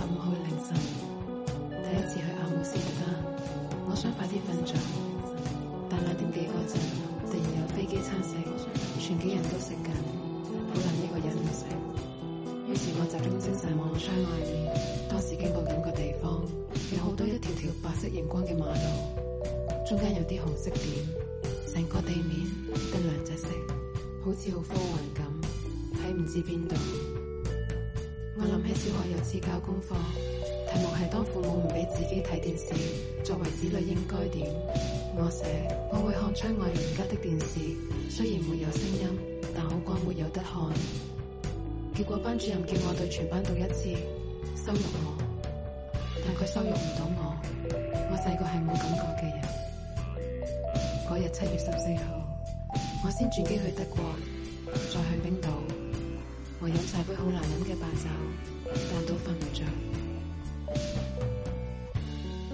下午去凌晨，第一次去阿姆斯特丹，我想快啲瞓着，但兩點幾嗰陣突然有飛機餐食，全機人都食緊，好難一個人唔食。於是我就集中精神望窗外面，當時經過咁個地方，有好多一條條白色熒光嘅馬路，中間有啲紅色點，成個地面得兩隻色，好似好科幻咁，睇唔知邊度。次教功課，題目係當父母唔俾自己睇電視，作為子女應該點？我寫我會看窗外人家的電視，雖然沒有聲音，但好過沒有得看。結果班主任叫我對全班讀一次，羞辱我，但佢羞辱唔到我，我細個係冇感覺嘅人。嗰日七月十四號，我先轉機去德國，再去冰島。我飲晒杯好難飲嘅白酒，但都瞓唔着。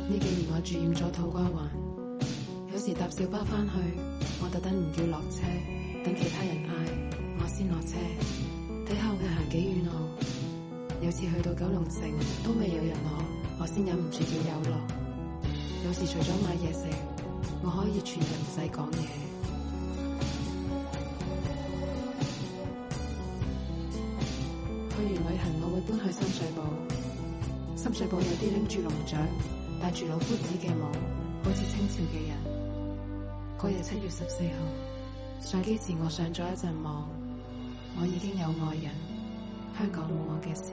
呢幾年我住厭咗土瓜灣，有時搭小巴翻去，我特登唔叫落車，等其他人嗌我先落車，睇下我行幾遠路。有次去到九龍城都未有人攞，我先忍唔住叫有落。有時除咗買嘢食，我可以全程唔使講嘢。搬去深水埗，深水埗有啲拎住龍掌、戴住老夫子嘅帽，好似清朝嘅人。嗰日七月十四號，上機前，我上咗一陣網，我已經有愛人，香港冇我嘅事。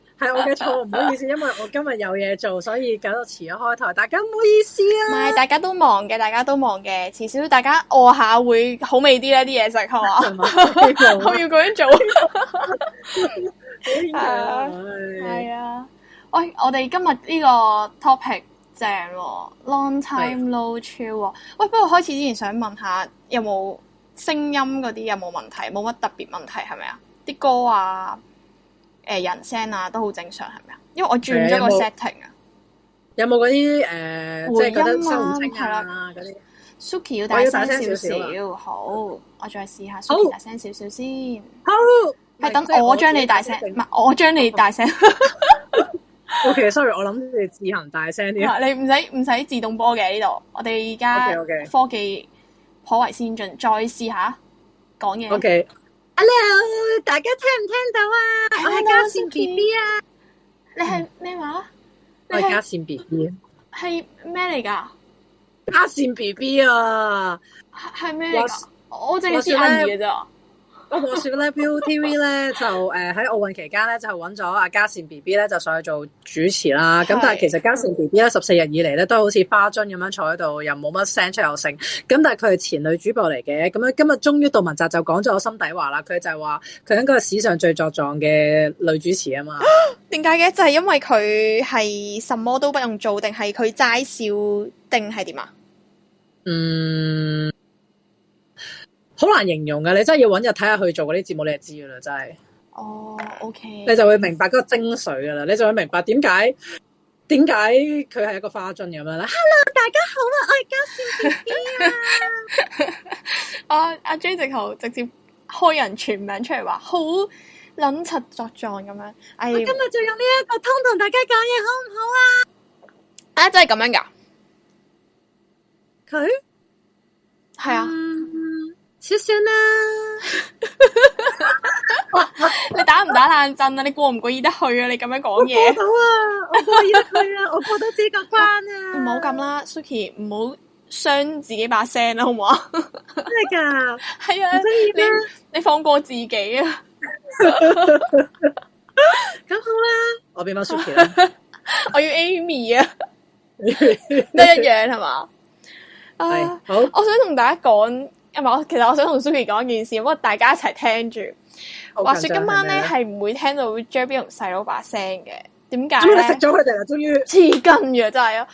係、 哎、我嘅錯，唔好意思，因為我今日有嘢做，所以搞到遲咗開台，大家唔好意思啊，唔係，大家都忙嘅，大家都忙嘅，至少大家餓下會好味啲咧，啲嘢食係嘛？我要咁樣做。係啊，係啊。喂，我哋今日呢個 topic 正，long time no chill、哦。喂、 哎，不過開始之前想問下，有冇聲音嗰啲有冇問題？冇乜特別問題係咪啊？啲歌啊。誒，人聲啊，都好正常係咪啊？因為我轉咗個 setting 啊。有冇嗰啲誒，即係覺得收唔清啊嗰啲？Suki 要大聲少少，好，我再試下 Suki 大聲少少先。好，係等我將你大聲，唔係我將你大聲。OK，sorry，我諗你自行大聲啲。你唔使唔使自動播嘅呢度，我哋而家科技頗為先進，再試下講嘢。hello，大家聽唔聽到啊？ 我係嘉善 B B 啊， 你係咩話？我係嘉善 B B 啊，係咩嚟噶？嘉善 B B 啊，係咩嚟噶？有我淨係黐孖嘢啫。 我話説咧，ViuTV 咧就誒喺、呃、奧運期間咧就揾咗阿嘉善 B B 咧就上去做主持啦。咁是但係其實嘉善 B B 咧十四日以嚟咧都好似花樽咁樣坐喺度，又冇乜聲出有聲。咁但係佢係前女主播嚟嘅。咁樣今日終於杜文澤就講咗我心底話啦。佢就話佢應該係史上最作狀嘅女主持啊嘛。點解嘅？就係、是、因為佢係什麼都不用做，定係佢齋笑，定係點啊？嗯。好難形容嘅，你真係要揾日睇下佢做嗰啲節目，你就知噶啦，真係。哦，OK。你就會明白嗰個精髓噶啦，你就會明白點解點解佢係一個花樽咁樣咧。Hello，大家好啊，我係嘉善 B 啊。我阿 J 直頭直接開人全名出嚟話，好捻柒作狀咁樣。我今日就用呢一個通同大家講嘢，好唔好啊？啊，真係咁樣噶？佢係啊。少少啦，你打唔打冷震啊？你過唔過意得去啊？你咁樣講嘢，好啊，我過意得去啊，我過到自己關啊！唔好咁啦，Suki，唔好傷自己把聲啦，好唔好？真係噶，係啊，你放過自己啊，咁好啦。我畀返 Suki，我要 Amy 啊，咩一樣係嘛？係好，我想同大家講。啊！唔，我其實我想同 Suki 講件事，不過大家一齊聽住。話說今晚咧，係唔會聽到 Jabe 同細佬把聲嘅，點解食咗佢哋啊，終於黐筋嘅真係啊！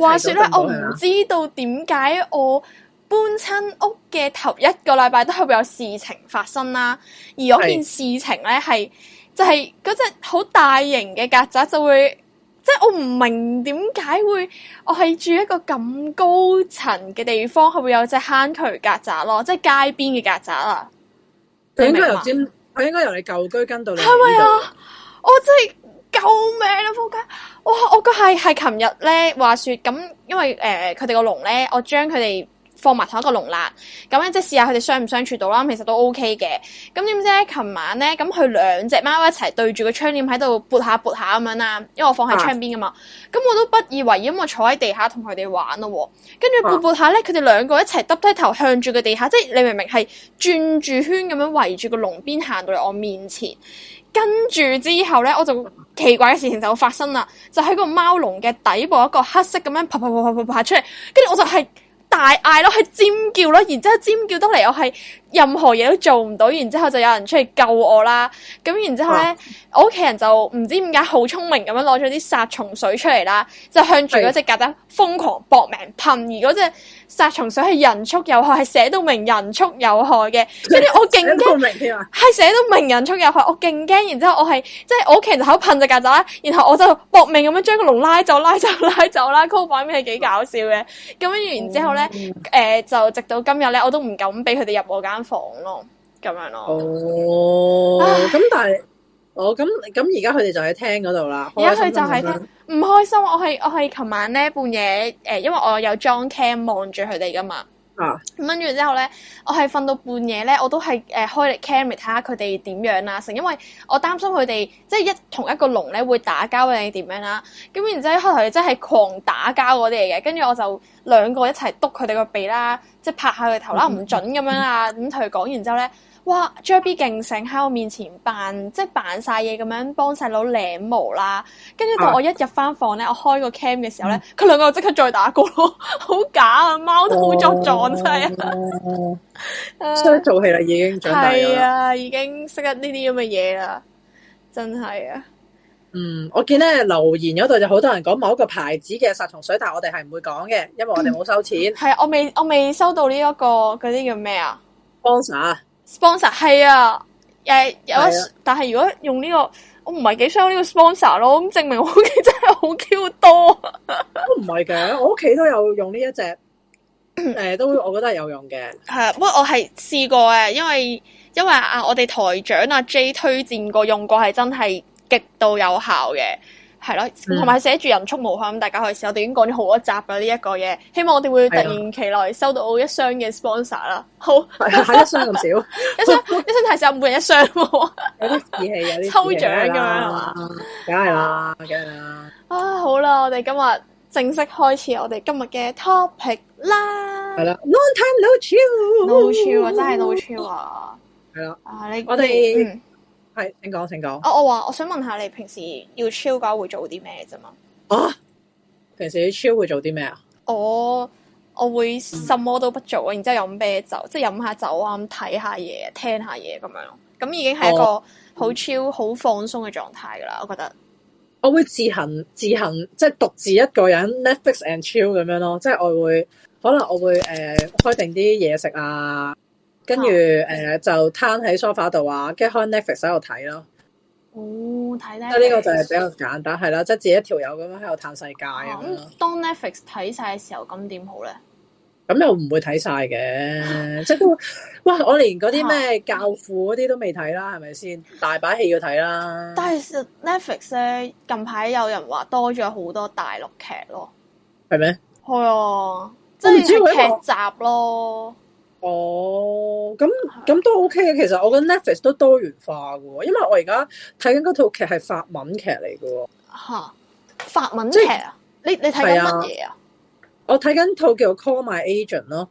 話說咧，我唔知道點解我搬親屋嘅頭一個禮拜都係會有事情發生啦，而嗰件事情咧，係就係嗰隻好大型嘅曱甴就會。即係我唔明點解會，我係住一個咁高層嘅地方，會唔會有隻坑渠曱甴咯？即係街邊嘅曱甴啊！佢應該由尖，佢應該由你舊居跟到你。係咪啊？我真係救命啊！仆街！哇！我個係係琴日咧，話說咁，因為誒佢哋個籠咧，我將佢哋。放埋同一個籠啦，咁樣即係試下佢哋相唔相處到啦。其實都 OK 嘅。咁點知咧？琴晚咧，咁佢兩隻貓一齊對住個窗簾喺度撥下撥下咁樣啦，因為我放喺窗邊噶嘛。咁、啊、我都不以為意，咁我坐喺地下同佢哋玩咯。跟住撥撥下咧，佢哋兩個一齊耷低頭向住個地下，即係你明明係轉住圈咁樣圍住個籠邊行到嚟我面前。跟住之後咧，我就奇怪嘅事情就發生啦，就喺個貓籠嘅底部一個黑色咁樣啪啪啪啪啪，啪，啪出嚟，跟住我就係、是。大嗌咯，係尖叫咯，然之後尖叫得嚟，我係任何嘢都做唔到，然之後就有人出嚟救我啦。咁然之後咧，啊、我屋企人就唔知點解好聰明咁樣攞咗啲殺蟲水出嚟啦，就向住嗰隻曱甴瘋狂搏命，命噴，而嗰隻。殺蟲水係人畜有害，係寫到明人畜有害嘅，跟、就、住、是、我勁驚，係寫 到，到明人畜有害，我勁驚。然之後我係即係我屋企人就喺度噴隻曱甴，然後我就搏命咁樣將個籠拉走、拉走、拉走、拉走，個畫面係幾搞笑嘅。咁、哦、然之後咧，誒、呃、就直到今日咧，我都唔敢俾佢哋入我間房咯，咁樣咯。哦，咁唉但係，我咁咁而家佢哋就喺廳嗰度啦。而家佢就喺廳。唔開心，我係我係琴晚咧半夜，誒、呃，因為我有裝 cam 望住佢哋噶嘛，咁跟住之後咧，我係瞓到半夜咧，我都係誒、呃、開嚟 cam 睇下佢哋點樣啦、啊，成因為我擔心佢哋即係一同一個籠咧會打交定係點樣啦、啊，咁然之後一開頭真係狂打交嗰啲嚟嘅，跟住我就兩個一齊督佢哋個鼻啦，即係拍下佢頭啦，唔、嗯、准咁樣啊，咁同佢講完之、嗯、後咧。哇！J B 勁醒喺我面前扮，即係扮晒嘢咁樣幫細佬舐毛啦。跟住到我一入翻房咧，我開個 cam 嘅時候咧，佢兩個即刻再打過咯，好假貓壯壯啊！貓都好作狀真係啊。識得做戲啦，已經係啊，已經識得呢啲咁嘅嘢啦，真係啊。嗯，我見咧留言嗰度就好多人講某一個牌子嘅殺蟲水，但係我哋係唔會講嘅，因為我哋冇收錢。係、嗯啊，我未我未，我未收到呢、這、一個嗰啲叫咩啊？Bosa sponsor 係啊，誒，如、啊、但係如果用呢、這個，我唔係幾想呢個 sponsor 咯，咁證明我屋企真係好 Q 多都，都唔係嘅，我屋企都有用呢一隻，誒、呃，都我覺得係有用嘅，係、啊，不過我係試過嘅，因為因為啊，我哋台長啊 J 推薦過用過，係真係極度有效嘅。係咯，同埋寫住人畜無限」。咁，大家可以試。我哋已經講咗好多集啦，呢一個嘢，希望我哋會突然其來收到一箱嘅 sponsor 啦。好，吓 一箱咁少， 一箱一箱太少，每人一箱喎。有啲意有啲抽獎咁樣係嘛？梗係啦，梗係啦。啊，好啦，我哋今日正式開始我哋今日嘅 topic 啦。係啦 Long time no chill，no chill 啊，真係 no chill 啊、no 了。係啦，啊，你我哋們。嗯係，請講，請講。哦，我話我想問下你平時要超 h i 嘅話會做啲咩啫嘛？啊，平時超 h 會做啲咩啊？我、哦、我會什麼都不做啊，然之後飲啤酒，嗯、即係飲下酒啊，睇下嘢，聽下嘢咁樣咯。咁已經係一個好超、哦、好放鬆嘅狀態噶啦，我覺得。我會自行自行即係獨自一個人 Netflix and chill 咁樣咯，即係我會可能我會誒、呃、開定啲嘢食啊。跟住誒就攤喺梳化度啊，跟住開 Netflix 喺度睇咯。哦，睇咧！呢個就係比較簡單，係啦，即係自己一條友咁樣喺度嘆世界咁咯。當 Netflix 睇晒嘅時候，咁點好咧？咁又唔會睇晒嘅，即係哇！我連嗰啲咩教父嗰啲都未睇啦，係咪先？大把戲要睇啦。但係 Netflix 咧近排有人話多咗好多大陸劇咯，係咩？係啊，即係劇集咯。哦，咁咁都 OK 嘅。其實我覺得 Netflix 都多元化嘅，因為我而家睇緊嗰套劇係法文劇嚟嘅喎。嚇，法文劇啊即？你你睇緊乜嘢啊？我睇緊套叫《Call My Agent》咯。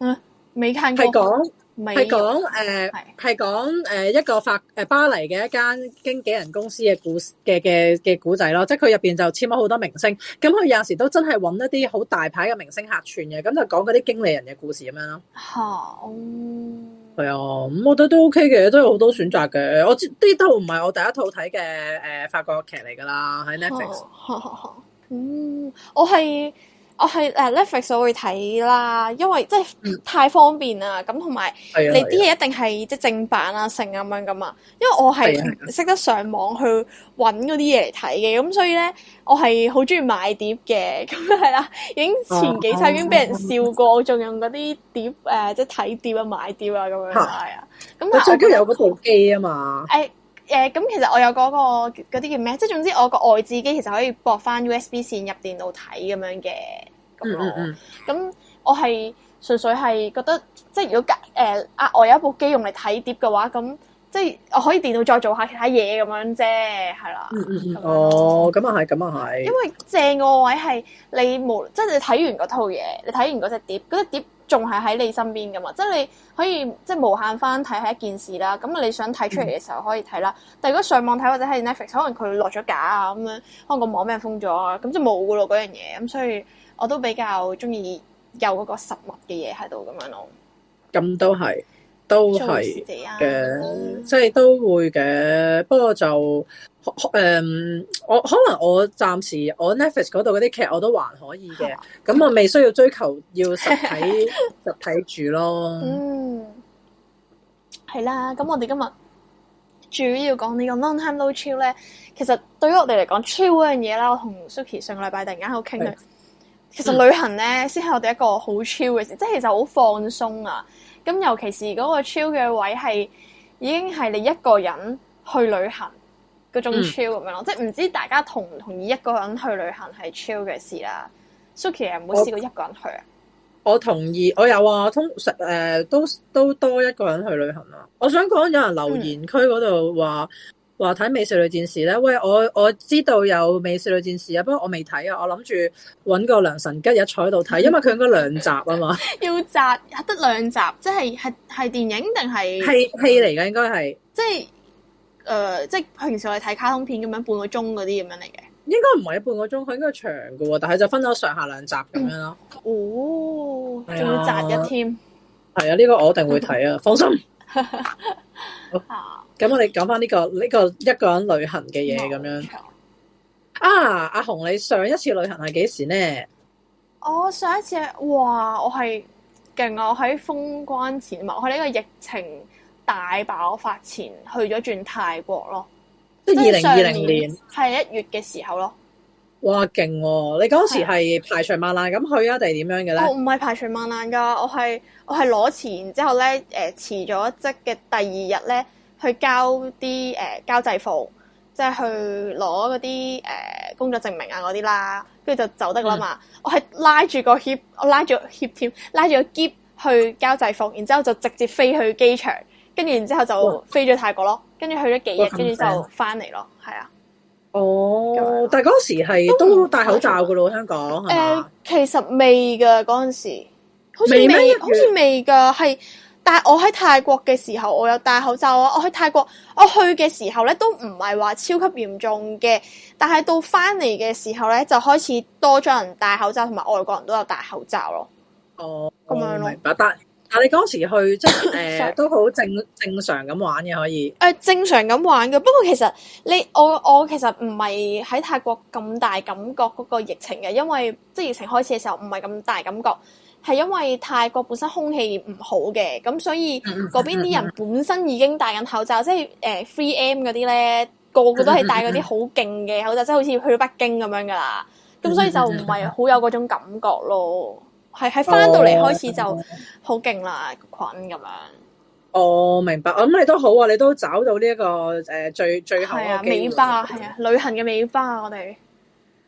嗯，未睇過。係係講誒，係講誒一個法誒巴黎嘅一間經紀人公司嘅故事嘅嘅嘅古仔咯，即係佢入邊就簽咗好多明星，咁佢有陣時都真係搵一啲好大牌嘅明星客串嘅，咁就講嗰啲經理人嘅故事咁樣咯。好哈，係啊，咁、嗯、我覺得都 OK 嘅，都有好多選擇嘅。我知呢套唔係我第一套睇嘅誒法國劇嚟噶啦喺 Netflix。嗯，我係。我係誒 Netflix 我會睇啦，因為即係太方便啦，咁同埋你啲嘢一定係即係正版啊、成咁樣噶嘛。因為我係識得上網去搵嗰啲嘢嚟睇嘅，咁所以咧我係好中意買碟嘅，咁係啦，已經前幾集已經俾人笑過，我仲、啊啊啊、用嗰啲碟誒、呃，即係睇碟啊，買碟啊咁樣係、嗯、哈是啊。咁我最緊要有部機啊嘛。哎誒咁其實我有嗰個嗰啲叫咩？即係總之我個外置機其實可以駁翻 USB 線入電腦睇咁樣嘅，咁咯。咁我係純粹係覺得，即係如果隔誒啊，我有一部機用嚟睇碟嘅話，咁即係我可以電腦再做下其他嘢咁樣啫，係啦。哦，咁啊係，咁啊係。因為正個位係你冇，即係你睇完嗰套嘢，你睇完嗰隻碟，隻碟。仲係喺你身邊㗎嘛？即係你可以即係無限翻睇係一件事啦。咁你想睇出嚟嘅時候可以睇啦。但如果上網睇或者係 Netflix，可能佢落咗架啊咁樣，可能個網咩封咗啊，咁就冇噶咯嗰樣嘢。咁所以我都比較鍾意有嗰個實物嘅嘢喺度咁樣咯。咁都係，都係嘅，嗯、即係都會嘅。不過就。誒、嗯，我可能我暫時我 Netflix 嗰度嗰啲劇我都還可以嘅，咁我未需要追求要實體 實體住咯。 嗯，係啦，咁我哋今日主要講呢個 long time no chill 咧。其實對於我哋嚟講，chill 嗰樣嘢啦，我同 Suki 上個禮拜突然間喺度傾咧。的其實旅行咧，先係、嗯、我哋一個好 chill 嘅事，即係其實好放鬆啊。咁尤其是嗰個 chill 嘅位係，已經係你一個人去旅行。中 chill 咁樣咯，即係唔知大家同唔同意一個人去旅行係 chill 嘅事啦。Suki 有冇試過一個人去啊？我同意，我有啊通常誒，都都,都多一個人去旅行啊。我想講，有人留言區嗰度話話睇《美少女戰士》咧，喂，我我知道有《美少女戰士》啊，不過我未睇啊，我諗住搵個良辰吉日坐喺度睇，因為佢應該兩集啊嘛。 要集得兩集，即係係係電影定係戲戲嚟嘅，應該係即係。誒、呃，即係平時我哋睇卡通片咁樣，半個鐘嗰啲咁樣嚟嘅，應該唔係半個鐘，佢應該長噶，但係就分咗上下兩集咁樣咯、嗯。哦，仲要集一添，係啊、哎，呢、哎這個我一定會睇啊，放心。啊，咁我哋講翻呢個呢、這個一個人旅行嘅嘢咁樣。錯啊，阿紅你上一次旅行係幾時呢？我、哦、上一次哇、啊，我係勁啊，我喺封關前嘛，喺呢個疫情。大爆發前去咗轉泰國咯，即係二零二零年係一月嘅時候咯。哇，勁、哦！你嗰時係排除萬難咁去啊，定係點樣嘅咧？我唔係排除萬難噶，我係我係攞錢之後咧，誒辭咗職嘅第二日咧，去交啲誒、呃、交制服，即係去攞嗰啲誒工作證明啊嗰啲啦，跟住就走得啦嘛。嗯、我係拉住個篋，我拉住個篋添，拉住個篋去交制服，然之後就直接飛去機場。跟住然之後就飛咗泰國咯，跟住哇去咗幾日，跟住哇就翻嚟咯，係、哦、啊。哦，但係嗰時係都戴口罩噶咯，香港。誒、呃,其實未噶嗰陣時，好似未，好似未噶係。但係我喺泰國嘅時候，我有戴口罩啊。我喺泰國，我去嘅時候咧，都唔係話超級嚴重嘅。但係到翻嚟嘅時候咧，就開始多咗人戴口罩，同埋外國人都有戴口罩咯。哦，咁樣咯。嗯啊！但你嗰時去即係誒，呃、Sorry. 都好正正常咁玩嘅可以。誒、呃，正常咁玩嘅，不過其實你我我其實唔係喺泰國咁大感覺嗰個疫情嘅，因為即係、就是、疫情開始嘅時候唔係咁大感覺，係因為泰國本身空氣唔好嘅，咁所以嗰邊啲人本身已經戴緊口罩， 即係誒 3M 嗰啲咧，個個都係戴嗰啲好勁嘅口罩，即係 好似去到北京咁樣噶啦，咁所以就唔係好有嗰種感覺咯。係喺翻到嚟，開始就好勁啦，個菌咁樣。我、oh, 明白，我、嗯、咁你都好啊，你都找到呢、這個呃、一個誒最最後嘅尾巴，係啊，旅行嘅尾巴，我哋。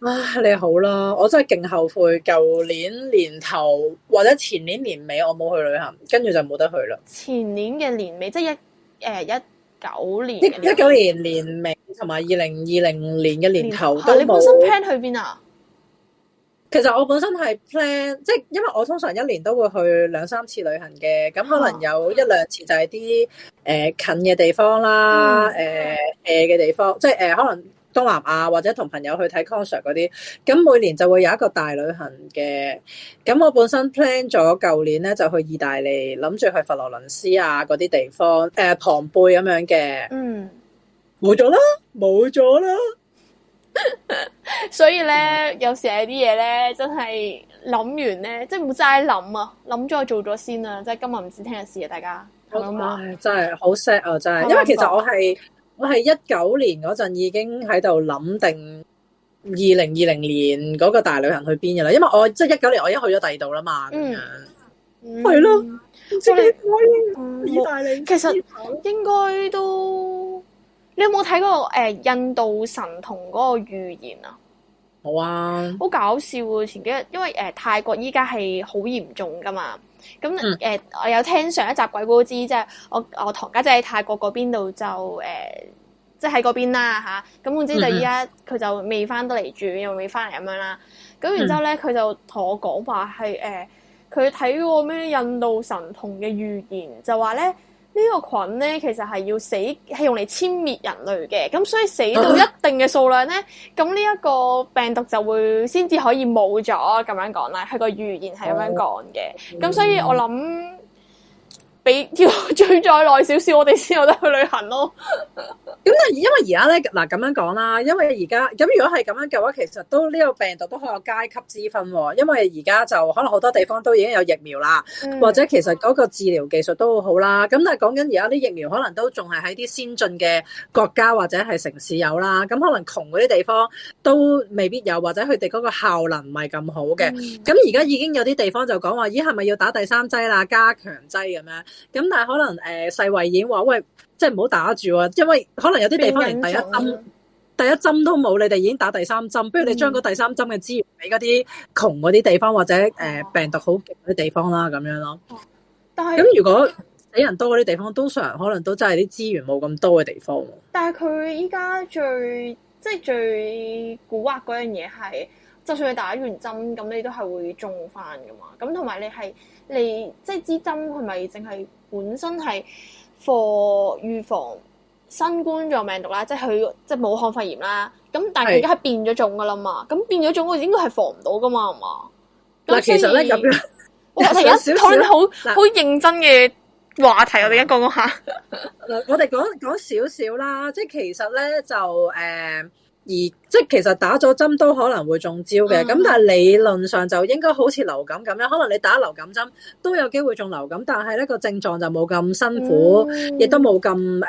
啊，你好啦、啊，我真係勁後悔，舊年年頭或者前年年尾，我冇去旅行，跟住就冇得去啦。前年嘅年尾，即係一誒一九年、年，一九年年尾同埋二零二零年嘅年頭都冇年、啊、你本身 plan 去邊啊？其實我本身係 plan，即係因為我通常一年都會去兩三次旅行嘅，咁可能有一兩次就係啲誒近嘅地方啦，誒嘅、嗯呃、地方，即係誒、呃、可能東南亞或者同朋友去睇 concert 嗰啲，咁每年就會有一個大旅行嘅。咁我本身 plan 咗舊年咧就去意大利，諗住去佛羅倫斯啊嗰啲地方，誒龐貝咁樣嘅，嗯，冇咗啦，冇咗啦。 所以咧呢，嗯、有時係啲嘢咧，真係諗完咧，即係唔好齋諗啊，諗咗做咗先啊！即係今日唔知聽日事啊，大家。我唉、oh，真係好 sad 啊！真係，因為其實我係我係一九年嗰陣已經喺度諗定二零二零年嗰個大旅行去邊噶啦，因為我即係一九年我已經去咗第二度啦嘛，嗯，係咯了，嗯、所以幾開心。嗯、意大利、嗯、其實應該都。你有冇睇過印度神童嗰個預言啊？冇啊！好搞笑喎！前幾日因為誒、呃、泰國依家係好嚴重噶嘛，咁誒、嗯呃、我有聽上一集鬼故知，即係我我堂家姐喺泰國嗰邊度就誒，即係喺嗰邊啦嚇。咁總之就依家佢就未翻得嚟住，又未翻嚟咁樣啦。咁然之後咧，佢就同我講話係誒，佢睇過咩印度神童嘅預言，就話咧。呢個菌咧，其實係要死，係用嚟殲滅人類嘅。咁所以死到一定嘅數量咧，咁呢一個病毒就會先至可以冇咗。咁樣講啦，佢個預言係咁樣講嘅。咁、哦、所以我諗。嗯你要追再耐少少，我哋先有得去旅行咯、哦。咁但係因為而家咧，嗱，咁樣講啦，因為而家咁如果係咁樣嘅話，其實都呢、呢個病毒都好有階級之分、哦。因為而家就可能好多地方都已經有疫苗啦，嗯、或者其實嗰個治療技術都好啦。咁但係講緊而家啲疫苗可能都仲係喺啲先進嘅國家或者係城市有啦。咁可能窮嗰啲地方都未必有，或者佢哋嗰個效能唔係咁好嘅。咁而家已經有啲地方就講話：，咦、哎，係咪要打第三劑啦、加強劑咁樣？咁但係可能、呃、世衞已經話喂，即係唔好打住啊，因為可能有啲地方連第一針、第一針都冇，你哋已經打第三針，不如你將嗰第三針嘅資源俾嗰啲窮嗰啲地方、嗯、或者誒、呃、病毒好勁嗰啲地方啦，咁樣咯。但係是咁如果死人多嗰啲地方，通常可能都真係啲資源冇咁多嘅地方。但係佢依家最即係最古惑嗰樣嘢係。就算你打完針，咁你都係會中翻噶嘛？咁同埋你係你即係支針係咪淨係本身係防預防新冠狀病毒啦？即係佢即係武漢肺炎啦。咁但係而家變咗種噶啦嘛？咁變咗種，我哋應該係防唔到噶嘛？係、right? 嘛？嗱，其實咧咁嘅，我哋一好好 就 questions 認真嘅話題，我哋一講講下。我哋講講少少啦，即係其實咧就誒、是。Uh 而即係其實打咗針都可能會中招嘅，咁但係理論上就應該好似流感咁樣，可能你打流感針都有機會中流感，但係咧個症狀就冇咁辛苦，亦、mm. 都冇咁誒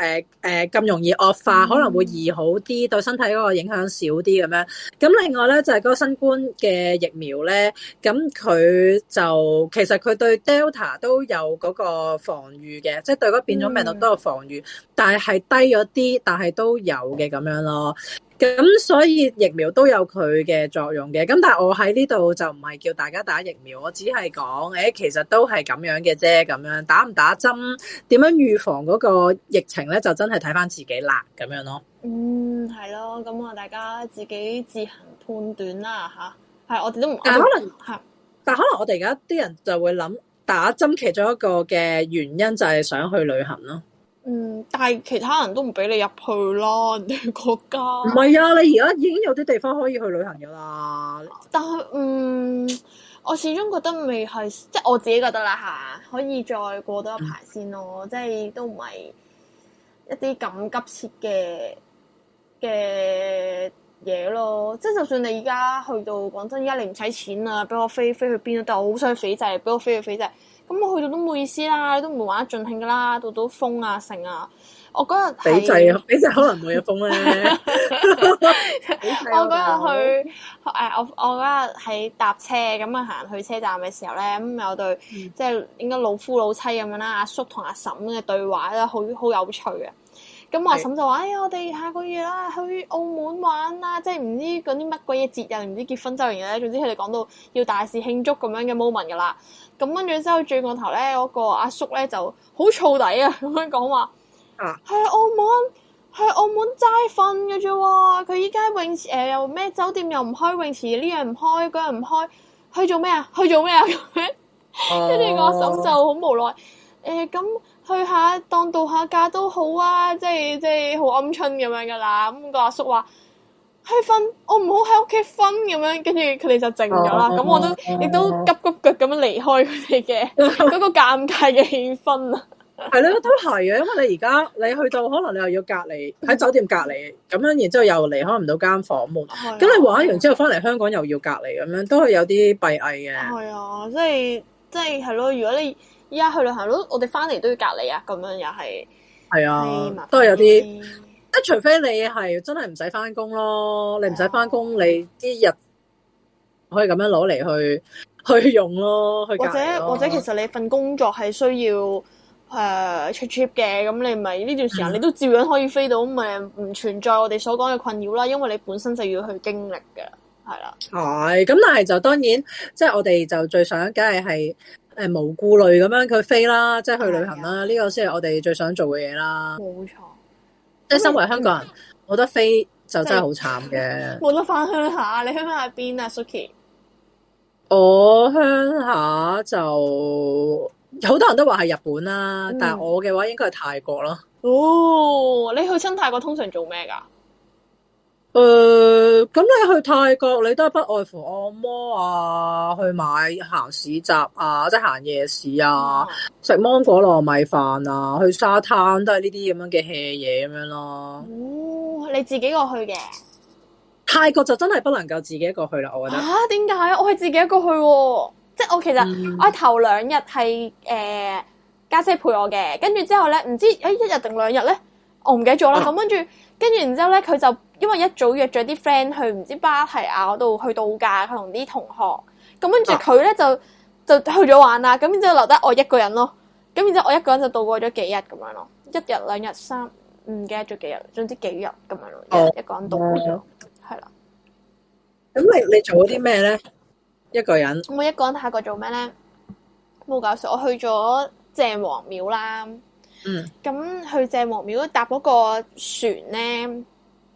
誒誒咁容易惡化，mm. 可能會易好啲，對身體嗰個影響少啲咁樣。咁另外咧就係、是、嗰個新冠嘅疫苗咧，咁佢就其實佢對 Delta 都有嗰個防禦嘅，即係對嗰個變種病毒都有防禦、mm.，但係低咗啲，但係都有嘅咁樣咯。咁所以疫苗都有佢嘅作用嘅，咁但係我喺呢度就唔係叫大家打疫苗，我只係講，誒、欸，其實都係咁樣嘅啫，咁樣打唔打針，點樣預防嗰個疫情咧，就真係睇翻自己啦，咁樣咯。嗯，係咯，咁我大家自己自行判斷啦，吓，係我哋都唔可能。但可能係，的但可能我哋而家啲人就會諗，打針其中一個嘅原因就係想去旅行咯。嗯，但係其他人都唔俾你入去咯，你國家。唔係啊，你而家已經有啲地方可以去旅行噶啦。但係，嗯，我始終覺得未係，即係我自己覺得啦吓，可以再過多一排先咯。即係都唔係一啲咁急切嘅嘅嘢咯。即係就算你而家去到，講真，而家你唔使錢啊，俾我飛飛去邊都得。但我好想去斐濟，俾、就是、我飛去斐濟。就是咁我去到都冇意思啦，都唔會玩得盡興噶啦，到到風啊成啊！我嗰日抵制啊，抵制可能冇有風咧。我嗰日去，誒我我嗰日喺搭車咁啊行去車站嘅時候咧，咁、嗯、有對即係、就是、應該老夫老妻咁樣啦，阿、嗯、叔同阿嬸嘅對話咧，好好有趣啊！咁阿嬸就話，哎呀，我哋下個月啦，去澳門玩啊，即係唔知講啲乜鬼嘢節日，唔知結婚周年咧。總之佢哋講到要大肆慶祝咁樣嘅 moment 噶啦。咁跟住之後過，轉、那個頭咧，嗰個阿叔咧就好燥底啊，咁樣講話，啊，去澳門，去澳門齋瞓嘅啫。佢依家泳池誒，又、呃、咩酒店又唔開泳池，呢樣唔開，嗰樣唔開，去做咩啊？去做咩啊？跟住個嬸就好無奈，誒、呃、咁。呃去下當度下假都好啊，即係即係好鵪鶉咁樣噶啦。咁個阿叔話去瞓，我唔好喺屋企瞓咁樣。跟住佢哋就靜咗啦。咁我都亦都急急腳咁樣離開佢哋嘅嗰個尷尬嘅氣氛啊。係咯，都係嘅。因為你而家你去到可能你又要隔離喺酒店隔離，咁樣然之後又離開唔到間房門。咁你玩完之後翻嚟香港又要隔離，咁樣都係有啲閉翳嘅。係啊，即係即係係咯。如果你而家去旅行咯，我哋翻嚟都要隔離啊，咁樣又係係啊，都係有啲。誒，除非你係真係唔使翻工咯，你唔使翻工，啊、你啲日可以咁樣攞嚟去去用咯，去咯，或者或者其實你份工作係需要誒 trip trip 嘅，咁、uh, 你咪呢段時間、嗯、你都照樣可以飛到，咪唔存在我哋所講嘅困擾啦。因為你本身就要去經歷嘅，係啦、啊。係咁，但係就當然，即、就、係、是、我哋就最想，梗係係。誒，無顧慮咁樣佢飛啦，即係去旅行啦，呢個先係我哋最想做嘅嘢啦。冇錯，即係身為香港人，冇得，嗯，飛就真係好慘嘅。冇得返鄉下，你鄉下喺邊啊？Suki，我鄉下就有好多人都話係日本啦，啊，嗯，但係我嘅話應該係泰國咯。哦，你去親泰國通常做咩㗎？誒，咁、呃、你去泰國，你都係不外乎按摩啊，去買行市集啊，即係行夜市啊，食芒果糯米飯啊，去沙灘都係呢啲咁樣嘅 hea 嘢咁樣咯、啊。哦，你自己過去嘅？泰國就真係不能夠自己一個去啦，我覺得。吓，點解啊？我係自己一個去、啊，即係我其實、嗯、我頭兩日係誒，家姐陪我嘅，跟住之後咧，唔知誒、欸、一日定兩日咧，我唔記得咗啦。咁、啊、跟住，跟住然之後咧，佢就。因為一早約咗啲 friend 去唔知巴提亞嗰度去度假，佢同啲同學咁，跟住佢咧就就去咗玩啦。咁然之後留得我一個人咯。咁然之後我一個人就度過咗幾日咁樣咯，一日、兩日、三唔記得咗幾日，總之幾日咁樣咯，一個人度過咗，係啦。咁你你做咗啲咩咧？一個人我一個人下個做咩咧？冇搞笑，我去咗鄭王廟啦。嗯。咁去鄭王廟搭嗰個船咧。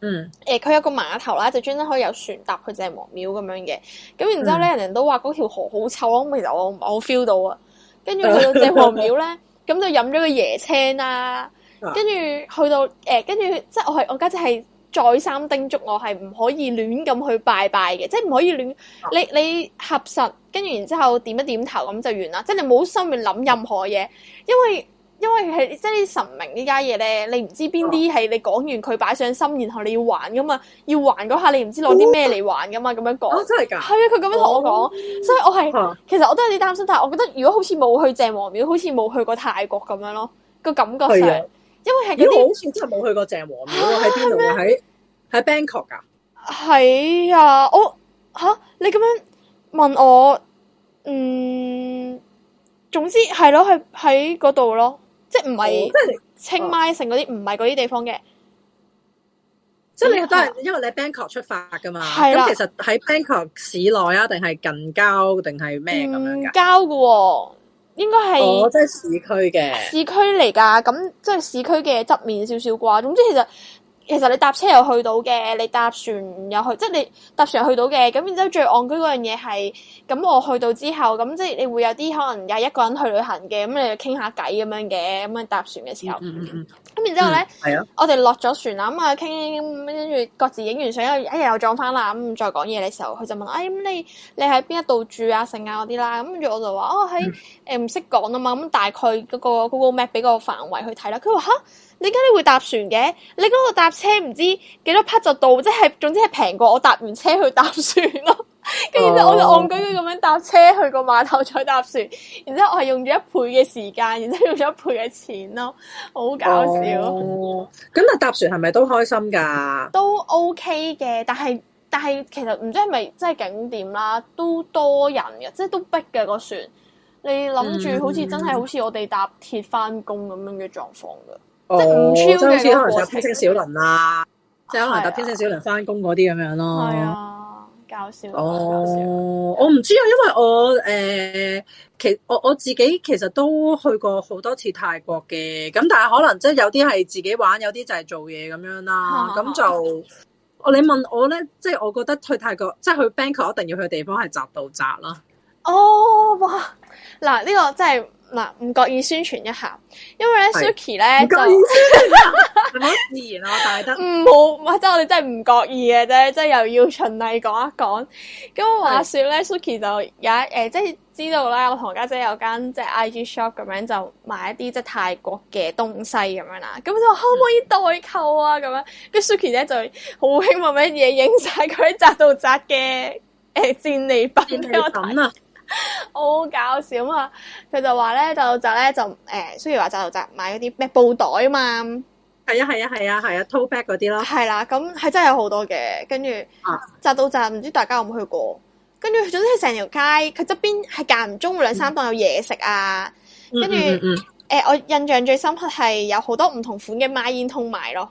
嗯，誒、呃，佢有個碼頭啦，就專登可以有船搭去鄭王廟咁樣嘅，咁然之後咧，嗯、人人都話嗰條河好臭，我其實我我 feel 到啊，跟住去到鄭王廟咧，咁 就飲咗個椰青啦，啊，跟住去到，誒、呃，跟住即係我係我家姐係再三叮囑我係唔可以亂咁去拜拜嘅，即係唔可以亂，啊、你你合實，跟住然之後，後點一點頭咁就完啦，即係你冇心去諗任何嘢，因為。因為係即係啲神明呢家嘢咧，你唔知邊啲係你講完佢擺上心，然後你要還噶嘛。要還嗰下你唔知攞啲咩嚟還噶嘛？咁樣講，真係噶，係啊，佢咁樣同我講，所以我係其實我都有啲擔心，但係我覺得如果好似冇去鄭王廟，好似冇去過泰國咁樣咯，個感覺上，啊，因為係啲，你好似真係冇去過鄭王廟喺邊度，喺喺 Bangkok 噶，係啊，我吓你咁樣問我，嗯，總之係咯，喺喺嗰度咯。即唔係，即清邁城嗰啲唔係嗰啲地方嘅，即你都係因為你 Bangkok 出發噶嘛，咁、啊、其實喺 Bangkok 市內啊，定係近郊定係咩咁樣嘅？郊嘅喎，應該係哦，即市區嘅市區嚟㗎，咁即市區嘅側面少少啩。總之其實。其實你搭車又去到嘅，你搭船又去，即係你搭船去到嘅。咁然之後最戇居嗰樣嘢係，咁我去到之後，咁即係你會有啲可能有一個人去旅行嘅，咁你傾下偈咁樣嘅，咁樣搭船嘅時候。咁、嗯嗯嗯、然之後咧，係啊、嗯。嗯嗯、我哋落咗船啦，咁啊傾，跟住各自影完相，一日又，又撞翻啦，咁再講嘢嘅時候，佢就問：哎，咁、嗯、你你喺邊一度住啊、剩啊嗰啲啦？咁跟住我就話：哦喺誒唔識講啊嘛，咁大概嗰個 Google Map 俾個範圍去睇啦。佢話嚇。點解你會搭船嘅？你嗰度搭車唔知幾多匹就到，即係總之係平過我搭完車去搭船咯。跟 住我就戇居居咁樣搭車去個碼頭再搭船，然之後我係用咗一倍嘅時間，然之後用咗一倍嘅錢咯，好搞笑。咁啊、哦，搭船係咪都開心噶？都 OK 嘅，但係但係其實唔知係咪真係景點啦、啊，都多人嘅，即係都逼嘅，那個船。你諗住好似真係好似我哋搭鐵翻工咁樣嘅狀況噶。嗯即係唔 chill，即好似可能就天星小輪啦，即係可能搭天星小輪翻工嗰啲咁樣咯。係啊，啊，啊，搞笑，哦、搞我唔知啊，因為我誒、呃，其我我自己其實都去過好多次泰國嘅，咁但係可能即係有啲係自己玩，有啲就係做嘢咁樣啦。咁就哦，啊、你問我咧，即係我覺得去泰國，即係去 Banker 一定要去嘅地方係扎道扎啦。哦、啊、哇，嗱呢、這個真係。嗱，唔覺、嗯、意宣傳一下，因為咧 Suki 咧就 自然咯、啊，但係得唔好，或者 我哋真係唔覺意嘅啫，即係又要循例講一講。咁話說咧，Suki 是就有一誒、呃，即係知道咧，我同家姐，姐有間即係 IG shop 咁樣就買一啲即係泰國嘅東西咁樣啦。咁佢話可唔可以代購啊？咁樣，跟住 Suki 咧就好興奮乜嘢，影晒佢喺扎到扎嘅誒戰利品俾我睇啊！好搞笑啊！佢就話咧，就就咧就誒，雖然話就就買嗰啲咩布袋啊嘛，係啊係啊係啊係啊，tote bag 嗰啲啦，係啦，咁係真係有好多嘅，跟住，啊，扎到扎，唔知大家有冇去過？跟住，總之係成條街，佢側邊係間唔中兩三檔有嘢食啊，跟住，誒，我印象最深刻係有好多唔同款嘅孖煙通賣咯，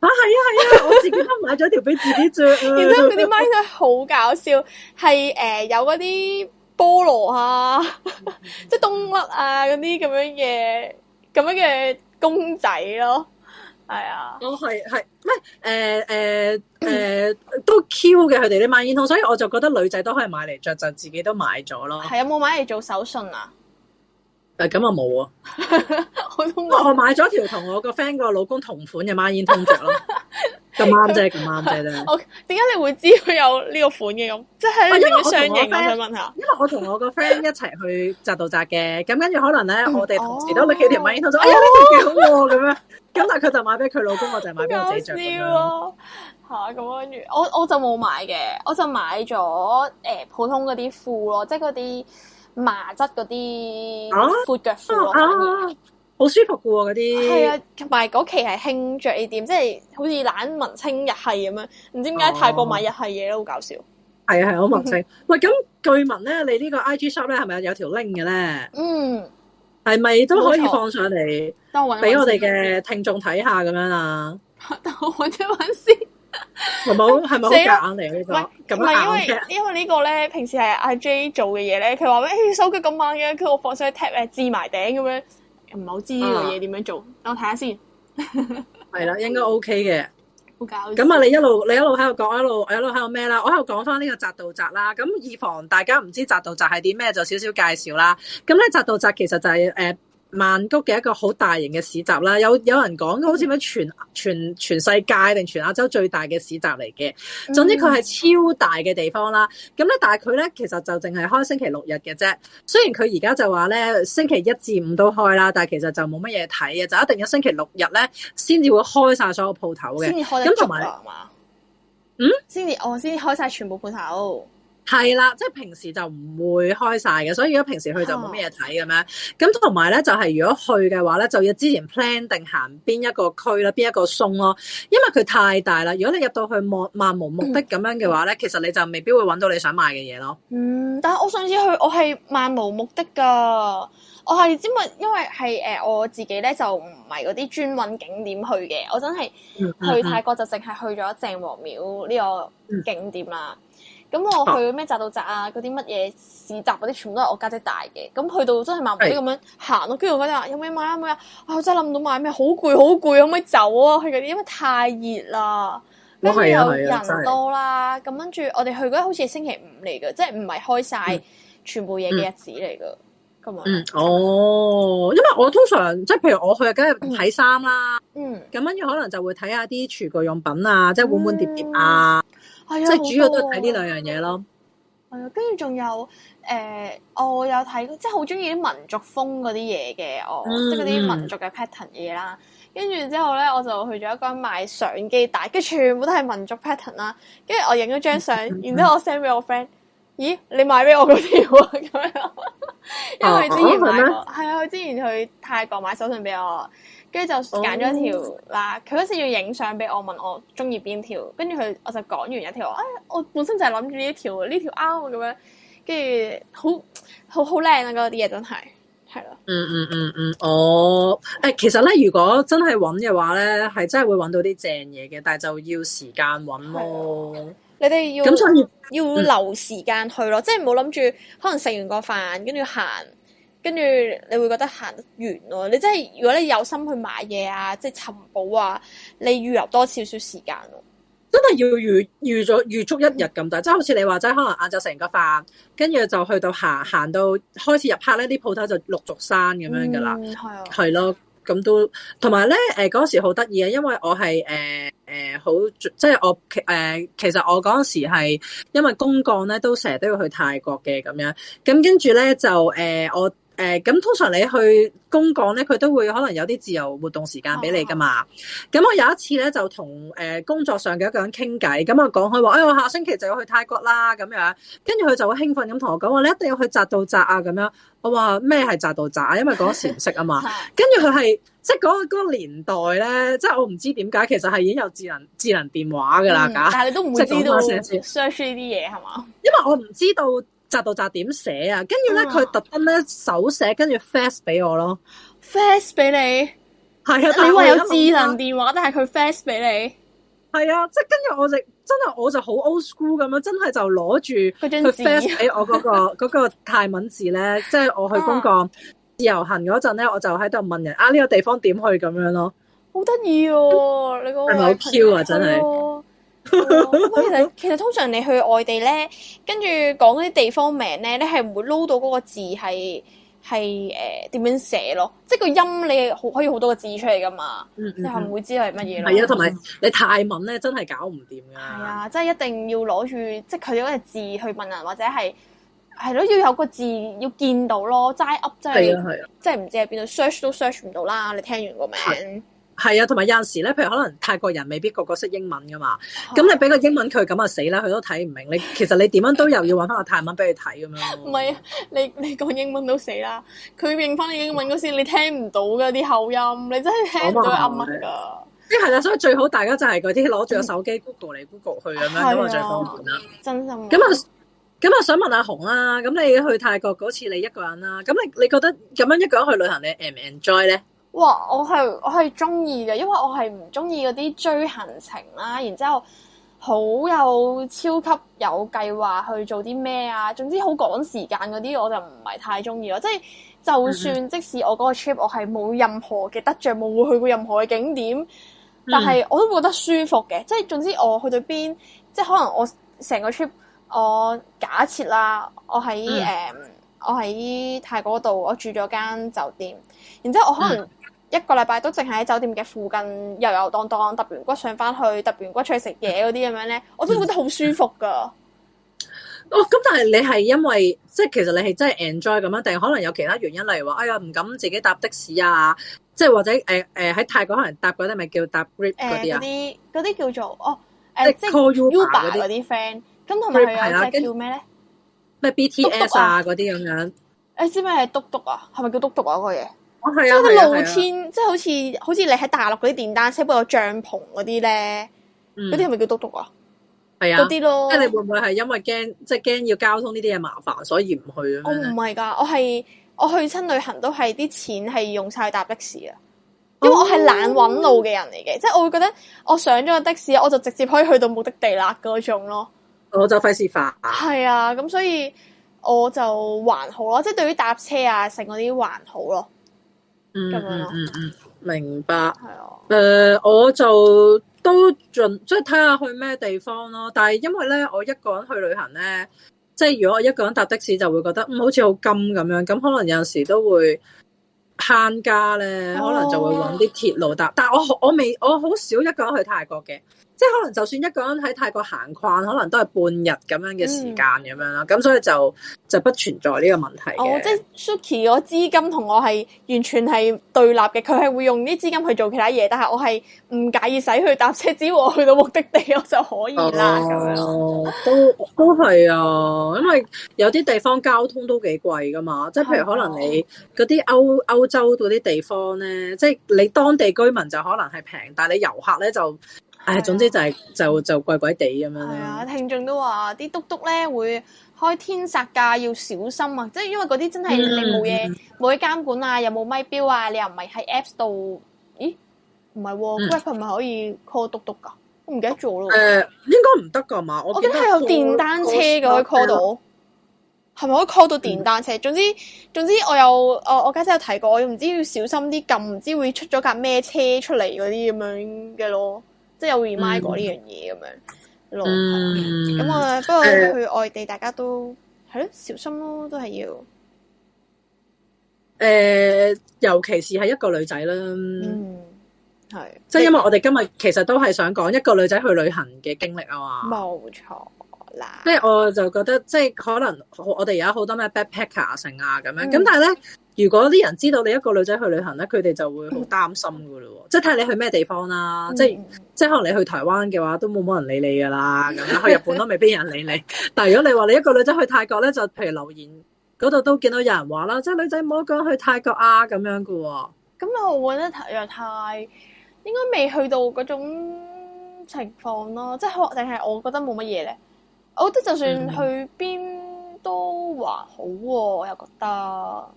啊係啊係啊，我自己都買咗條俾自己着啊，見到嗰啲孖煙通好搞笑，係誒有嗰啲。菠蘿啊， 即係冬甩啊，嗰啲咁樣嘅咁樣嘅公仔咯，係啊，哦係係，咩誒誒誒都 Q 嘅佢哋啲孖煙通，所以我就覺得女仔都可以買嚟着，就自己都買咗咯。係啊，有冇買嚟做手信啊？誒、嗯，咁啊冇啊， 我都買咗條同我個 friend 個老公同款嘅孖煙通着咯。 咁啱啫，咁啱啫啫。我點解你會知佢有呢個款嘅咁？即係一定要上認，我想問下。因為我同我個 friend 一齊去扎度扎嘅，咁跟住可能咧，我哋同時都拎起條襪拎出嚟，哎呀呢條幾好喎咁樣。咁但係佢就買俾佢老公，我就係買俾我自己。我知咯，嚇咁跟住，我我就冇買嘅，我就買咗誒普通嗰啲褲咯，即係嗰啲麻質嗰啲闊腳褲咯。好舒服噶喎，嗰啲係啊，同埋嗰期係興着呢啲，即係好似懶文青日系咁樣，唔知點解泰國買日系嘢都好搞笑。係啊，係好文青。喂，咁據聞咧，你呢個 I G shop 咧係咪有條 link 嘅咧？嗯，係咪都可以放上嚟，俾我哋嘅聽眾睇下咁樣啊？我搵一搵先，係咪好係咪好夾硬嚟？呢個咁唔係因為因為呢個咧，平時係 I G 做嘅嘢咧，佢話喂，誒，手機咁猛嘅，佢我放上去 tap 咧，支埋頂咁樣。唔好知呢個嘢點樣做，等、uh, 我睇下先。係 啦，應該 OK 嘅。好搞。咁啊，你一路你一路喺度講，一路一路喺度咩啦？我喺度講翻呢個擇道擇啦。咁以防大家唔知擇道擇係啲咩，就少少介紹啦。咁咧，擇道擇其實就係、是、誒。呃曼谷嘅一個好大型嘅市集啦，有有人講好似咩全全全世界定全亞洲最大嘅市集嚟嘅，總之佢係超大嘅地方啦。咁咧、嗯，但係佢咧其實就淨係開星期六日嘅啫。雖然佢而家就話咧星期一至五都開啦，但係其實就冇乜嘢睇嘅，就一定要星期六日咧先至會開晒所有鋪頭嘅。先至開得足啊嘛？咁同埋，嗯，先至我先開晒全部鋪頭。係啦，即係平時就唔會開晒嘅，所以如果平時去就冇咩嘢睇咁樣。咁同埋咧，就係、是、如果去嘅話咧，就要之前 plan 定行邊一個區啦，邊一個村咯，因為佢太大啦。如果你入到去漫漫無目的咁樣嘅話咧，嗯、其實你就未必會揾到你想買嘅嘢咯。嗯，但係我上次去，我係漫無目的噶，我係之咪因為係誒、呃、我自己咧就唔係嗰啲專揾景點去嘅，我真係去泰國就淨係去咗鄭王廟呢個景點啦。嗯嗯咁、嗯、我去咩扎到扎啊，嗰啲乜嘢市集嗰啲全部都係我家姐帶嘅。咁去到真係慢慢啲咁樣行咯。跟住我嗰啲話有咩買啊，咩啊？啊。啊，真係諗唔到買咩，好攰好攰，可唔可以走啊？去嗰啲因為太熱啦，跟住又人多啦。咁跟住我哋去嗰日好似係星期五嚟嘅，即係唔係開晒全部嘢嘅日子嚟噶。嗯嗯嗯，哦，因為我通常即係譬如我去梗係睇衫啦，咁跟住可能就會睇下啲廚具用品啊，即係碗碗碟碟啊，哎、呀即係主要都係睇呢兩樣嘢咯。係啊、哎，跟住仲有誒、呃，我有睇即係好中意啲民族風嗰啲嘢嘅我，即係嗰啲民族嘅 pattern 嘢啦。跟住之後咧，我就去咗一間賣相機帶，跟住全部都係民族 pattern 啦。跟住我影咗張相， 然之後我 send 俾我 friend。咦，你買俾我嗰條啊？咁樣，因為之前買，係啊，佢之前去泰國買手信俾我，跟住就揀咗一條啦。佢嗰時要影相俾我，問我中意邊條，跟住佢我就講完一條，誒、哎，我本身就係諗住呢條，呢條啱啊咁樣。跟住好好好靚啊，嗰啲嘢真係，係咯、嗯。嗯嗯嗯嗯，哦，誒、欸，其實咧，如果真係搵嘅話咧，係真係會搵到啲正嘢嘅，但係就要時間搵咯。你哋要要留時間去咯，嗯、即係唔好諗住可能食完個飯跟住行，跟住你會覺得行得完喎。你真係如果你有心去買嘢啊，即係尋寶啊，你預留多少少時間咯。真係要預預咗預足一日咁大，即係好似你話齋，可能晏晝食完個飯，跟住就去到行，行到開始入黑呢啲鋪頭就陸續閂咁樣噶啦，係啊、嗯，係咯。咁都，同埋咧，誒嗰時好得意啊，因為我係誒誒好，即係我誒、呃、其實我嗰時係因為公幹咧，都成日都要去泰國嘅咁樣，咁跟住咧就誒、呃、我。誒咁、呃、通常你去公幹咧，佢都會可能有啲自由活動時間俾你噶嘛。咁、哦、我有一次咧就同誒、呃、工作上嘅一個人傾偈，咁啊講佢話，哎我下星期就要去泰國啦咁樣，跟住佢就會興奮咁同我講話，你一定要去扎道扎啊咁樣。我話咩係扎道扎？因為嗰時唔識啊嘛。跟住佢係即係、那、嗰個年代咧，即係我唔知點解其實係已經有智能智能電話噶啦、嗯。但係你都唔會知道 search 呢啲嘢係嘛？索因為我唔知道。扎到扎點寫啊！跟住咧佢特登咧手寫，跟住 face 俾我咯。face 俾你，係啊！你話有智能電話定係佢 face 俾你？係啊！即係跟住我就真係我就好 old school 咁樣，真係就攞住佢 face 俾我嗰、那個我、那個那個泰文字咧， 即係我去公幹自由行嗰陣咧，我就喺度問人啊呢、啊這個地方點去咁樣咯。好得意哦！你個好 Q 啊！真係。 其實其實通常你去外地咧，跟住講啲地方名咧，你係唔會撈到嗰個字係係誒點樣寫咯？即係個音你好可以好多個字出嚟噶嘛？你係唔會知係乜嘢咯？係啊，同埋你泰文咧真係搞唔掂噶，係啊，即係一定要攞住即係佢嗰個字去問人，或者係係咯，要有個字要見到咯，齋 up 真係即係唔知係邊度，search 都 search 唔到啦！你聽完個名。的係啊，同埋有陣時咧，譬如可能泰國人未必個個識英文噶嘛，咁你俾個英文佢咁啊死啦，佢都睇唔明。你其實你點樣都又要揾翻個泰文俾佢睇咁樣。唔係 啊，你你講英文都死啦，佢認翻你英文嗰時，你聽唔到噶啲口音，你真係聽唔到啱乜噶。即係啦，所以最好大家就係嗰啲攞住個手機 Google 嚟 Google 去咁樣咁啊最方便啦、啊。真心。咁啊咁啊，想問阿紅啦，咁你去泰國嗰次你一個人啦、啊，咁你你覺得咁樣一個人去旅行你 enjoy 咧？哇！我係我係中意嘅，因為我係唔中意嗰啲追行程啦、啊，然之後好有超級有計劃去做啲咩啊，總之好趕時間嗰啲，我就唔係太中意咯。即係就算即使我嗰個 trip 我係冇任何嘅得着，冇會去過任何嘅景點，但係我都覺得舒服嘅。嗯、即係總之我去到邊，即係可能我成個 trip，我假設啦，我喺誒、嗯 um, 我喺泰國度，我住咗間酒店，然之後我可能。嗯一個禮拜都淨係喺酒店嘅附近游游蕩蕩，揼完骨上翻去，揼完骨出去食嘢嗰啲咁樣咧，我都覺得好舒服噶。嗯嗯。哦，咁但係你係因為即係其實你係真係 enjoy 咁啊？定係可能有其他原因，例如話哎呀唔敢自己搭的士啊，即係或者誒誒喺泰國可能搭嗰啲咪叫搭 grab 嗰啲啊？嗰啲嗰啲叫做哦，即係 call uber 嗰啲 friend。咁同埋係啦，跟住叫咩咧？咩 BTS 啊嗰啲咁樣？誒，知咩係篤篤啊？係咪叫篤篤啊？嗰嘢？即係、哦啊啊啊啊、露天，即係好似好似你喺大陸嗰啲電單車，帳嗯、是不過有帳篷嗰啲咧，嗰啲係咪叫督督啊？係啊，嗰啲咯。即係你會唔會係因為驚，即係驚要交通呢啲嘢麻煩，所以唔去啊？我唔係噶，我係我去親旅行都係啲錢係用晒搭的士啊，因為我係懶搵路嘅人嚟嘅。哦、即係我會覺得我上咗個的士，我就直接可以去到目的地啦嗰種咯。我就費事化係啊，咁所以我就還好咯，即係對於搭車啊，剩嗰啲還好咯。嗯嗯嗯，明白。係啊，誒，我就都盡即係睇下去咩地方咯。但係因為咧，我一個人去旅行咧，即係如果我一個人搭的士就會覺得嗯，好似好金咁樣，咁可能有陣時都會慳家咧，哦、可能就會揾啲鐵路搭。但係我我未我好少一個人去泰國嘅。即係可能，就算一個人喺泰國行逛，可能都係半日咁樣嘅時間咁、嗯、樣啦。咁所以就就不存在呢個問題嘅、哦。即係 Suki，我資金同我係完全係對立嘅。佢係會用啲資金去做其他嘢，但係我係唔介意使去搭車，只要我去到目的地，我就可以啦、哦樣哦。都都係啊。因為有啲地方交通都幾貴噶嘛。即係譬如可能你嗰啲、哦、歐歐洲嗰啲地方咧，即係你當地居民就可能係平，但係你遊客咧就。唉、哎，總之就係、是、就就怪怪地咁樣咧、啊。聽眾都話啲嘟嘟咧會開天殺價，要小心啊！即係因為嗰啲真係冇嘢冇嘢監管啊，又冇咪表啊，你又唔係喺 Apps 度。咦，唔係 WhatsApp 咪、嗯、可以 call 嘟嘟噶？我唔記、呃、記得咗咯。誒，應該唔得噶嘛？我驚係有電單車嘅可以 call 到，係咪可以 call 到電單車？嗯、總之總之我有我我家姐有提過，我唔知要小心啲撳，唔知會出咗架咩車出嚟，嗰啲咁樣嘅咯。即係有 remind 我呢樣嘢咁樣，咯咁啊！嗯、不過去外地大家都係咯、呃，小心咯，都係要誒、呃，尤其是係一個女仔啦，係、嗯，即係是因為我哋今日其實都係想講一個女仔去旅行嘅經歷啊嘛，冇錯。即係我就覺得，即係可能我哋而家好多咩 backpacker 成啊咁樣咁，但係咧，如果啲人知道你一個女仔去旅行咧，佢哋就會好擔心噶啦。即係睇你去咩地方啦，即係即係可能你去台灣嘅話，都冇乜人理你噶啦。咁樣去日本都未必有人理你。但係如果你話你一個女仔去泰國咧，就譬如留言嗰度都見到有人話啦，即係女仔唔好咁去泰國啊，咁樣噶。咁我會覺得若太應該未去到嗰種情況咯，即係定係我覺得冇乜嘢咧。我覺得就算去邊都還好喎、啊，我又覺得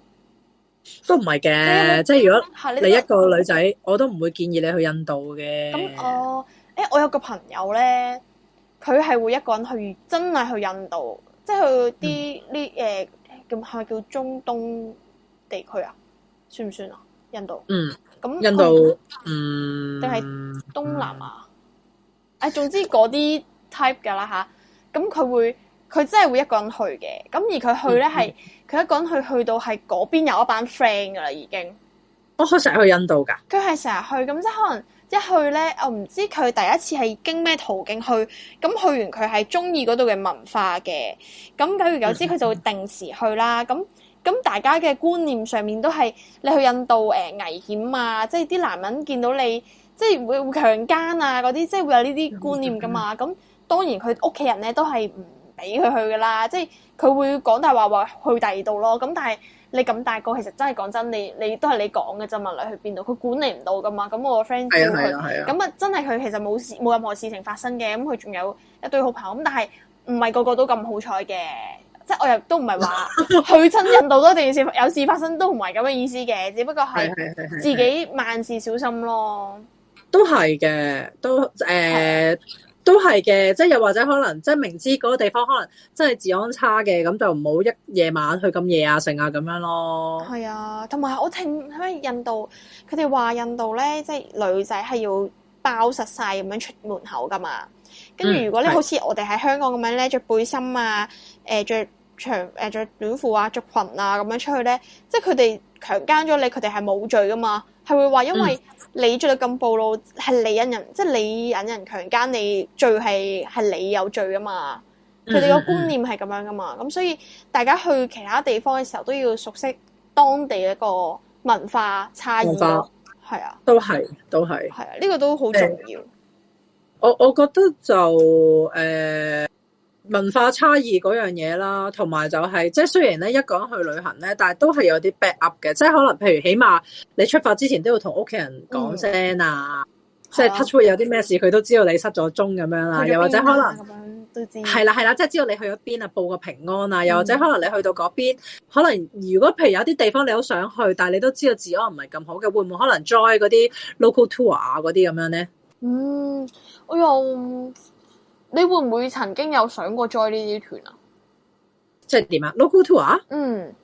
都唔係嘅，嗯、即係如果你一個女仔，嗯、我都唔會建議你去印度嘅。咁我誒我有個朋友咧，佢係會一個人去，真係去印度，即係去啲呢，咁係咪叫中東地區啊，算唔算啊？印度，嗯，咁那印度東嗯，定係東南、嗯嗯、亞？誒，總之嗰啲 type 㗎啦吓。咁佢會，佢真係會一個人去嘅。咁而佢去咧係，佢、嗯、一個人去去到係嗰邊有一班 friend 噶啦，已經。我好成日去印度噶。佢係成日去，咁即係可能一去咧，我唔知佢第一次係經咩途徑去。咁去完佢係中意嗰度嘅文化嘅。咁久而久之，佢就會定時去啦。咁咁、嗯、大家嘅觀念上面都係，你去印度誒、呃、危險啊！即係啲男人見到你，即係會會強姦啊嗰啲，即係會有呢啲觀念噶嘛？咁、嗯。嗯當然佢屋企人咧都係唔俾佢去噶啦，即係佢會講大話話去第二度咯。咁但係你咁大個，其實真係講真，你你都係你講嘅啫嘛，你去邊度，佢管理唔到噶嘛。咁我個 friend 咁啊，啊啊真係佢其實冇事冇任何事情發生嘅。咁佢仲有一對好朋友。咁但係唔係個個都咁好彩嘅，即係我又都唔係話去親印度都一定有事發生，都唔係咁嘅意思嘅。只不過係自己萬事小心咯。 都係嘅，都誒。呃 都係嘅，即係又或者可能，即係明知嗰個地方可能真係治安差嘅，咁就唔好一夜晚去咁夜啊成啊咁樣咯。係啊，同埋我聽喺印度，佢哋話印度咧，即係女仔係要包實晒咁樣出門口㗎嘛。跟住如果你好似我哋喺香港咁樣咧，着背心啊，誒、呃、着長誒着短褲啊，着裙啊咁樣出去咧，即係佢哋。強姦咗你，佢哋係冇罪噶嘛？係會話因為你做得咁暴露，係、嗯、引人，即、就、係、是、你引人強姦你罪，罪係係你有罪噶嘛？佢哋個觀念係咁樣噶嘛？咁、嗯、所以大家去其他地方嘅時候都要熟悉當地一個文化差異，係化啊，都係都係，係啊，呢、這個都好重要。嗯、我我覺得就誒。呃文化差異嗰樣嘢啦，同埋就係、係、即係雖然咧一講去旅行咧，但係都係有啲 back up 嘅，即係可能譬如起碼你出發之前都要同屋企人講聲啊，嗯、即係 touch wood 有啲咩事佢都知道你失咗蹤咁樣啦，又或者可能都知係啦係啦，啦，即係知道你去咗邊啊，報個平安啊，又或者可能你去到嗰邊，嗯、可能如果譬如有啲地方你好想去，但係你都知道治安唔係咁好嘅，會唔會可能 join 嗰啲 local tour 啊嗰啲咁樣咧？嗯，我又。你會唔會曾經有想過 join 呢啲團啊？即係點啊？local tour 啊、嗯？嗯，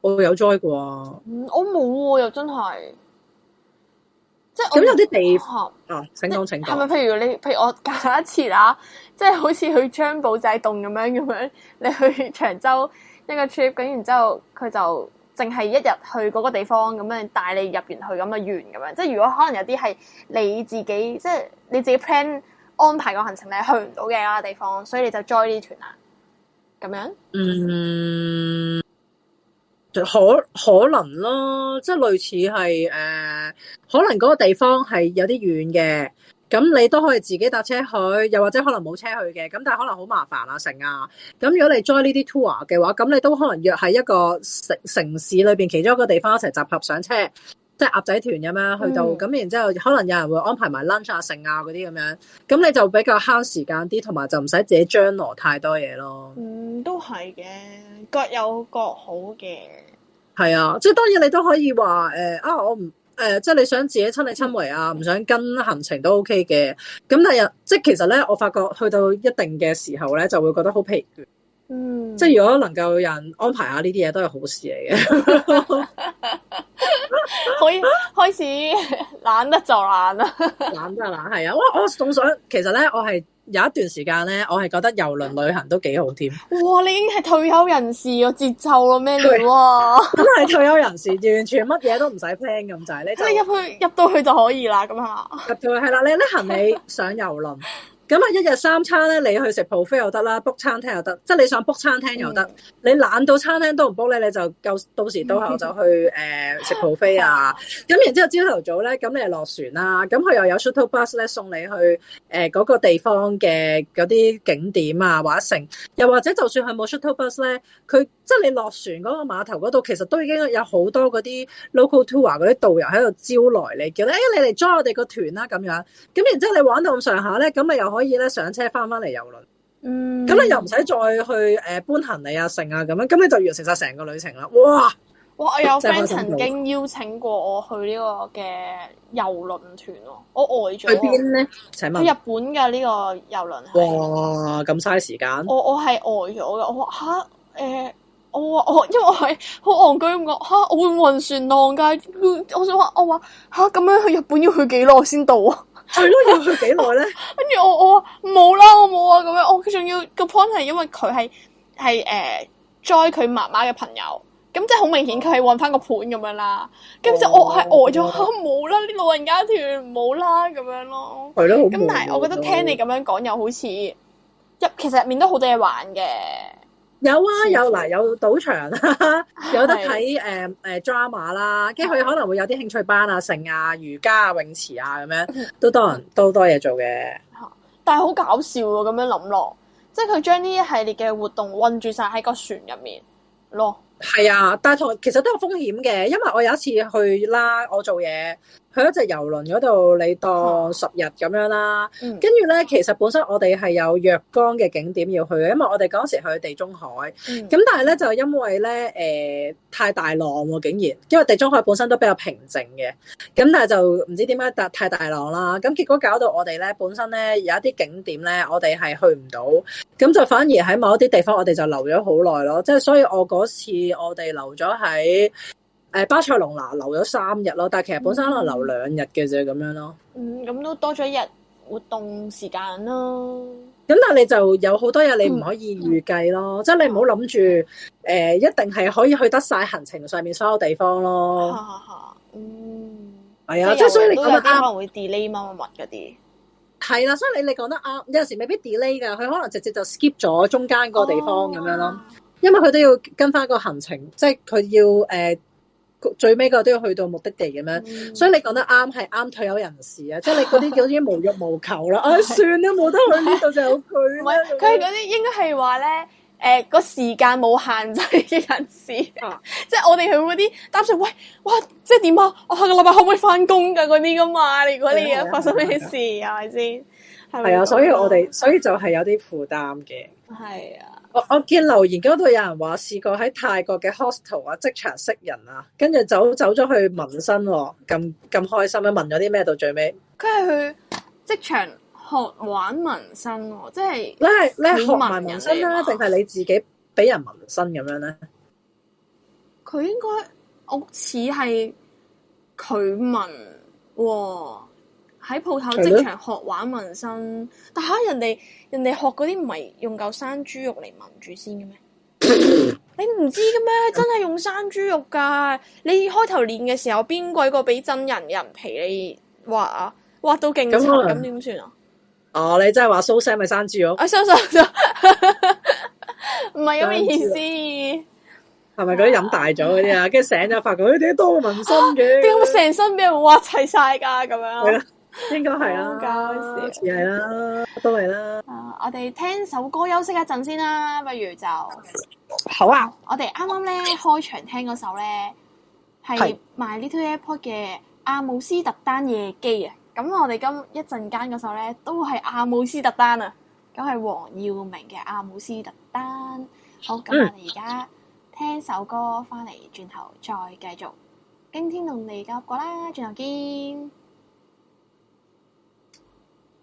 我有 join、啊、過，我冇又真係，即係咁有啲、啊、地方啊，情況情況係咪？譬如你譬如我假設一次啊，即係好似去張保仔洞咁樣咁樣，你去長洲一個 trip 咁，然之後佢就淨係一日去嗰個地方咁樣帶你入完去咁啊完咁樣。即係如果可能有啲係你自己，即係你自己 plan。安排個行程，你去唔到嘅地方，所以你就 join 呢啲團啦，咁樣嗯，可可能咯，即係類似係誒，可能嗰、呃、個地方係有啲遠嘅，咁你都可以自己搭車去，又或者可能冇車去嘅，咁但係可能好麻煩啊，成啊，咁如果你 join 呢啲 tour 嘅話，咁你都可能約喺一個城城市裏邊其中一個地方一齊集合上車。即係鴨仔團咁啊，去到咁，嗯、然之後可能有人會安排埋 lunch 啊、盛啊嗰啲咁樣，咁你就比較慳時間啲，同埋就唔使自己張羅太多嘢咯。嗯，都係嘅，各有各好嘅。係啊，即係當然你都可以話誒、呃、啊，我唔誒、呃，即係你想自己親力親為啊，唔、嗯、想跟行程都 OK 嘅。咁但係即係其實咧，我發覺去到一定嘅時候咧，就會覺得好疲倦。嗯，即係如果能夠有人安排下呢啲嘢，都係好事嚟嘅。 可以 開始懶得就懶啦， 懶就懶係啊！哇！我仲想其實咧，我係有一段時間咧，我係覺得郵輪旅行都幾好添。哇！你已經係退休人士個節奏咯，咩你、啊？真係 退休人士，完全乜嘢都唔使 plan 咁滯。你入去入到去就可以啦，咁係入到去係啦、啊，你拎行李上郵輪。 咁啊，一日三餐咧，你去食 buffet 又得啦，book 餐廳又得，即係你想 book 餐廳又得。你懶到餐廳都唔 book 咧，你就夠到時到候就去誒食 buffet 啊。咁然之後朝頭早咧，咁你係落船啦。咁佢又有 shuttle bus 咧送你去誒個地方嘅啲景點啊，或者城，又或者就算係冇 shuttle bus 咧，佢即係你落船個碼頭度，其實都已經有好多啲 local tour 啲導遊喺度招來你，叫咧誒你嚟 join 我哋個團啦咁樣，咁然之後你玩到咁上下咧，咁咪又可以。可以咧，上車翻翻嚟遊輪，咁、嗯、你又唔使再去誒、呃、搬行李啊，剩啊咁樣，咁你就完成晒成個旅程啦。哇！哇，我有 friend 曾經邀請過我去呢個嘅遊輪團，我呆咗。去邊咧？請問去日本嘅呢個遊輪。哇！咁嘥時間。我我係呆咗嘅。我話吓，誒、欸，我話我，因為我係好戇居咁講吓，我我會唔會暈船浪噶？我想話，我話吓，咁樣去日本要去幾耐先到啊？係咯，要去幾耐咧？跟住我我話冇啦，我冇啊咁樣。我佢仲要個 point 係因為佢係係誒 join 佢媽媽嘅朋友，咁即係好明顯佢係揾翻個盤咁樣啦。跟住我係呆咗，冇啦，哦，啲 老人家團冇啦，咁樣咯。係咯、 嗯，咁 但係我覺得聽你咁樣講又好似入其實入面都好多嘢玩嘅。有啊，有嗱，有賭場、， 呃呃、場啦，有得睇誒誒 drama 啦，跟住佢可能會有啲興趣班啊、勝啊、瑜伽啊、泳池啊咁樣，都多人，都多嘢做嘅。嚇！ 但係好搞笑喎、啊，咁樣諗落，即係佢將呢一系列嘅活動混住晒喺個船入面咯。係啊，但係同其實都有風險嘅，因為我有一次去啦，我做嘢。去一隻遊輪嗰度，你當十日咁樣啦。跟住咧，其實本身我哋係有若干嘅景點要去嘅，因為我哋嗰時去地中海。咁、嗯、但係咧，就因為咧，誒、呃、太大浪喎，竟然因為地中海本身都比較平靜嘅，咁但係就唔知點解突太大浪啦。咁結果搞到我哋咧，本身咧有一啲景點咧，我哋係去唔到。咁就反而喺某一啲地方，我哋就留咗好耐咯。即係所以，我嗰次我哋留咗喺。誒，巴塞隆拿留咗三日咯，但係其實本身兩、嗯、可能留兩日嘅啫，咁樣咯。嗯，咁都多咗一日活動時間咯。咁但係你就有好多嘢你唔可以預計咯，即係你唔好諗住誒，一定係可以去得晒行程上面所有地方咯。嗯，係、嗯、啊，即係是所以你覺得可能會 delay 乜乜嗰啲。係啦、啊，所以你你講得啱，有陣時未必 delay 噶，佢可能直接就 skip 咗中間個地方咁樣咯，啊、因為佢都要跟翻個行程，即係佢要誒。就是最尾個都要去到目的地咁樣，mm hmm. 所以你講得啱，係啱退休人士啊！即係你嗰啲已經無欲無求啦，唉，算啦，冇得去呢度就有佢。佢係嗰啲應該係話咧，誒個時間冇限制嘅人士，即、就、係我哋去嗰啲擔心，喂，哇，即係點啊？我下個，個禮拜可唔可以返工㗎？嗰啲㗎嘛，你嗰啲嘢發生咩事啊？係咪先？係啊，所以我哋、哦、笑 esta 所以就係有啲負擔嘅。係啊。我我見留言嗰度有人話試過喺泰國嘅 hostel 啊，即場識人啊，跟住走走咗去紋身喎，咁咁開心咧！紋咗啲咩到最尾？佢係去即場學玩紋身，即係你係你係學紋紋身咧，定係你自己俾人紋身咁樣咧？佢應該我似係佢紋喺鋪頭即場學玩紋身，了但吓人哋人哋學嗰啲唔係用嚿生豬肉嚟紋住先嘅咩？ 你唔知嘅咩？真係用生豬肉噶！你開頭練嘅時候，邊鬼個俾真人人皮你？畫啊？畫到勁殘，咁點算啊？哦，你真係話蘇生咪生豬肉？我相信咗，唔係咁嘅意思。係咪嗰啲飲大咗嗰啲啊？跟住醒咗發覺，咦、哎？點解多紋身嘅？點成、啊、身俾人畫齊晒噶？咁樣。應該係啦，似係 事啦， 都係啦。啊、呃，我哋聽首歌休息一陣先啦，不如就好啊！我哋啱啱咧開場聽嗰首咧係 My Little Airport 嘅《阿姆斯特丹夜機》啊，咁我哋今一陣間嗰首咧都係《阿姆斯特丹》啊，咁係黃耀明嘅《阿姆斯特丹》。好，咁、嗯、我哋而家聽首歌翻嚟，轉頭再繼續驚天動地 9up 過啦，轉頭見。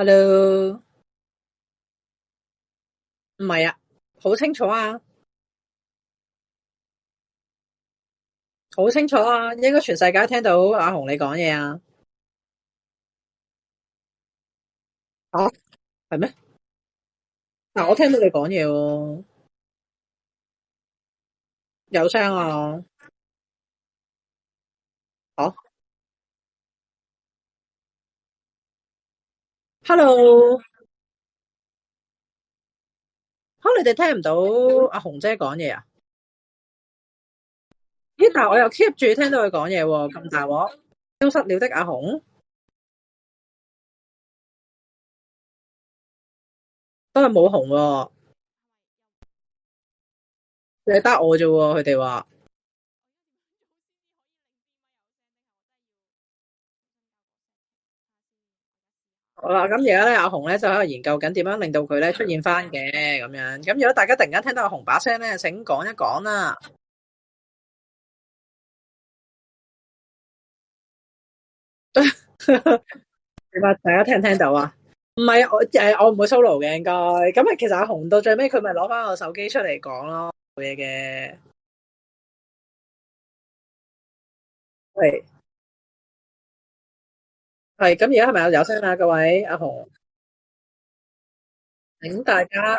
hello，唔係啊，好清楚啊，好清楚啊，應該全世界聽到阿紅你講嘢啊，好係咩？嗱、啊，我聽到你講嘢喎，有聲啊，好、啊。hello，可能你哋聽唔到阿紅姐講嘢啊？咦，但我又 keep 住聽到佢講嘢喎，咁大鑊，消失了的阿紅，都係冇紅，淨係得我啫，佢哋話。好啦，咁而家咧，阿紅咧就喺度研究緊點樣令到佢咧出現翻嘅咁樣。咁如果大家突然間聽到阿紅把聲咧，請講一講啦。係嘛？大家聽唔聽到啊？唔係我誒，我唔會 solo 嘅，應該咁啊。其實阿紅到最尾，佢咪攞翻個手機出嚟講咯，冇嘢嘅。係。係咁，而家係咪有聲啊？各位阿紅，請大家，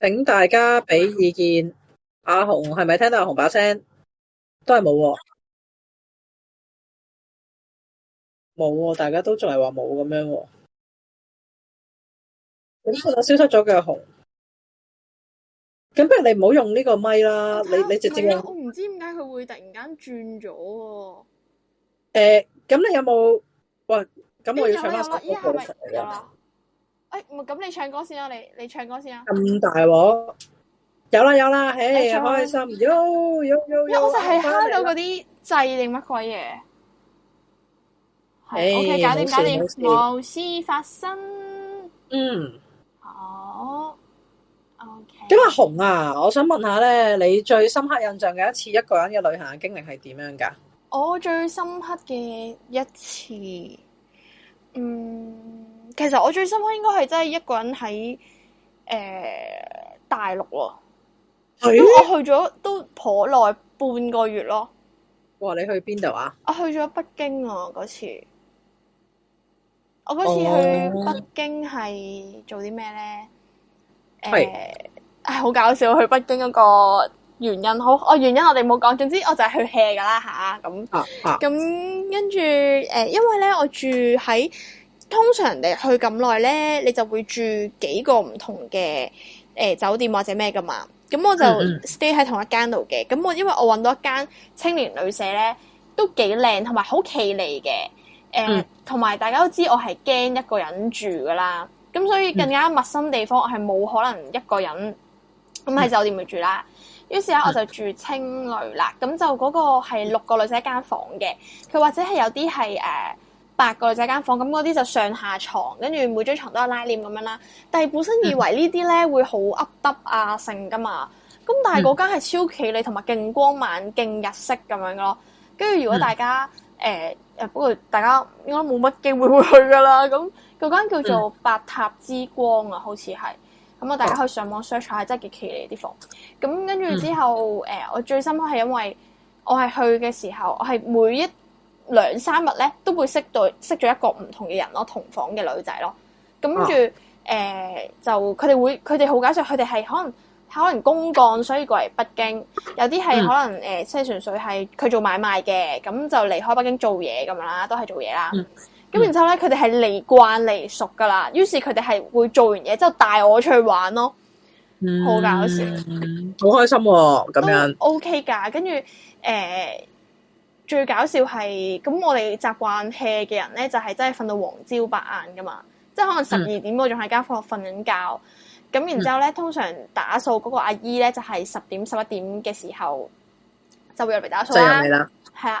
請大家俾意見。阿紅係咪聽到阿紅把聲？都係冇，冇，大家都仲係話冇咁樣、哦。點、嗯、解消失咗嘅阿紅？咁不如你唔好用呢個咪啦。看你你直接用。我唔知點解佢會突然間轉咗。誒，咁、欸、你有冇？喂、欸，咁我要唱下《中國好聲誒，咁、欸、你唱歌先啦、啊，你你唱歌先啦、啊。咁大鑊？有啦有啦，嘿、欸，開心。有！有！有！有！Yo yo！因為、欸、我就係敲到嗰啲制定乜鬼嘢。O K，事搞掂搞掂，事無事發生。嗯。好、oh, okay。O K。咁啊，阿紅啊！我想問下咧，你最深刻印象嘅一次一個人嘅旅行嘅經歷係點樣噶？我最深刻嘅一次，嗯，其實我最深刻應該係真係一個人喺、誒、呃、大陸喎。咁、欸、我去咗都頗耐半個月咯。哇！你去邊度啊？我去咗北京啊！嗰次，我嗰次去北京係做啲咩咧？誒，唉，好搞笑！去北京嗰個。原因好哦，原因我哋冇講，總之我就係去 hea 噶啦吓，咁、啊。咁、啊啊、跟住誒、呃，因為咧我住喺通常人哋去咁耐咧，你就會住幾個唔同嘅誒、呃、酒店或者咩噶嘛。咁、嗯嗯、我就 stay 喺同一間度嘅。咁、嗯嗯、我因為我揾到一間青年旅社咧，都幾靚同埋好企理嘅。誒，同、呃、埋、嗯、大家都知我係驚一個人住噶啦。咁所以更加陌生地方，我係冇可能一個人咁喺酒店度住啦。嗯嗯嗯嗯嗯於是咧，我就住青旅啦。咁就嗰個係六個女仔一間房嘅。佢或者係有啲係誒八個女仔一間房。咁嗰啲就上下床，跟住每張床都有拉鏈咁樣啦。但係本身以為呢啲咧會好凹凸啊性噶嘛。咁但係嗰間係超企理，同埋勁光猛、勁日式咁樣咯。跟住如果大家誒誒，不過、嗯呃、大家應該冇乜機會會去噶啦。咁嗰間叫做八塔之光啊，好似係。咁我、嗯嗯、大家可以上網 search 下，係真係幾奇離啲房。咁跟住之後，誒、嗯呃、我最深刻係因為我係去嘅時候，我係每一兩三日咧都會識到識咗一個唔同嘅人咯，同房嘅女仔咯。咁住誒就佢哋會佢哋，好搞笑，佢哋係可能可能公幹，所以過嚟北京，有啲係可能誒即係純粹係佢做買賣嘅，咁就離開北京做嘢咁樣啦，都係做嘢啦。嗯咁然之後咧，佢哋係嚟慣嚟熟噶啦，於是佢哋係會做完嘢之後帶我出去玩咯，好、嗯、搞笑，好、嗯、開心喎、啊！咁樣 O K 噶，跟住誒，最搞笑係咁，我哋習慣 hea 嘅人咧，就係、是、真係瞓到黃朝白晏噶嘛，即係可能十二點我仲喺間房瞓緊覺，咁、嗯、然之後咧，通常打掃嗰個阿姨咧就係、是、十點十一點嘅時候就會入嚟打掃啦，係啊，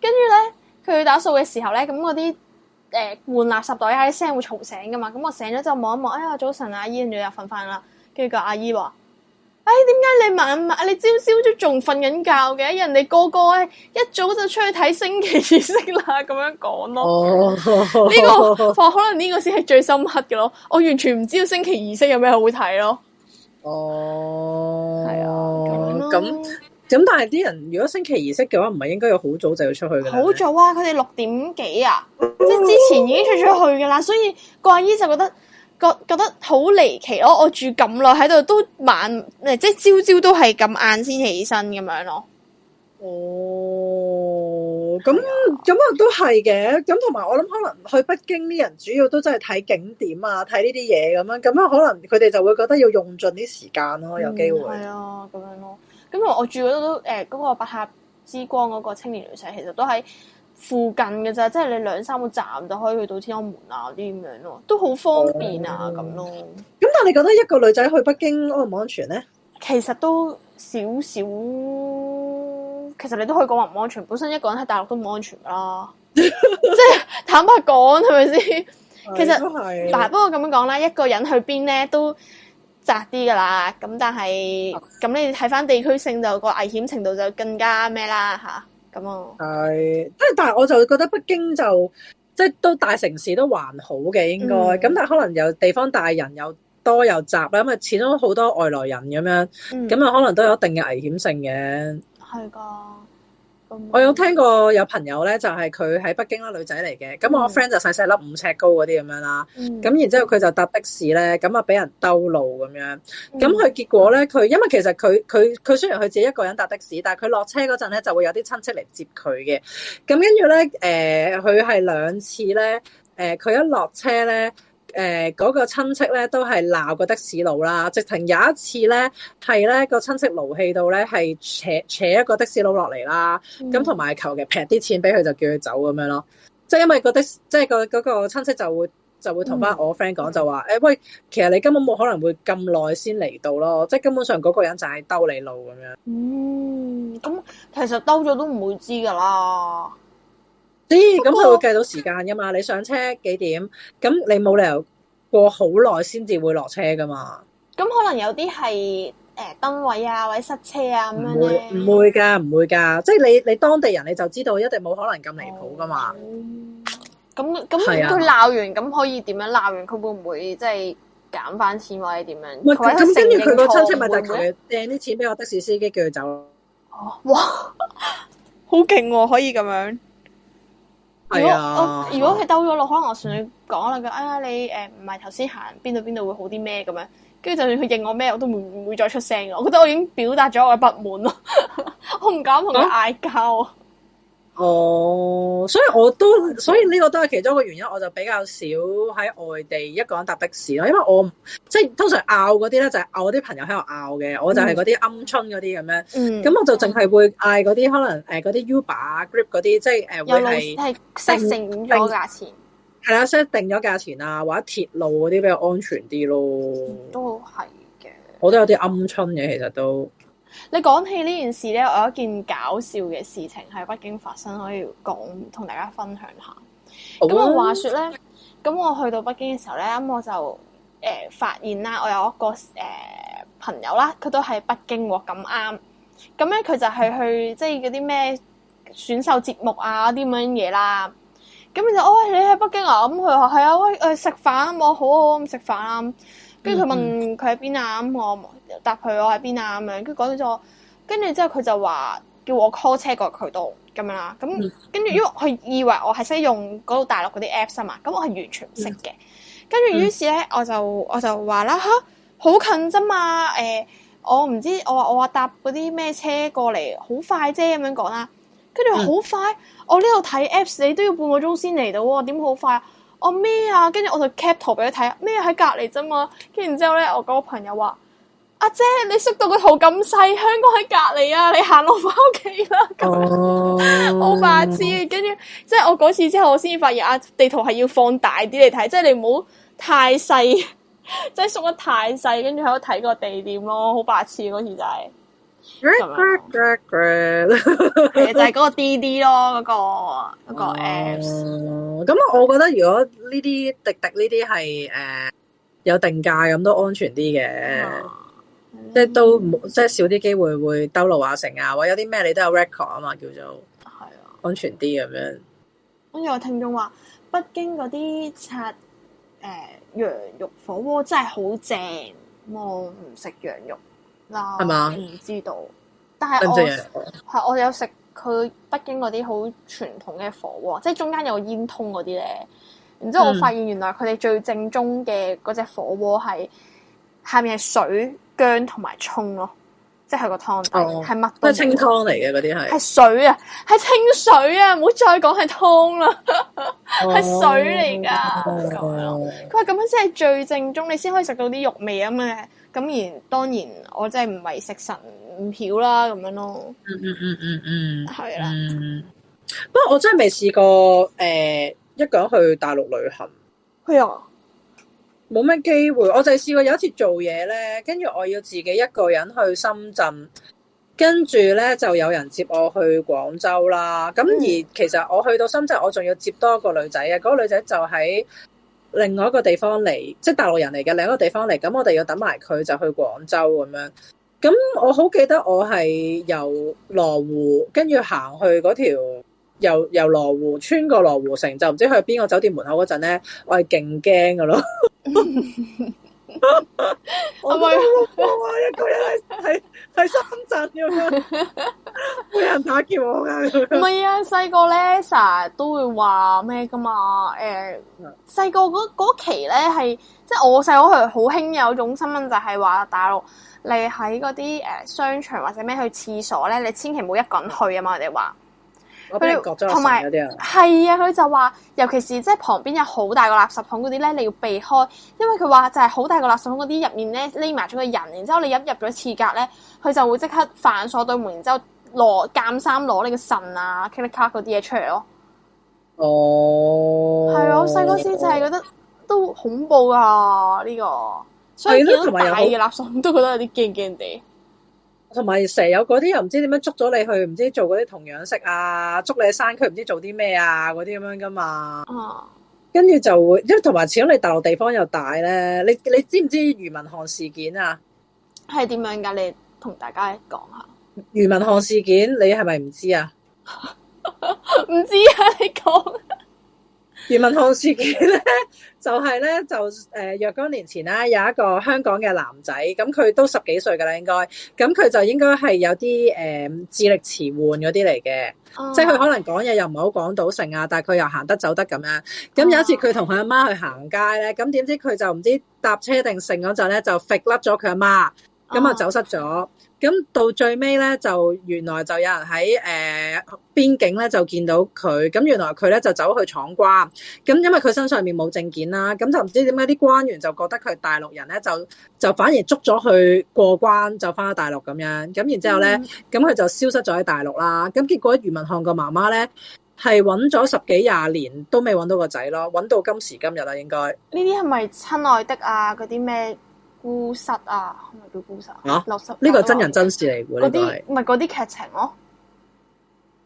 跟住咧佢打掃嘅時候咧，咁我啲。誒，換、呃、垃圾袋呀啲聲會嘈醒噶嘛，咁我醒咗就望一望，哎呀早晨阿姨跟住又瞓翻啦。跟、啊、住個阿姨話，哎，點解你晚啊？你朝朝都仲瞓緊覺嘅，人哋個個咧一早就出去睇升旗儀式啦。咁樣講咯，呢、 這個，可能呢個先係最深刻嘅咯。我完全唔知道升旗儀式有咩好睇咯。哦，係啊，咁。咁但係啲人如果星期二息嘅話，唔係應該要好早就要出去嘅？好早啊！佢哋六點幾啊，哦、即係之前已經出咗去嘅啦。所以郭阿姨就覺得覺覺得好離奇咯、哦。我住咁耐喺度，都晚即係朝朝都係咁晏先起身咁樣咯。哦，咁咁啊，都係嘅。咁同埋我諗，可能去北京啲人主要都真係睇景點啊，睇呢啲嘢，咁樣。咁樣，可能佢哋就會覺得要用盡啲時間咯。有機會係啊，咁、嗯、樣咯。咁我住嗰度都誒嗰、呃嗰個百合之光嗰個青年旅社，其實都喺附近嘅啫，即係你兩三個站就可以去到天安門啊啲咁、啊嗯、樣咯，都好方便啊咁咯。咁但係你覺得一個女仔去北京安唔安全咧？其實都少少，其實你都可以講話唔安全。本身一個人喺大陸都唔安全㗎啦，即係 坦白講係咪先？ 其實，但是不，不過咁樣講啦，一個人去邊咧都。窄啲噶啦，咁但係咁 Okay. 你睇翻地區性就個危險程度就更加咩啦吓，咁啊係，即係但係我就覺得北京就即係、就是、都大城市都還好嘅應該。咁、嗯、但係可能有地方大人又多又雜啦，因為始終好多外來人咁樣，咁啊、嗯、可能都有一定嘅危險性嘅，係噶。我有聽過有朋友咧，就係佢喺北京啦，女仔嚟嘅。咁我 friend 就細細粒五尺高嗰啲咁樣啦。咁、嗯、然之後佢就搭的士咧，咁啊俾人兜路咁樣。咁佢結果咧，佢因為其實佢佢佢雖然佢自己一個人搭的士，但係佢落車嗰陣咧就會有啲親戚嚟接佢嘅。咁跟住咧，誒佢係兩次咧，誒、呃、佢一落車咧。誒嗰、呃、那個親戚咧，都係鬧個的士佬啦。直情有一次咧，係咧個親戚勞氣到咧，係扯扯一個的士佬落嚟啦。咁同埋求其劈啲錢俾佢，就叫佢走咁樣咯。即係因為、那個的，即係個嗰個親戚就會就會同翻我 friend 講，嗯、就話誒、欸、喂，其實你根本冇可能會咁耐先嚟到咯。即係根本上嗰個人就係兜你路咁樣。嗯，咁其實兜咗都唔會知㗎啦。咦，咁佢會計到時間噶嘛？你上車幾點？咁你冇理由過好耐先至會落車噶嘛？咁可能有啲係誒燈位啊，或者塞車啊咁樣咧？會唔會噶？唔會噶，唔會噶，即係你你當地人你就知道一定冇可能咁離譜噶嘛。咁咁佢鬧完，咁、啊、可以點樣鬧完？佢會唔會即係減翻錢或者點樣？唔係咁，跟住佢個親戚咪就佢掟啲錢俾我的士司機叫佢走咯。哦，哇，好勁喎，可以咁樣。如果我、哎呀呃、如果佢兜咗路，可能我順續講啦，佢哎呀你誒唔係頭先行邊度邊度會好啲咩咁樣？跟住就算佢認我咩，我都唔會再出聲嘅。我覺得我已經表達咗我嘅不滿咯， 我唔敢同佢嗌交。嗯哦，oh, 所以我都，所以呢個都係其中一個原因，我就比較少喺外地一個人搭的士咯，因為我即係通常拗嗰啲咧，就拗啲朋友喺度拗嘅，嗯、我就係嗰啲鵪鶉嗰啲咁樣。嗯，咁我就淨係會嗌嗰啲可能誒嗰啲 Uber 啊、Grab 嗰啲，即係誒會係係 set 定咗價錢。係啦，set 定咗價錢啊，或者鐵路嗰啲比較安全啲咯，都係嘅。我都有啲鵪鶉嘅，其實都。你講起呢件事咧，我有一件搞笑嘅事情喺北京發生，可以講同大家分享下。咁我吧話說咧，咁我去到北京嘅時候咧，咁我就誒、呃、發現啦，我有一個誒、呃、朋友、啊、啦，佢都喺北京喎，咁啱。咁咧佢就係去即係嗰啲咩選秀節目啊啲咁樣嘢啦。咁就我喂，你喺北京啊，咁佢話係啊，喂，誒食飯啊，我好好咁食飯啊。跟住佢問佢喺邊啊，咁我答佢我喺邊啊咁樣，跟住講完之後，跟住之後佢就話叫我 call 車過佢度咁樣啦，咁跟住因為佢以為我係識用嗰度大陸嗰啲 Apps 啊嘛，咁我係完全唔識嘅，跟住於是咧我就我就話啦吓，好近啫嘛，誒、呃、我唔知我話我話搭嗰啲咩車過嚟，好快啫咁樣講啦，跟住好快，我呢度睇 Apps 你都要半個鐘先嚟到喎，點好快啊？我咩、哦、啊？跟住我就 cap 圖俾佢睇，咩喺隔籬啫嘛？跟住之後咧，我嗰個朋友話：阿、啊、姐，你縮到個圖咁細，香港喺隔籬啊！你行路翻屋企啦，咁樣好白痴。跟住 氣、啊、即係我嗰次之後，我先發現啊，地圖係要放大啲嚟睇，即係你唔好太細，即係縮得太細，跟住喺度睇個地點咯，好白痴嗰次就係。就係嗰個滴滴咯，嗰、嗰個嗰、嗰個 Apps。咁、哦、我覺得如果呢啲滴滴呢啲係誒有定價，咁都安全啲嘅，哦、即係都、嗯、即係少啲機會會兜路啊成啊，或者有啲咩你都有 record 啊嘛，叫做係啊，安全啲咁樣。跟、嗯、有我聽眾話，北京嗰啲刷誒羊肉火鍋真係好正，我唔食羊肉。啦，係嘛、啊？唔知道，吧但係我係、嗯、我有食佢北京嗰啲好傳統嘅火鍋，即係中間有煙通嗰啲咧。然之後我發現原來佢哋最正宗嘅嗰隻火鍋係下面係水薑同埋葱咯，即係個湯係乜、哦、都清湯嚟嘅嗰啲係係水啊，係清水啊，唔好再講係湯啦，係 水嚟噶。佢話咁樣先係最正宗，你先可以食到啲肉味咁嘅。咁然，當然我真係唔係食神唔曉啦，咁樣咯。嗯嗯嗯嗯嗯，係、嗯嗯嗯、啦、嗯。不過我真係未試過誒、呃、一個人去大陸旅行。係啊，冇咩機會。我就係試過有一次做嘢咧，跟住我要自己一個人去深圳，跟住咧就有人接我去廣州啦。咁而其實我去到深圳，我仲要接多一個女仔啊！嗰、嗯、個女仔就喺～另外一個地方嚟，即係大陸人嚟嘅，另外一個地方嚟，咁我哋要等埋佢就去廣州咁樣。咁我好記得我係由，由羅湖，跟住行去嗰條由由羅湖穿過羅湖城，就唔知去邊個酒店門口嗰陣咧，我係勁驚㗎咯。 我一個人喺。喺深圳咁樣，會 人打劫我噶。唔係啊，細個咧成日都會話咩噶嘛。誒、呃，細個嗰期咧係，即係、就係、我細個係好興有一種新聞，就係話大陸你喺嗰啲誒商場或者咩去廁所咧，你千祈唔好一個人去啊嘛，我哋話。同埋係啊！佢就話，尤其是即係旁邊有好大個垃圾桶嗰啲咧，你要避開，因為佢話就係好大個垃圾桶嗰啲入面咧匿埋咗個人，然之後你一入咗廁格咧，佢就會即刻反鎖對門，然之後攞監三攞你個腎啊、credit card 嗰啲嘢出嚟咯。哦，係啊、oh！我細個時就係覺得都恐怖啊！呢、呢個所以呢到大嘅垃圾桶很 都覺得有啲驚驚地。同埋，有蛇友嗰啲又唔知點樣捉咗你去，唔知做嗰啲同樣式啊，捉你喺山區唔知做啲咩啊，嗰啲咁樣噶嘛。哦、啊，跟住就會，因為同埋始終你大陸地方又大咧，你你知唔知漁民抗事件啊？係點樣噶？你同大家講下漁民抗事件，你係咪唔知啊？唔 知啊？你講。庾文翰事件咧，就係、是、咧，就誒、呃、若干年前啦，有一個香港嘅男仔，咁、嗯、佢都十幾歲㗎喇，應該，咁佢就應該係有啲誒智力遲緩嗰啲嚟嘅，哦、即係佢可能講嘢又唔係好講到成啊，但係佢又行得走得咁樣。咁、嗯、有一次佢同佢阿媽去行街咧，咁點知佢就唔知搭車定剩嗰陣咧，就甩甩咗佢阿媽，咁啊走失咗。嗯嗯。咁到最尾咧，就原來就有人喺誒、呃、邊境咧，就見到佢。咁原來佢咧就走去闖關，咁因為佢身上面冇證件啦，咁就唔知點解啲官員就覺得佢係大陸人咧，就就反而捉咗佢過關，就翻咗大陸咁樣。咁然之後咧，咁佢、嗯、就消失咗喺大陸啦。咁結果余文漢個媽媽咧，係揾咗十幾廿年都未揾到個仔咯，揾到今時今日啦，應該。呢啲係咪親愛的啊？嗰啲咩？孤失啊，係咪叫孤失？啊，流失呢個真人真事嚟喎，呢個唔係嗰啲劇情咯？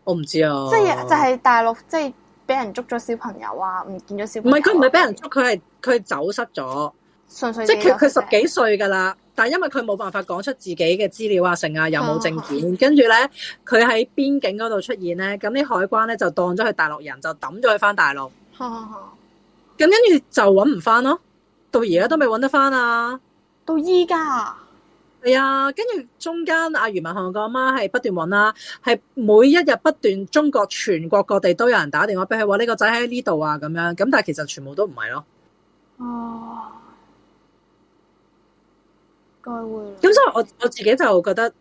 我唔知啊，即係就係大陸即係俾人捉咗小朋友啊，唔見咗小朋唔係佢唔係俾人捉，佢係佢走失咗，純粹即係佢佢十幾歲噶啦，但係因為佢冇辦法講出自己嘅資料啊，剩啊又冇證件，跟住咧佢喺邊境嗰度出現咧，咁啲海關咧就當咗佢大陸人，就抌咗佢翻大陸，咁跟住就揾唔翻咯，到而家都未揾得翻啊！到依家係啊，跟住中間阿余文漢個阿媽係不斷搵啦，係每一日不斷中國全國各地都有人打電話俾佢話呢個仔喺呢度啊，咁樣咁，但係其實全部都唔係咯。哦，該會！咁所以我我自己就覺得，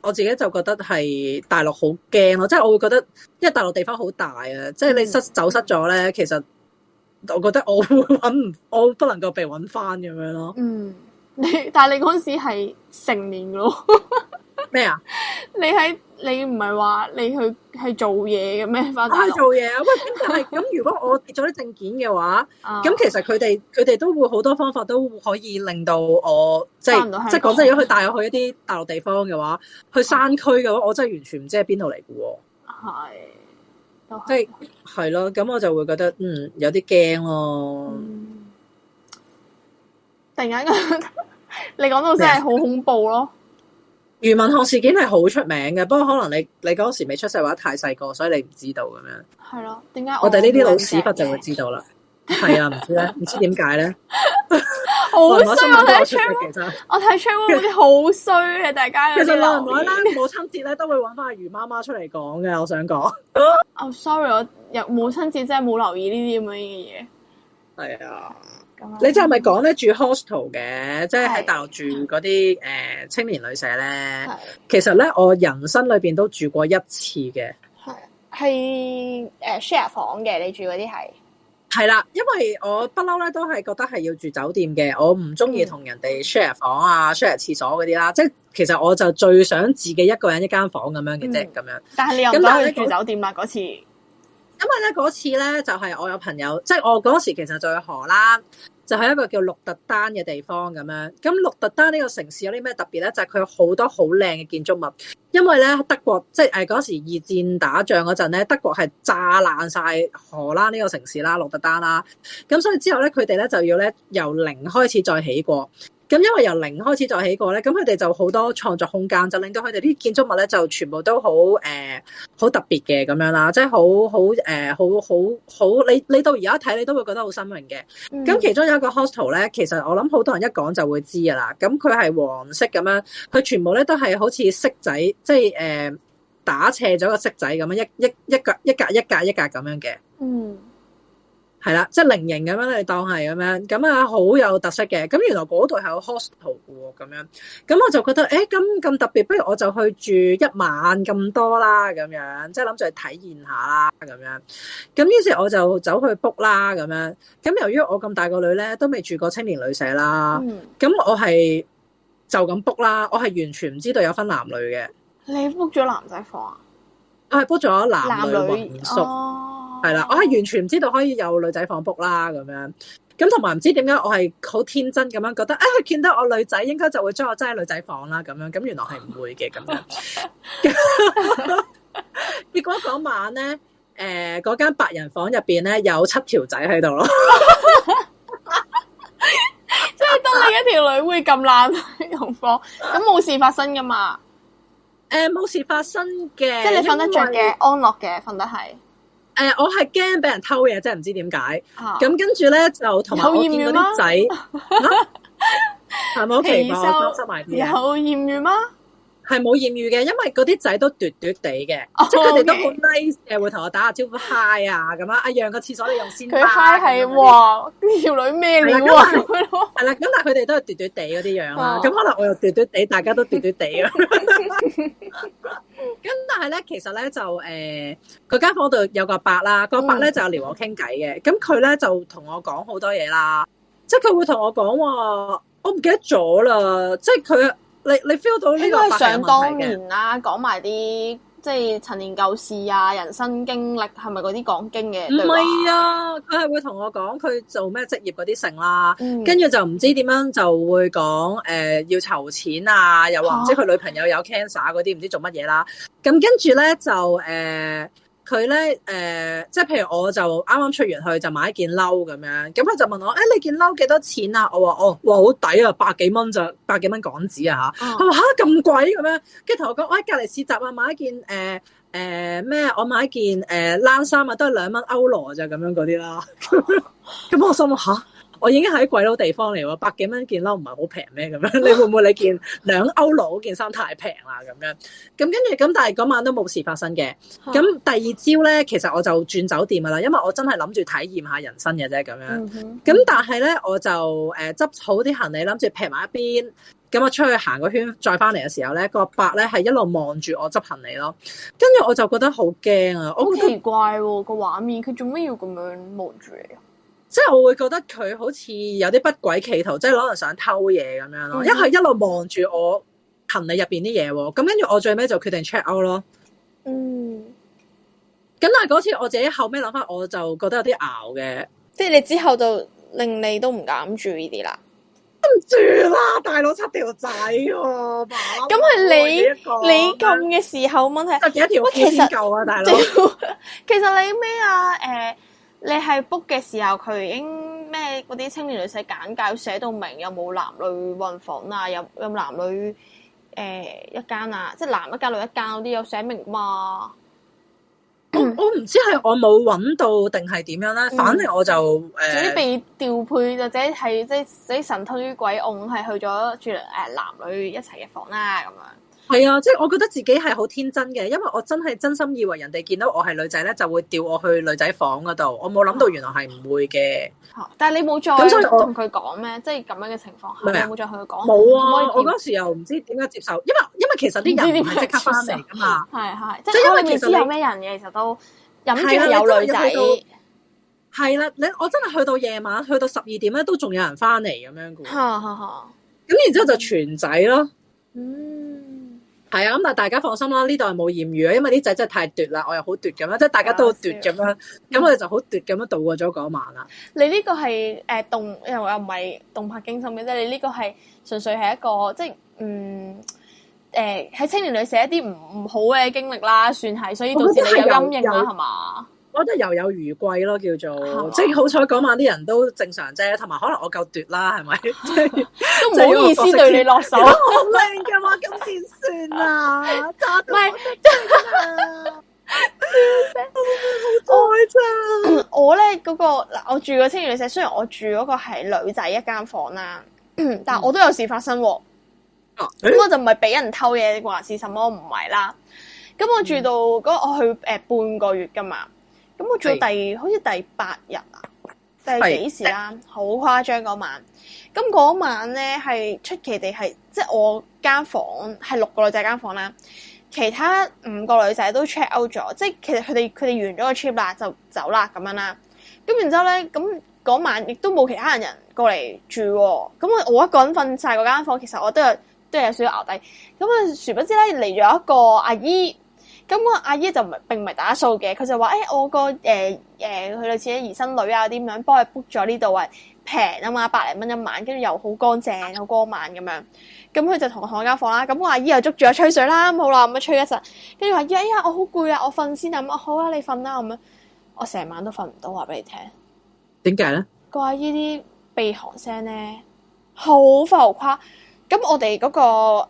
我自己就覺得係大陸好驚咯，即係我會覺得，因為大陸地方好大啊，即係你失，嗯，走失咗咧，其實我覺得我會搵，我不能夠被搵返咁樣咯。嗯。你但係你嗰時係成年嘅咯，咩 啊？你喺你唔係話你去係做嘢嘅咩？反正係做嘢啊？喂、 啊，咁、啊。如果我跌咗啲證件嘅話，咁其實佢哋佢哋都會好多方法都可以令到我即係即係講真，如果佢帶我去一啲大陸地方嘅話，去山區嘅話，的我真係完全唔知係邊度嚟嘅喎。係，即係係咯。咁、就是、我就會覺得嗯有啲驚咯。嗯突然間，你講到真係好恐怖咯！余文翰事件係好出名嘅，不過可能你你嗰時未出世或者太細個，所以你唔知道咁樣。係咯？點解？我哋呢啲老屎忽就會知道啦。係啊，唔知咧，唔知點解咧。好衰，我睇《c h 其實我睇《c h e 好衰嘅，大家。其實男人母親節咧都會揾翻阿余媽媽出嚟講嘅，我想講。哦，sorry，我又母親節真係冇留意呢啲咁樣嘅嘢。係啊。嗯、你，是是是即係咪講咧住 hostel 嘅，即係喺大陸住嗰啲誒青年旅社咧？是其實咧我人生裏邊都住過一次嘅。係係誒 share 房嘅，你住嗰啲係？係啦，因為我不嬲咧都係覺得係要住酒店嘅，我唔中意同人哋 share 房啊、嗯啊、share 廁所嗰啲啦。即係其實我就最想自己一個人一間房咁樣嘅啫，咁樣、嗯嗯。但係你又咁，但係住酒店啊？嗰次。因為咧嗰次咧就係我有朋友，即係我嗰時其實就喺荷蘭，就係一個叫鹿特丹嘅地方咁樣。咁鹿特丹呢個城市有啲咩特別咧？就係佢有好多好靚嘅建築物。因為咧德國即係誒嗰時二戰打仗嗰陣咧，德國係炸爛晒荷蘭呢個城市啦，鹿特丹啦。咁所以之後咧，佢哋咧就要咧由零開始再起過。咁因為由零開始做起過咧，咁佢哋就好多創作空間，就令到佢哋啲建築物咧就全部都好誒好特別嘅咁樣啦，即係好好誒好好好，你你到而家睇你都會覺得好新穎嘅。咁、嗯、其中有一個 hostel 咧，其實我諗好多人一講就會知噶啦。咁佢係黃色咁樣，佢全部咧都係好似色仔，即係誒、呃、打斜咗個色仔咁樣一一一格一格一格一格咁樣嘅。嗯。係啦，即係菱形咁樣，你當係咁樣，咁啊好有特色嘅。咁原來嗰度係有 hostel 嘅喎，咁樣。咁我就覺得，誒、欸，咁咁特別，不如我就去住一晚咁多啦，咁樣，即係諗住去體驗下啦，咁樣。咁於是我就走去 book 啦，咁樣。咁由於我咁大個女咧，都未住過青年旅社啦，咁、嗯、我係就咁 book 啦，我係完全唔知道有分男女嘅。你 book 咗男仔房啊？我係 book 咗男女係啦，我係完全唔知道可以有女仔房 book 啦，咁樣，咁同埋唔知點解我係好天真咁樣覺得，誒、哎，佢見到我女仔應該就會將我斋喺女仔房啦，咁樣，咁原來係唔會嘅咁樣。 結果嗰晚咧，誒、呃，嗰間白人房入邊咧有七條仔喺度咯，即係得你一條女會咁爛用房，咁 冇、嗯、事發生噶嘛？誒、呃，冇事發生嘅，即係你瞓得着嘅，為安樂嘅，瞓得係。誒，uh, 我係驚俾人偷嘢，真係唔知點解。咁、啊、跟住咧就同埋我見嗰啲仔，係咪好奇怪？埋有艷遇嗎？係冇艷遇嘅，因為嗰啲仔都咄咄地嘅，即係佢哋都好 nice 嘅，會同我打下招呼，hi 啊，咁樣，阿陽個廁所你用先。佢 hi 係喎，條女咩嚟喎？係啦，咁但係佢哋都係咄咄地嗰啲樣啦，咁可能我又咄咄地，大家都咄咄地咁。咁但係咧，其實咧就誒，嗰間房度有個伯啦，個伯咧就撩我傾偈嘅，咁佢咧就同我講好多嘢啦，即係佢會同我講話，我唔記得咗啦，即係佢。你你 feel 到呢個？呢個係想當年啦，啊，講埋啲即係陳年舊事啊，人生經歷係咪嗰啲講經嘅？唔係啊，佢係會同我講佢做咩職業嗰啲成啦，跟住、嗯、就唔知點樣就會講誒、呃、要籌錢啊，又話唔知佢女朋友有 cancer 嗰啲，唔、啊、知做乜嘢啦。咁跟住咧就誒。呃佢咧誒，即係譬如我就啱啱出完去就買一件褸咁樣，咁佢就問我，誒、欸，你件褸幾多錢啊？我話，哦，哇，好抵啊，百幾蚊咋，百幾蚊港紙啊嚇！佢話吓，咁貴咁樣，跟住同我講：我喺隔離市集啊，買一件誒誒咩？我買一件誒冷衫啊，都係兩蚊歐羅咋咁樣嗰啲啦。咁 我心話嚇。我已經喺啲鬼佬地方嚟喎，百幾蚊件褸唔係好平咩？咁 樣你會唔會你件兩歐羅件衫太平啦？咁樣咁跟住咁，但係嗰晚都冇事發生嘅。咁的第二朝咧，其實我就轉酒店噶啦，因為我真係諗住體驗下人生嘅啫。咁樣咁，但係咧我就誒執、呃、好啲行李，諗住撇埋一邊。咁我出去行個圈，再翻嚟嘅時候咧，個伯咧係一路望住我執行李咯。跟住我就覺得好驚啊！好奇怪喎、哦，個畫面佢做咩要咁樣望住你即係我會覺得佢好似有啲不軌企圖，即係可能想偷嘢咁樣咯。因為一係一路望住我行李入邊啲嘢，咁跟住我最尾就決定 check out 咯。嗯，咁但係嗰次我自己後尾諗翻，我就覺得有啲熬嘅。即係你之後就令你都唔敢住呢啲啦。唔住啦，大佬七條仔啊，咁係你、這個、你咁嘅時候，問題係幾多條皮先夠啊，實大佬哥？其實你咩啊？誒、欸.。 你係 book 嘅時候，佢已經咩嗰啲青年女仔簡介寫到明，有冇男女混房啊？有有，有男女誒、呃、一間啊，即係男一間、女一間嗰啲有寫明嘛？我唔知係我冇揾到定係點樣咧，嗯、反正我就誒。總、呃、之被調配，或者係即係神推鬼擁，係去咗住誒男女一齊嘅房啦、啊、咁樣。係啊，即係我覺得自己係好天真嘅，因為我真係真心以為人哋見到我係女仔咧，就會調我去女仔房嗰度。我冇諗到原來係唔會嘅。但係你冇再咁，所以我同佢講咩，即係咁樣嘅情況下，冇再去講。冇啊！我嗰時又唔知點解接受，因為因為其實啲人唔係即刻翻嚟噶嘛。係係，即係因為其實有咩人嘅，其實都隱約有女仔。係啦，你我真係去到夜晚，去到十二點咧，都仲有人翻嚟咁樣噶。咁然之後就全仔咯。嗯。係啊，咁但係大家放心啦，呢度係冇艷遇啊，因為啲仔真係太毒啦，我又好毒咁啦，即係大家都好毒咁啦，咁 我哋就好毒咁樣度過咗嗰晚啦。你呢個係誒、呃、動，又又唔係動魄驚心嘅啫，你呢個係純粹係一個即係嗯誒喺、呃、青年旅舍一啲唔唔好嘅經歷啦，算係，所以導致你有陰影啦，係嘛？我覺得猶有餘悸咯，叫做、啊、即係好彩嗰晚啲人都正常啫，同埋可能我夠奪啦，係咪？即、啊、都唔好意思 對你落手。好靚㗎嘛。咁先算啊！炸、 啊啊、到我唔係，真係 我咧嗰、那個嗱，我住個青年旅社，雖然我住嗰個係女仔一間房啦、嗯，但係我都有事發生。咁、嗯嗯嗯、我就唔係俾人偷嘢話是什麼，唔係啦。咁我住到嗰我去誒半個月㗎嘛。嗯嗯咁我做第是好似第八日啊，第幾時啦？好誇張嗰晚，咁嗰晚咧係出奇地係，即係我間房係六個女仔間房啦，其他五個女仔都 check out 咗，即係其實佢哋佢哋完咗個 trip 啦，就走啦咁樣啦。咁然之後咧，咁嗰晚亦都冇其他人過嚟住，咁我我一個人瞓晒嗰間房，其實我都係都係有少少熬低。咁啊，殊不知咧嚟咗一個阿姨。咁阿姨就唔並唔係打掃嘅，佢就話：誒、欸，我個誒誒，佢、呃呃、類似啲兒孫女啊，咁樣幫佢 book 咗呢度啊？平啊嘛，百零蚊一晚，跟住又好乾淨，好光猛咁樣。咁、嗯、佢就我同我一間房啦。咁、嗯、我阿姨又捉住我吹水啦，好啦，咁樣吹一陣，跟住話：呀、欸、呀、欸欸，我好攰啊，我瞓先啊。咁、嗯、我好啊，你瞓啦。咁、嗯、樣我成晚都瞓唔到，話俾你聽。點解咧？個阿姨啲鼻鼾聲咧好浮誇。咁我哋嗰、那個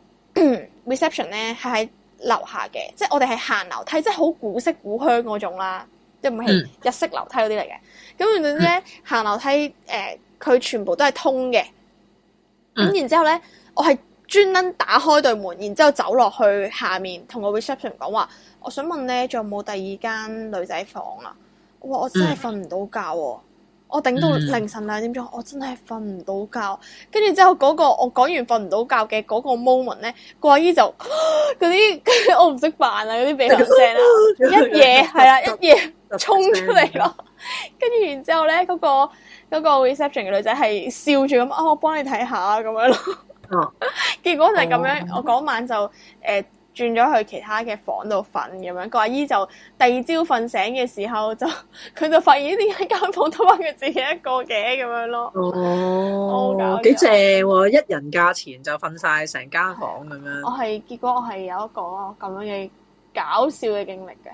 reception 咧係喺樓下嘅，即係我哋係行樓梯，即係好古色古香嗰種啦，即唔係日式樓梯嗰啲嚟嘅。咁總之咧，行樓梯，誒、呃，佢全部都係通嘅。咁、嗯、然之後咧，我係專登打開對門，然之後走落去下面，同個 reception 講話，我想問咧，仲有冇第二間女仔房啊？哇，我我真係瞓唔到覺、哦。嗯我頂到凌晨兩點鐘，我真係瞓唔到覺。跟住之後嗰個我講完瞓唔到覺嘅嗰個 moment 咧，個阿姨就嗰啲，跟、哦、住我唔識扮啊，嗰啲鼻鼾聲啦， 一夜係啦、 啊，一夜衝出嚟咯。跟住然之後咧，嗰、嗰個、嗰個、reception 嘅女仔係笑住咁，啊，我幫你睇下啊，咁樣咯。嗯。結果就係咁樣，啊、我嗰晚就誒，呃轉咗去其他嘅房度瞓咁樣，個阿姨就第二朝瞓醒嘅時候就佢就發現呢間房都唔係佢自己一個嘅咁樣咯。哦，好搞笑，幾正喎，一人價錢就瞓晒成間房咁樣。我係結果我係有一個咁樣嘅搞笑嘅經歷嘅。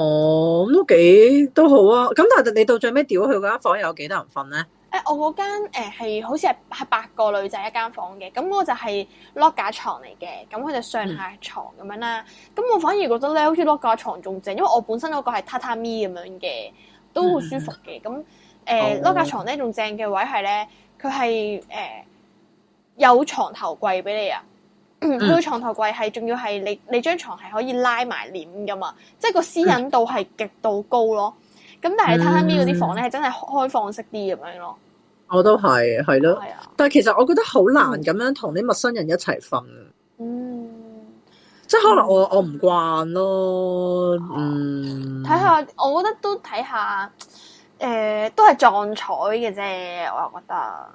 哦，咁都幾都好啊！咁但係你到最尾屌佢嗰間房有幾多人瞓咧？誒、欸，我嗰間誒係、呃、好似係係八個女仔一間房嘅，咁我就係碌架床嚟嘅，咁佢就上下床咁樣啦。咁、嗯、我反而覺得咧，好似碌架床仲正，因為我本身嗰個係榻榻米咁樣嘅，都好舒服嘅。咁誒碌架床咧仲正嘅位係咧，佢係誒有床頭櫃俾你啊！佢、嗯嗯、床頭櫃係仲要係你你張床係可以拉埋簾㗎嘛，即、就、係、是、個私隱度係極，極度高咯。嗯。咁、嗯、但係榻榻米嗰啲房咧，係真係開放式啲咁樣咯。我都係，係咯。嗯、但係其實我覺得好難咁樣同啲陌生人一齊瞓。嗯，即係可能我我唔慣咯。嗯，睇下、啊，我覺得都睇下，誒、呃，都係撞彩嘅啫。我又覺得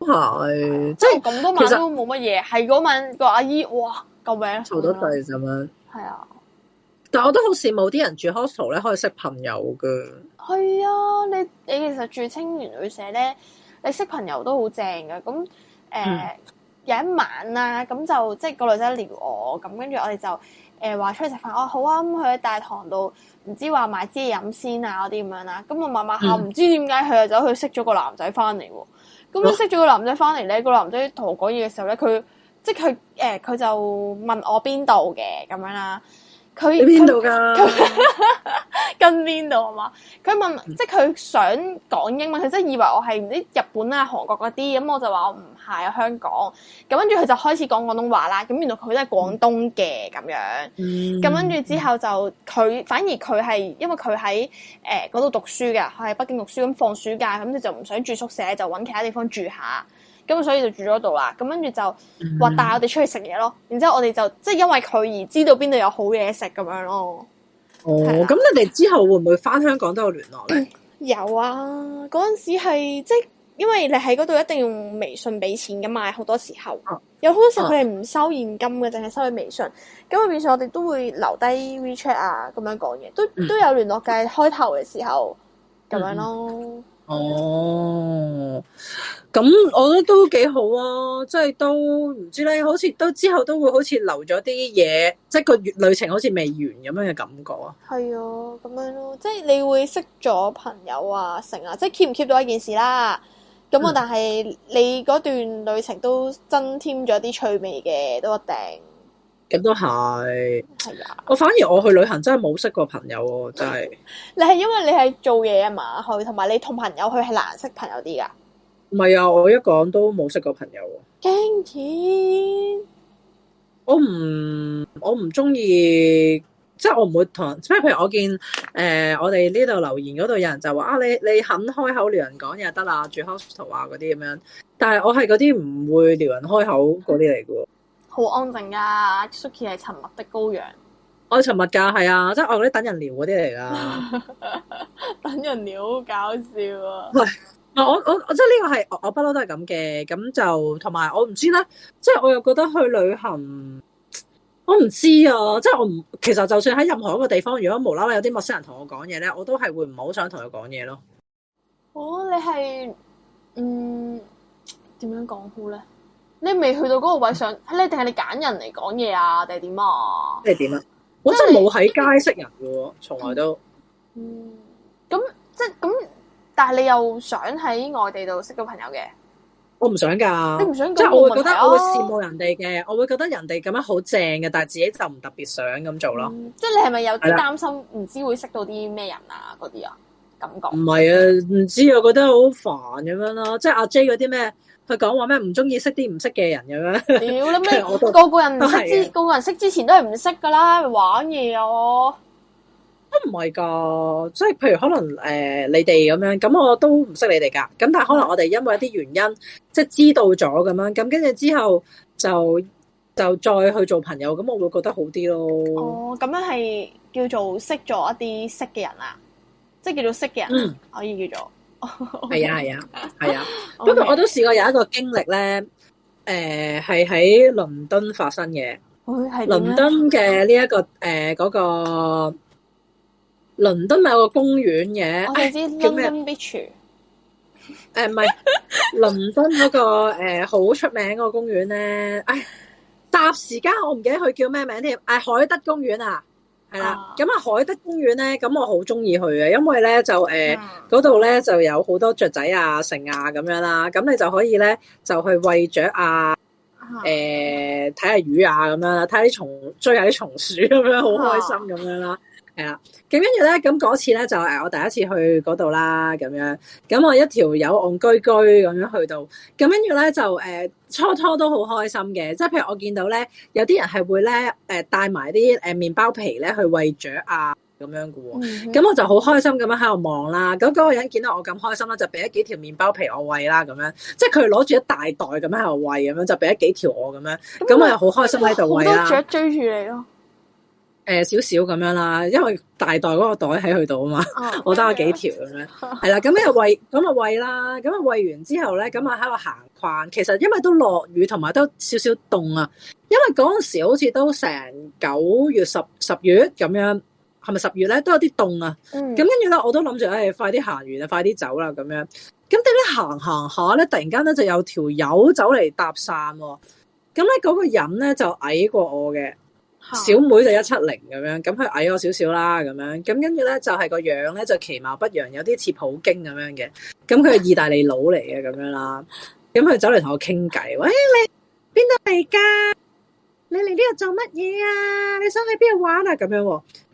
都係，是的即係咁多晚都冇乜嘢。係嗰實晚個阿姨，哇，救命！嘈到地咁樣。係啊。的但係我都好羨慕啲人住 hostel 咧，可以識朋友嘅。係啊，你你其實住青年旅社咧，你識朋友都好正嘅。咁誒、呃嗯、有一晚啊，咁就即係個女仔撩我咁，跟住我哋就誒話、呃、出去食飯。哦，好啊，咁佢喺大堂度唔知話買支嘢飲先啊，嗰啲咁樣啦。咁我默默下唔知點解佢又走去識咗個男仔翻嚟。咁識咗個男仔翻嚟咧，哇個男仔同我講嘢嘅時候咧，佢即係佢誒佢就問我邊度嘅咁樣啦。佢邊度㗎？他 跟邊度啊嘛？佢問，即係佢想講英文，佢真係以為我係唔知日本啊、韓國嗰啲，咁我就話我唔係啊，香港。咁跟住佢就開始講廣東話啦。咁原來佢都係廣東嘅咁樣。咁跟住之後就佢反而佢係因為佢喺誒嗰度讀書嘅，佢喺北京讀書，咁放暑假咁佢就唔想住宿舍，就揾其他地方住下。咁所以就住咗度啦，咁跟住就話帶我哋出去食嘢咯，mm hmm. 然之後我哋就即係、就是、因為佢而知道邊度有好嘢食咁樣咯。哦、oh, 的，咁你哋之後會唔會翻香港都有聯絡咧、嗯？有啊，嗰陣時係即係因為你喺嗰度一定要用微信俾錢噶嘛，好多時候，啊、有好多時候佢哋唔收現金嘅，淨係、啊、收你微信。咁啊，變相我哋都會留低 WeChat 啊，咁樣講嘢都、嗯、都有聯絡嘅。開頭嘅時候咁樣咯。嗯。哦，咁我覺得都幾好啊，即係都唔知咧，好似都之後都會好似留咗啲嘢，即係個月旅程好似未完咁樣嘅感覺啊。係啊，咁樣咯，即係你會識咗朋友啊，成啊，即係 keep 唔 keep 到一件事啦。咁啊、嗯，但係你嗰段旅程都增添咗啲趣味嘅都一定。咁都係，係啊！的我反而我去旅行真係冇識過朋友，啊，真係。你係因為你係做嘢啊嘛去，同埋你同朋友去係難識朋友啲噶。唔係啊，我一講都冇識過朋友，啊。驚錢奇，我唔，就是，我唔中意，即係我唔會同即係。譬如我見誒、呃，我哋呢度留言嗰度有人就話啊，你你肯開口撩人講嘢就得啦，住 hostel 啊嗰啲咁樣。但係我係嗰啲唔會撩人開口嗰啲嚟噶。好安靜噶，Suki 係沉默的羔羊，我係沉默噶，係啊，即係我嗰啲等人聊嗰啲嚟噶， 等人聊好搞笑啊！ 我我我即係呢個係我,我不嬲都係咁嘅，咁就同埋我唔知咧，即係我又覺得去旅行，我唔知啊！即係我唔，其實就算喺任何一個地方，如果無啦啦有啲陌生人同我講嘢咧，我都係會唔係好想同佢講嘢咯。好、哦，你係嗯點樣講好咧？你未去到嗰個位上，你定係你揀人嚟講嘢啊？定係點啊？即係點啊？我真係冇喺街識人嘅，從來都。嗯。咁、嗯嗯、即係咁，但係你又想喺外地度識到朋友嘅？我唔想噶。你唔想，即係我會覺得我會羨慕人哋嘅，我會覺得人哋咁樣好正嘅，但係自己就唔特別想咁做咯、嗯。即係你係咪有啲擔心了？唔知會識到啲咩人啊？嗰啲啊？感覺唔係、嗯就是、啊，唔知啊，覺得好煩咁樣咯。即係阿 J 嗰啲咩？啊啊啊啊啊啊佢講話咩唔鍾意識啲唔識嘅人咁樣。屌你咩個個人唔識之、啊、個,個人識之前都係唔識噶啦，玩嘢我都唔係㗎，即係譬如可能誒、呃、你哋咁樣，咁我都唔識你哋噶，咁但係可能我哋因為一啲原因的即係知道咗咁樣，咁跟住之後就就再去做朋友，咁我會覺得好啲咯。哦，咁樣係叫做識咗一啲識嘅人啦，嗯、即係叫做識嘅人可以叫做。係啊係啊係啊，不過我都試過有一個經歷咧，誒係喺倫敦發生嘅，倫敦嘅呢一個誒嗰個倫敦咪有個公園嘅，我哋知叫咩，誒唔係倫敦嗰個誒好出名嗰個公園咧，誒霎時間我唔記得佢叫咩名添，誒海德公園啊。係啦，咁啊海德公園咧，咁我好中意去嘅，因為咧就誒嗰度咧就有好多雀仔啊、剩啊咁樣啦，咁你就可以咧就去餵雀啊，誒睇下魚啊咁樣啦，睇下啲蟲追下啲松鼠咁樣，好開心咁樣啦。嗯。係啦，咁跟住咧，咁嗰次咧就誒，我第一次去嗰度啦，咁樣，咁我一條友戇居居咁樣去到，咁跟住咧就誒，初、呃、初都好開心嘅，即係譬如我見到咧，有啲人係會咧誒、呃，帶埋啲誒麵包皮咧去餵雀啊，咁樣噶、哦、咁、嗯、哼我就好開心咁樣喺度望啦，咁嗰個人見到我咁開心啦，就俾咗幾條麵包皮我餵啦，咁樣，即係佢攞住一大袋咁樣喺度餵，咁樣就俾咗幾條我咁樣，咁我又好開心喺度餵啦。好多雀追住你咯。誒，少少咁樣啦，因為大袋嗰個袋喺佢度啊嘛，oh, 我得咗幾條咁樣，係啦， 咁又喂，咁啊喂啦，咁啊喂完之後咧，咁啊喺度行逛，其實因為都落雨，同埋都少少凍啊，因為嗰陣時好似都成九月十十月咁樣，係咪十月咧，都有啲凍啊，咁跟住咧，我都諗住誒，快啲行完啊，快啲走啦咁樣，咁點知咧行行下咧，突然間咧就有條友走嚟搭訕，咁咧嗰個人咧就矮過我嘅， 小妹就一七零咁樣，咁佢矮咗少少啦咁樣，咁跟住咧就係個樣咧就其貌不揚，有啲似普京咁樣嘅，咁佢係意大利佬嚟嘅咁樣啦，咁佢走嚟同我傾偈，喂你邊度嚟㗎？你嚟呢度做乜嘢啊？你想去邊度玩啊？咁樣，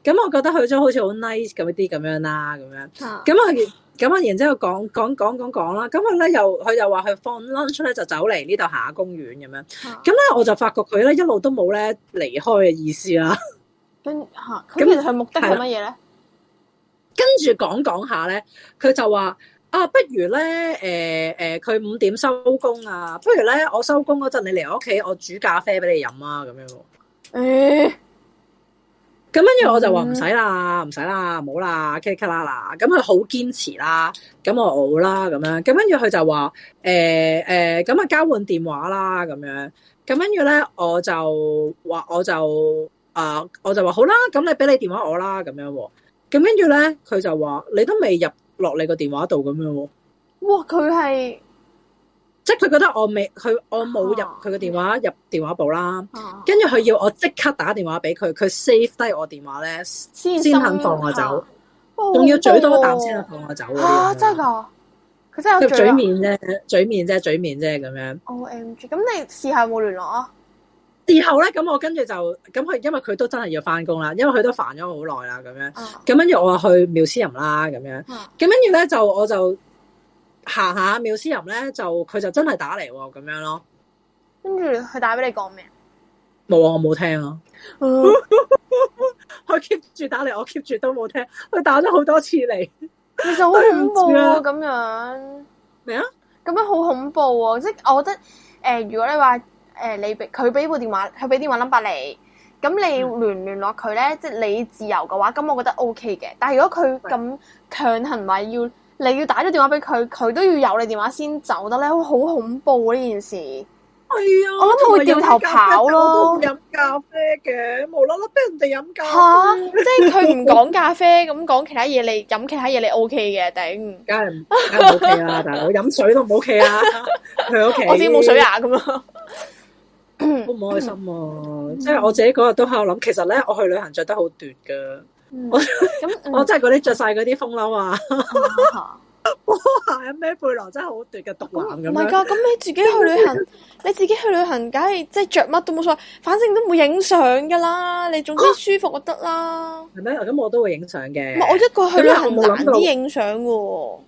咁我覺得佢都好似好 nice 咁一啲咁樣啦，咁樣，咁我。咁啊，然之後講講講講講啦，咁啊咧又佢又話佢放 lunch 咧就走嚟呢度下公園咁樣，咁咧我就發覺佢咧一路都冇咧離開嘅意思啦、啊嗯。跟嚇，咁其實佢目的係乜嘢咧？跟住講講下咧，佢就話啊，不如咧，誒、呃、誒，佢、呃、五點收工啊，不如咧我收工嗰陣你嚟我屋企，我煮咖啡俾你飲啊，咁樣。誒、嗯。咁跟住我就話唔使啦，唔使啦，唔好啦，咔啦啦。咁佢好堅持啦，咁我好啦，咁樣。咁跟住佢就話誒誒，咁、欸、啊交換電話啦，咁樣。咁跟住咧，我就話我就啊，我就話好啦，咁你俾你電話我啦，咁樣。咁跟住咧，佢就話你都未入落你個電話度咁樣。哇，佢係。即係佢覺得我未佢我冇入佢個電話入電話簿啦，跟住佢要我即刻打電話俾佢，佢 save 低我電話咧先先肯放我走，仲要嘴多啖先肯放我走啊！真係噶，佢真係要嘴面啫，嘴面啫，嘴面啫咁樣。O M G！咁你試下冇聯絡啊？然後咧，咁我跟住就咁佢，因為佢都真係要翻工啦，因為佢都煩咗好耐啦，咁樣。咁跟住我話去妙思人啦，咁樣。咁跟住咧就我就。行下，苗思仁咧就佢就真係打嚟咁樣咯，跟住佢打俾你講咩？冇啊，我冇聽啊。佢 keep 住打嚟，我 keep 住都冇聽。佢打咗好多次嚟， 其實好恐怖啊！咁 樣咩啊？咁麼樣好恐怖啊！即係我覺得誒、呃，如果你話誒、呃，你俾佢俾部電話，佢俾電話 number 你，咁你要聯唔聯絡佢咧？嗯、即係你自由嘅話，咁我覺得 O K 嘅。但係如果佢咁強行話要。嗯 你要打咗電話俾佢，佢都要有你電話先走得咧，好恐怖呢件事。係啊，我諗佢會掉頭跑咯。飲咖啡嘅，無啦啦俾人哋飲咖啡。吓，即係佢唔講咖啡，咁講其他嘢，你飲其他嘢你 O K 嘅，頂。梗係唔 O K 啦，大佬， 飲水都唔 O K 啊，喺屋企。我知冇水牙咁咯。好 唔 開心啊！即係 我自己嗰日都喺度諗，其實咧，我去旅行着得好短噶。我咁 我真係嗰啲着晒嗰啲風褸啊，波 鞋 啊咩背囊真係好短嘅毒男咁。唔係噶，咁 你自己去旅行，你自己去旅行，梗係即係着乜都冇所謂，反正都冇影相噶啦。你總之舒服就得啦。係咩？ 咁我都會影相嘅。我一個去旅行難啲影相嘅。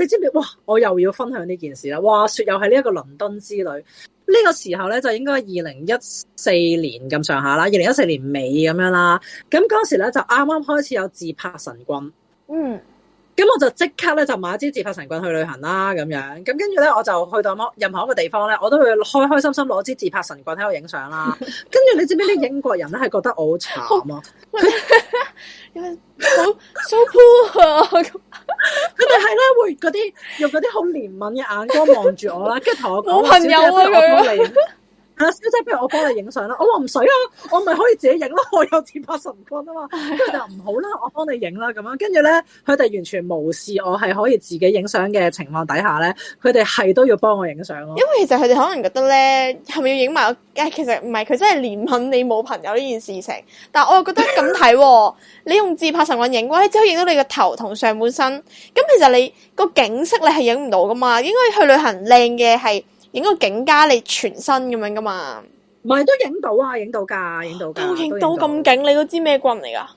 你知唔知？哇，我又要分享呢件事啦。哇，話說又係呢一個倫敦之旅。呢個時候咧，就應該二零一四年咁上下啦，二零一四年尾咁樣啦。咁嗰時咧，就啱啱開始有自拍神棍。嗯。咁我就即刻咧就買支自拍神棍去旅行啦，咁樣。咁跟住咧，我就去到任何一個地方咧，我都會開開心心攞支自拍神棍喺度影相啦。跟住 你知唔知啲英國人咧係覺得我好慘啊？ 因為好 so poor 啊，咁佢哋係咧會嗰啲用嗰啲好憐憫嘅眼光望住我啦，跟住同我講，朋友啊、我唔有啊嚟？」 啊、小姐，不如我幫你影相啦，我話唔使啊， 我咪可以自己影咯，我有自拍神棍啊嘛，跟住就唔好啦，我幫你影啦，咁樣，跟住咧，佢哋完全無視我係可以自己影相嘅情況底下咧，佢哋係都要幫我影相咯。因為其實佢哋可能覺得咧，係咪要影埋我？誒，其實唔係，佢真係憐憫你冇朋友呢件事情。但係我又覺得咁睇， 你用自拍神棍影嘅話，你只係影到你個頭同上半身，咁其實你、你個景色你係影唔到噶嘛。應該去旅行靚嘅係。影個景加你全身咁樣噶嘛？唔係都影到啊！影到噶，影到噶。影到咁勁，你都知咩棍嚟噶？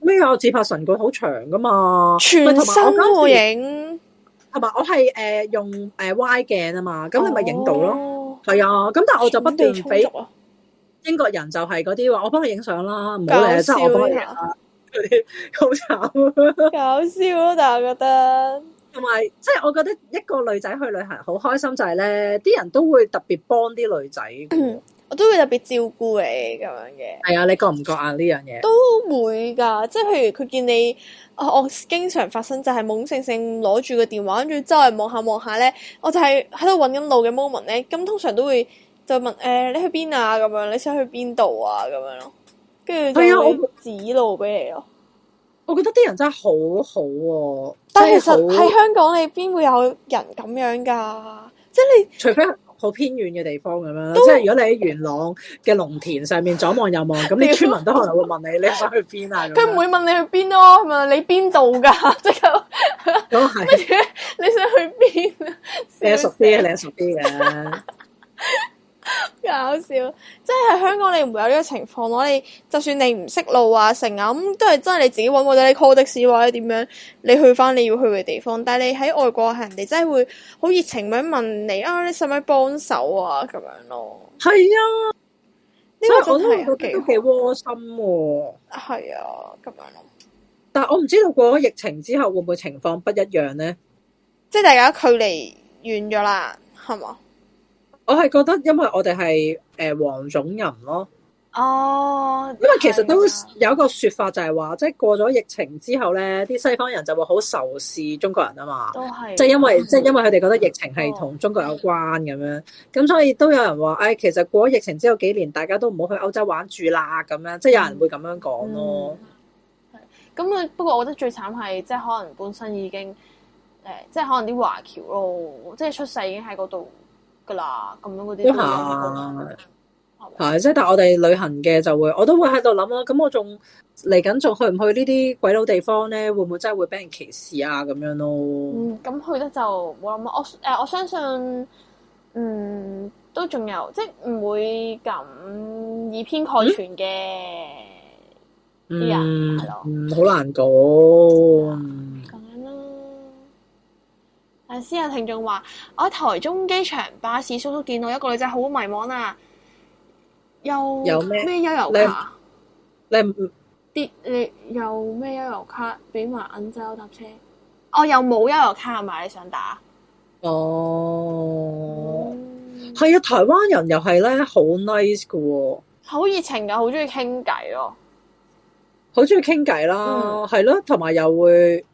咩啊？我自拍神棍好長噶嘛。全身。都埋影？嗰陣我係誒、呃、用誒 Y 鏡啊嘛。咁你咪影到咯。係啊。咁、哦啊、但係我就不斷俾。英國人就係嗰啲話，我幫你影相啦，唔好嚟，即我幫你。好慘。 很慘的 搞笑咯，但係我覺得。同埋，即係我覺得一個女仔去旅行好開心就係咧，啲人都會特別幫啲女仔，嗯，我都會特別照顧你咁樣嘅。係啊、哎，你覺唔覺啊呢樣嘢？都會噶，即係譬如佢見你、哦，我經常發生就係懵盛盛攞住個電話，跟住周圍望下望下咧，我就係喺度揾緊路嘅 moment 咧。咁通常都會就問誒、呃，你去邊啊？咁樣，你想去邊度啊？咁樣咯，跟住就會指路俾你咯。哎我覺得啲人真係好好、哦、喎，但係其實喺香港你邊會有人咁樣噶？即係你除非好偏遠嘅地方咁樣，都即係如果你喺元朗嘅農田上面左望右望，咁 你村民都可能會問你： 你想去邊啊？佢唔會問你去邊咯，係咪？ 你邊度噶？即刻都係你想去邊啊？你係熟啲，你係熟啲嘅。 搞笑，即係喺香港你唔會有呢個情況，我你就算你唔識路啊、成啊，咁都係真係你自己搵冇咗，你 call 的士或者點樣，你去翻你要去嘅地方。但係你喺外國係人哋真係會好熱情咁樣問你啊，你使唔使幫手啊咁樣咯。係啊，所以、啊、我都覺得都幾窩心。係啊，咁、啊、樣咯。但係我唔知道過咗疫情之後會唔會情況不一樣呢？即係大家距離遠咗啦，係嘛？我係覺得，因為我哋係誒黃種人咯。哦，因為其實都有一個說法，就係話，即係過咗疫情之後咧，啲西方人就會好仇視中國人啊嘛。都係。即係因為，即係的因為佢哋覺得疫情係同中國有關咁樣，咁、哦、所以都有人話：，誒、哎，其實過咗疫情之後幾年，大家都唔好去歐洲玩住啦，咁樣，即係、就是、有人會咁樣講咯。係、嗯。咁、嗯、啊，不過我覺得最慘係，即係可能本身已經，誒，即係可能啲華僑咯，即係出世已經喺嗰度。噶啦，咁樣嗰啲都係，即係，但係我哋旅行嘅就會，我都會喺度諗咯。咁我仲嚟緊，仲去唔去呢啲鬼佬地方咧？會唔會真係會俾人歧視啊？咁樣咯。嗯，咁去得就冇諗啦。我誒，我相信，嗯，都仲有，即係唔會咁以偏概全嘅。嗯，係咯，好難講。大有聽眾話，我喺台中機場巴士叔叔見到一個女仔好迷茫啊，又有咩咩悠遊卡？你唔啲你又咩悠遊卡？俾埋銀仔我搭車，我、哦、又冇悠遊卡嘛？你想打？哦，係、嗯、啊，台灣人又係咧，好 nice 噶，好熱情噶，好中意傾偈咯，好中意傾偈啦，係咯、啊，同埋又會。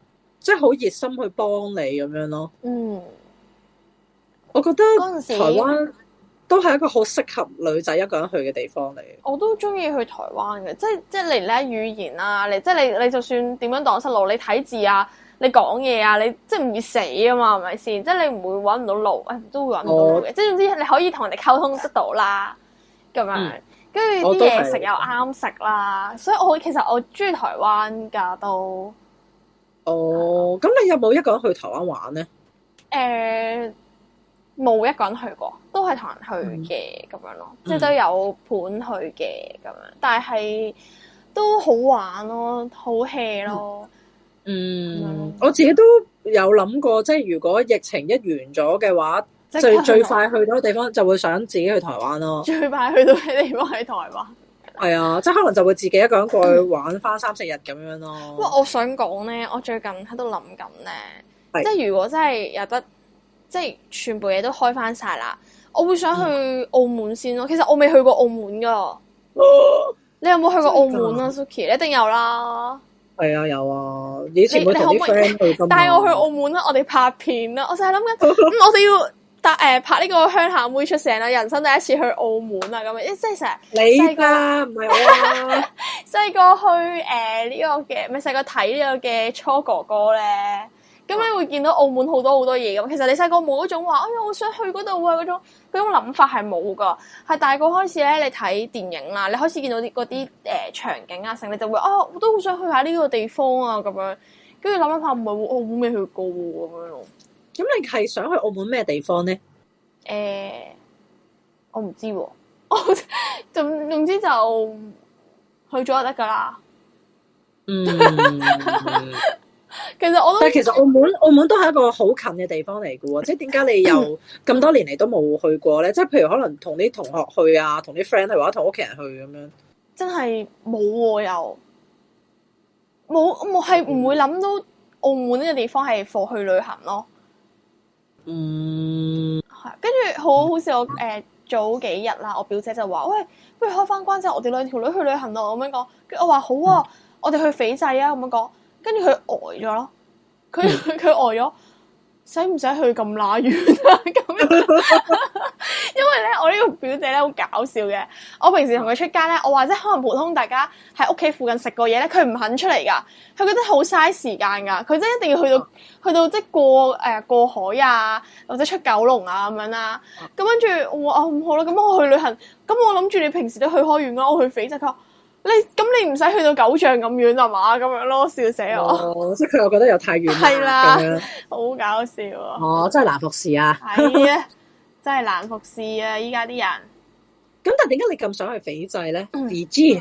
即係好熱心去幫你咁樣咯。嗯，我覺得時台灣都係一個好適合女仔一個人去嘅地方嚟。我都中意去台灣嘅，即係即係嚟咧語言啊，嚟即係你你就算點樣蕩失路，你睇字啊，你講嘢啊，你即係唔會死啊嘛，係咪先？即係你唔會搵唔到路，誒我都會搵到嘅。我即係總之你可以同人哋溝通得到啦，咁、嗯、樣跟住啲嘢食又啱食啦，所以我其實我中意台灣㗎都。哦，咁你有冇一個人去台灣玩呢？誒，冇一個人去過，都係同人去嘅咁、嗯、樣咯，即係都有伴去嘅咁樣，但係都好玩咯，好 hea 咯。嗯，樣我自己都有諗過，即係如果疫情一完咗嘅話，即係最快去到嘅地方就會想自己去台灣咯。最快去到嘅地方係台灣。係啊，即係可能就會自己一個人過去玩翻三四日咁樣咯。不過！ 嗯、 我想講咧，我最近喺度諗緊咧，是即係如果真係有得，即係全部嘢都開翻晒啦，我會想去澳門先咯。其實我未去過澳門噶，啊、你有冇去過澳門啊？的啊，Suki？你一定有啦。係啊，有啊，以前我同啲 friend 去你，帶我去澳門啦、啊，我哋拍片啦、啊，我就係諗緊，咁、 嗯、我哋要。但、呃、拍呢個鄉下妹出城啦，人生第一次去澳門啊。咁啊！ 即係成日你細個唔係我細個去誒呢個嘅，咪係細個睇呢個嘅初哥哥咧，咁你會見到澳門好多好多嘢咁。其實你細個冇嗰種話，哎呀，我想去嗰度啊，嗰種嗰種諗法係冇噶，係大個開始咧，你睇電影啦，你開始見到啲嗰啲誒場景啊，成你就會哦，我都好想去下呢個地方啊咁樣，跟住諗一諗，唔係澳門我未去過咁樣咯。咁你係想去澳門咩地方咧？誒、uh, 啊，我唔知，我總總之就去咗就得噶啦。嗯，mm. 其實我都但其實澳門澳門都係一個好近嘅地方嚟嘅， 即係點解你又咁多年嚟都冇去過咧？即係 譬如可能同啲同學去啊，同啲 friend 去或者同屋企人去咁樣，真係冇又冇冇係唔會諗到澳門呢個地方係貨去旅行咯。嗯，跟住、mm hmm. 好好似我誒、呃、早幾日啦，我表姐就話喂，不如開返關之後，我哋兩條女去旅行咯，咁樣講，跟住我話好啊，mm hmm. 我哋去斐濟啊，咁樣講，跟住佢呆咗咯，佢佢、mm hmm. 呆咗。使唔使去咁乸遠啊？ 因為咧，我呢個表姐咧好搞笑嘅。我平時同佢出街咧，我或者可能普通大家喺屋企附近食過嘢咧，佢唔肯出嚟噶。佢覺得好嘥時間噶，佢真一定要去到、嗯、去到即係過誒、呃、過海啊，或者出九龍啊咁樣啦、啊。咁跟住我哦，唔好啦，咁我去旅行，咁我諗住你平時都去開遠咯，我去斐濟。你咁你唔使去到九丈咁遠啊嘛，咁樣咯，笑死我！即係佢又覺得又太遠。係啦，了好搞笑、啊。哦，真係難服侍啊！係 啊，真係難服侍啊！依家啲人。咁但係點解你咁想去肥仔咧？B G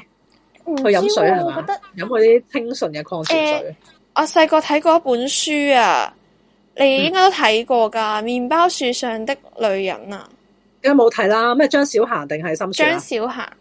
去飲水啊！我覺得飲嗰啲清純嘅礦泉水。欸、我細個睇過一本書啊，你應該都睇過噶，嗯《麵包樹上的女人》啊。梗係冇睇啦，咩張小嫻定係深雪？張小嫻。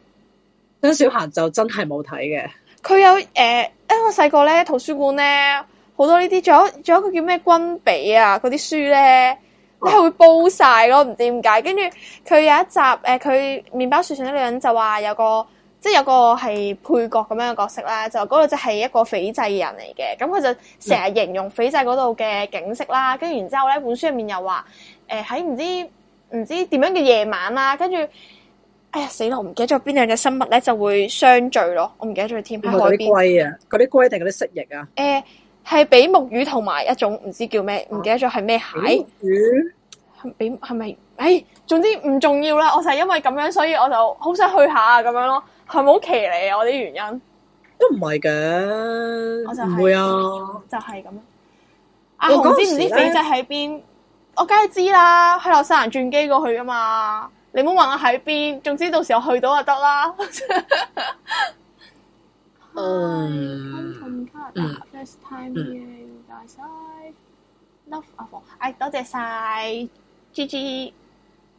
張小嫻就真係冇睇嘅，佢有誒、呃，因為我細個咧，圖書館咧好多呢啲，仲有仲有一個叫咩君比啊嗰啲書咧，你係會煲晒咯，唔知點解。跟住佢有一集誒，佢，呃、麵包樹上的女人就話有個，即係有個係配角咁樣嘅角色啦，就嗰個就係一個斐濟人嚟嘅，咁佢就成日形容斐濟嗰度嘅景色啦，跟住然之後咧，本書入面又話誒喺唔知唔知點樣嘅夜晚啦，跟住。哎呀死咯！唔記得咗邊兩隻生物咧就會相聚咯，我唔記得咗添喺海邊。嗰啲龜啊，嗰啲龜定嗰啲蜥蜴啊？誒、呃，係比目魚同埋一種唔知叫咩，唔記得咗係咩蟹啊。比目魚係比係咪？誒、哎，總之唔重要啦。我就係因為咁樣，所以我就好想去下咁樣咯，係咪好奇嚟啊？我啲原因都唔係嘅，唔會啊，就係、是、咁。阿紅、啊啊、知唔知飛機喺邊？我梗係知啦，喺洛杉磯轉機過去噶嘛。你唔好問我喺邊，總之到時候我去到就得啦。嗯。歡迎從加拿大 first time 嘅大家 love 阿紅，哎多謝晒，Gigi，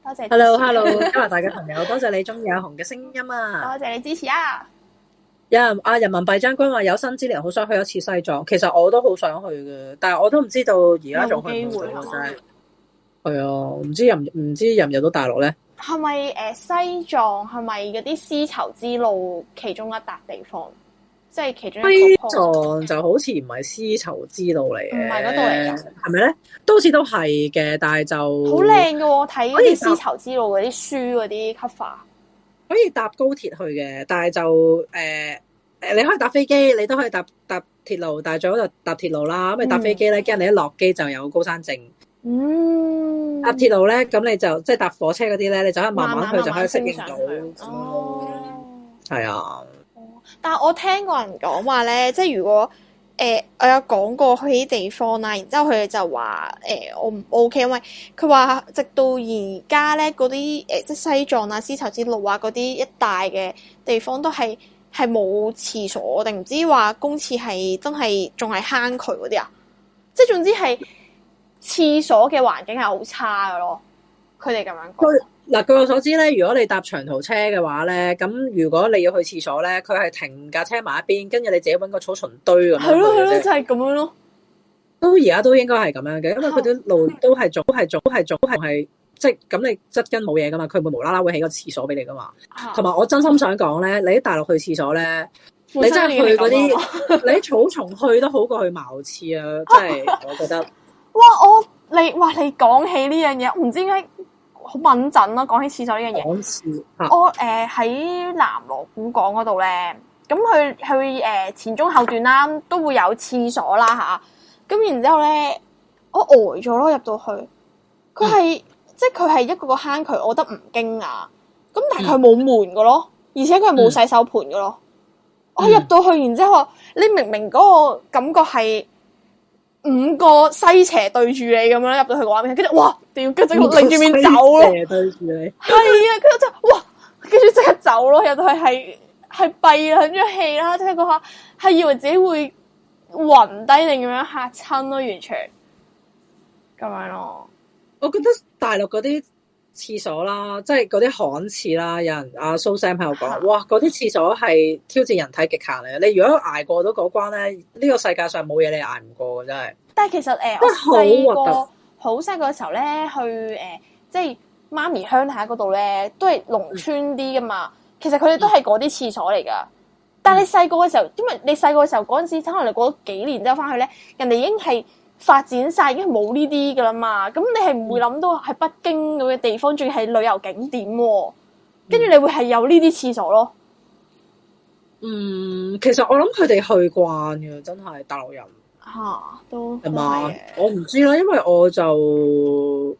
多謝。Hello Hello 加拿大嘅朋友，多謝你中意阿紅嘅聲音啊！多謝你支持啊！有人啊，人民幣將軍話有生之年好想去一次西藏，其實我都好想去嘅，但係我都唔知道而家仲有冇機會真係。係啊，唔知入唔唔知入唔入到大陸咧？係咪誒西藏係咪嗰啲絲綢之路其中一笪地方？即係其中。西藏就好似唔係絲綢之路嚟嘅，唔係嗰度嚟嘅，係咪咧？好似都係嘅，但係就好靚嘅。睇嗰啲絲綢之路嗰啲書嗰啲 cover，可以搭高鐵去嘅，但係就誒誒、呃，你可以搭飛機，你都可以搭搭鐵路，但係最好就搭鐵路啦。因為你搭飛機咧，驚、嗯、你一落機就有高山症。嗯，搭鐵路咧，咁你就即係搭火車嗰啲咧，你就係慢慢去，慢慢就係適應到。嗯、哦，係啊。但係我聽過人講話咧，即係如果誒、呃，我有講過去啲地方啦，然之後佢哋就話誒、呃，我唔 OK，因為佢話直到而家咧，嗰啲誒，即係西藏啊、絲綢之路啊嗰啲一帶嘅地方都係係冇廁所，定唔知話公廁係真係仲係坑渠嗰啲啊？即係總之係。廁所嘅環境係好差嘅咯，佢哋咁樣講。嗱，據我所知咧，如果你搭長途車嘅話咧，咁如果你要去廁所咧，佢係停架車埋一邊，跟住你自己搵個草叢堆咁。係咯係咯，就係、是、咁樣咯。都而家都應該係咁樣嘅，因為佢啲路都係，早，係，早，係，早，係，係，即係咁。你側根冇嘢噶嘛，佢會無啦啦會起個廁所俾你噶嘛。同埋我真心想講咧，你喺大陸去廁所咧，什你真係去嗰啲， 你喺草叢去都好過去茅廁啊！真係我覺得。 哇！我你哇！你講起呢樣嘢，啊、我唔知點解好穩陣咯。講起廁所呢樣嘢，我誒喺南鑼鼓巷嗰度咧，咁佢佢誒前中後段啦，都會有廁所啦吓。咁、啊、然之後咧，我呆咗咯，入到去，佢係、嗯、即係佢係一個個坑渠，我覺得唔驚訝。咁但係佢冇門嘅咯，而且佢係冇洗手盤嘅咯。嗯嗯、我入到去，然之後你明明嗰個感覺係。五個西斜對住你咁樣入到去個畫面，跟住哇，屌！跟住我擰住面走咯，係 啊，跟住真係哇，跟住即刻走咯，入到去係係閉緊咗氣啦，即係講話係以為自己會暈低定咁樣吓親咯，完全咁樣咯。我覺得大陸嗰啲。廁所啦，即係嗰啲旱廁啦，有人阿蘇 sam 喺度講，啊啊、哇，嗰啲廁所係挑戰人體極限嚟嘅。你如果挨過到嗰關咧，呢、呢個世界上冇嘢你挨唔過嘅，真係。但係其實誒，呃、我細個好細個嘅時候咧，去誒，即係媽咪鄉下嗰度咧，都係農村啲噶嘛。其實佢哋都係嗰啲廁所嚟噶。但係你細個嘅時候，因為你細個嘅時候嗰陣時，可能你過咗幾年之後翻去咧，人哋已經係。發展晒已經冇呢啲噶啦嘛，咁你係唔會諗到喺北京咁嘅地方，仲要係旅遊景點、啊，跟住你會係有呢啲廁所咯。嗯，其實我諗佢哋去慣嘅，真係大陸人吓都係嘛，吧我唔知啦，因為我就。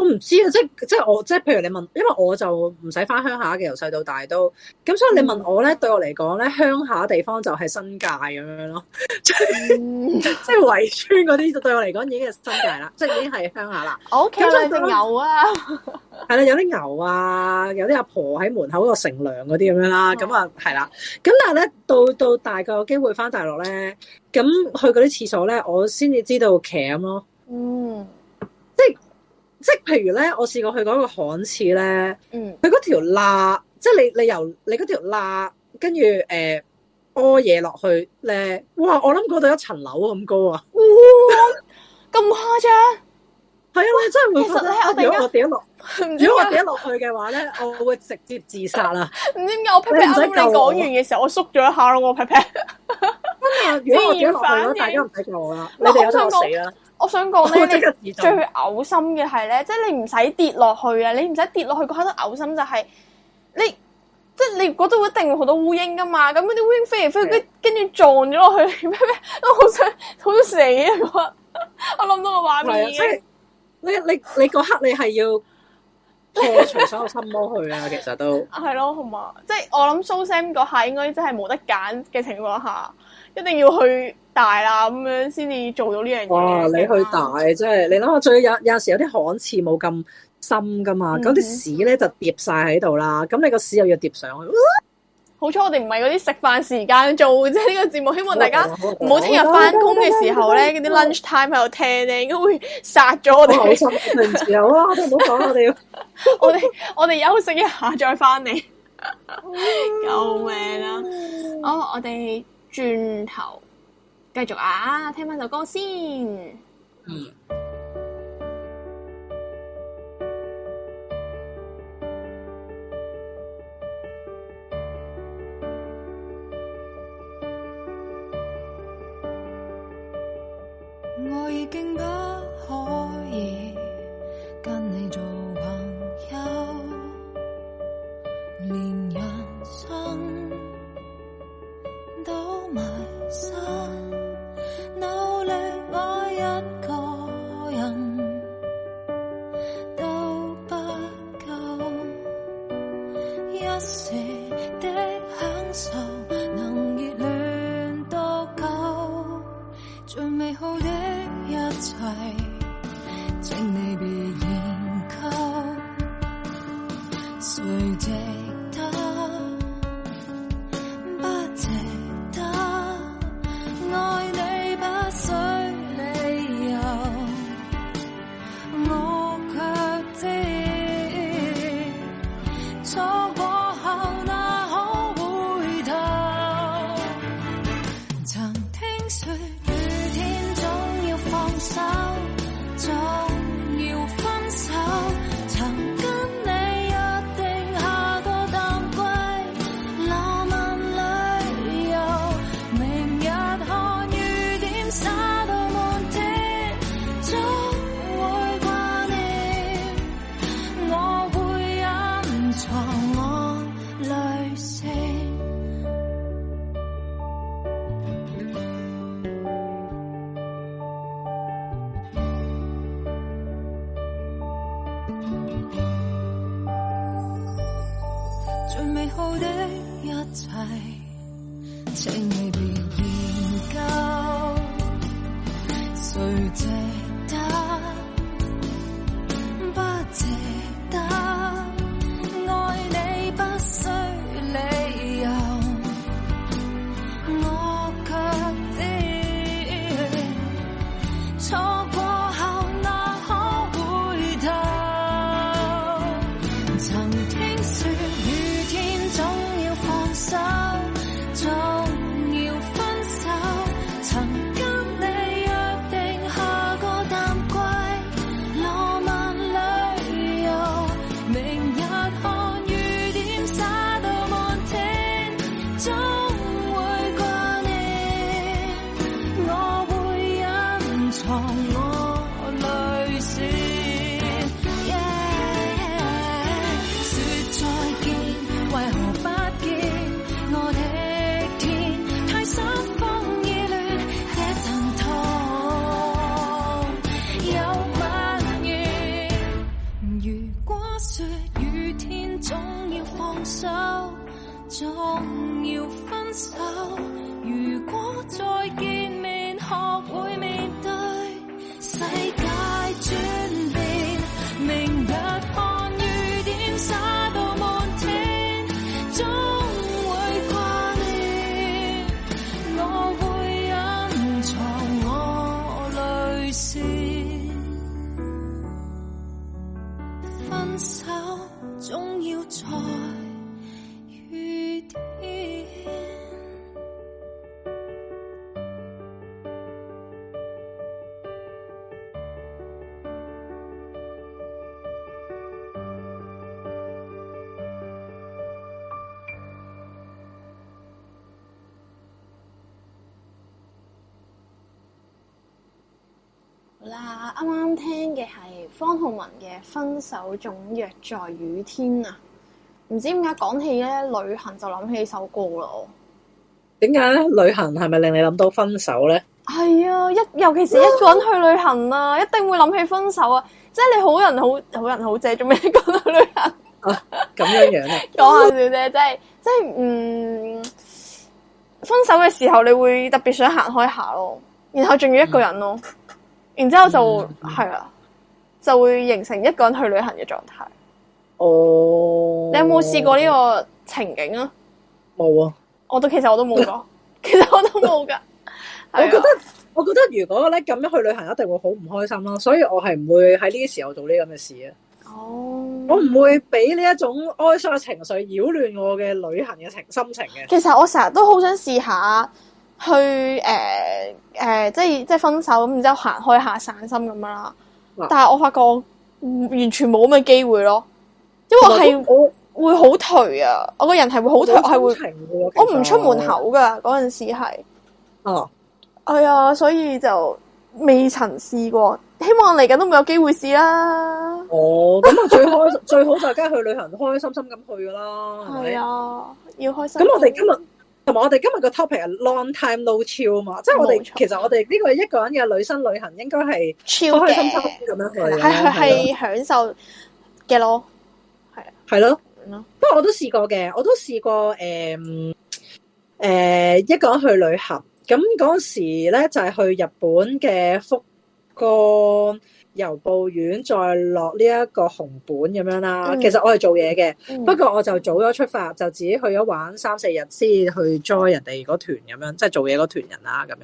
我唔知啊，即係即係我即係，譬如你問，因為我就唔使翻鄉下嘅，由細到大都咁，所以你問我咧，嗯、對我嚟講咧，鄉下地方就係新界咁樣咯，即係圍村嗰啲，對我嚟講已經係新界啦， 即係已經係鄉下啦。我屋企仲有啊，係 啦，有啲牛啊，有啲阿婆喺門口嗰度乘涼嗰啲咁樣啦，咁啊係啦，咁、嗯、但係咧到到大個有機會翻大陸咧，咁去嗰啲廁所咧，我先至知道騎咯。嗯。嗯譬如咧，我試過去嗰個旱廁咧，嗯，佢嗰條罅，即係你你由你嗰條罅，跟住誒，屙嘢落去咧，哇！我諗嗰度一層樓咁高啊，咁誇張！係啊，你真係唔，如果我跌落，如果我跌落去嘅話咧，我會直接自殺啦！唔知點解我你講完嘅時候我縮咗一下咯，我劈劈。如果我跌落去大家唔使救我啦，你哋有得我死啦。我想講咧、哦就是，你最嘔心嘅係咧，即係你唔使跌落去啊！你唔使跌落去嗰刻都嘔心，就係、是、你即係你嗰度一定好多烏蠅噶嘛，咁嗰啲烏蠅飛嚟飛去，跟住的撞咗落去，咩咩都好想好想死啊！我我諗到個畫面，你你你嗰刻你係要破除所有心魔去啦， 其實都係咯， 好嘛？即、就、係、是、我諗蘇 sam 嗰下應該真係冇得揀嘅情況下。一定要去大啦，咁樣先至做到呢樣嘢。哇！你去大，即係你諗下，最有有時有啲旱廁冇咁深噶嘛，咁啲屎咧就疊晒喺度啦。咁你個屎又要疊上去，好彩我哋唔係嗰啲食飯時間做即係呢個節目，希望大家唔好聽日翻工嘅時候咧嗰啲 lunch time 喺度聽咧，應該會殺咗我哋。唔好啦，聽唔到講我哋，我哋我哋休息一下再翻嚟。救命啦！哦，我哋。轉頭繼續啊，聽翻首歌先。嗯、我已經不可以。啱啱聽嘅係方皓文嘅《分手總約在雨天》啊，唔知點解講起咧旅行就諗起首歌啦。點解咧？旅行係咪令你諗到分手咧？係啊、哎，一尤其是一個人去旅行啊，啊一定會諗起分手啊。即係你好人好好人好姐，做咩講到旅行？咁樣、啊、樣啊？ 講下笑啫，即係即係，嗯，分手嘅時候你會特別想行開下咯，然後仲要一個人咯。嗯然之後就係啦、嗯啊，就會形成一個人去旅行嘅狀態。哦，你有冇試過呢個情景啊？冇啊！我都其實我都冇講，其實我都冇噶。 我、啊、我覺得我覺得如果咧咁樣去旅行，一定會好唔開心囉。所以我係唔會喺呢啲時候做呢咁嘅事啊。哦，我唔會俾呢一種哀傷嘅情緒擾亂我嘅旅行嘅情心情嘅。其實我成日都好想試下。去誒誒，即係即係分手咁，然之後行開下散心咁樣啦。但係我發覺我完全冇咁嘅機會咯，因為係我會好頹啊，我個人係會好頹，係會我唔出門口噶嗰陣時係，哦係啊，所以就未曾試過。希望嚟緊都冇有機會試啦。哦，咁啊最開 最好就梗係去旅行，開開心心咁去噶啦。係啊，要開心。咁我哋今日。同埋我哋今日個 topic 係 Long time no Chill 嘛，即係我哋錯其實我哋呢個一個人嘅女生旅行應該係超開心咁樣去，係享受嘅咯，係啊，係咯，不過我都試過嘅，我都試過誒誒、嗯嗯、一個人去旅行，咁嗰時咧就係、是、去日本嘅福岡。由報院再落呢一個紅本咁樣啦。其實我係做嘢嘅，嗯、不過我就早咗出發，就自己去咗玩三四日先去 join 人哋嗰團咁樣，即係做嘢嗰團人啦。咁樣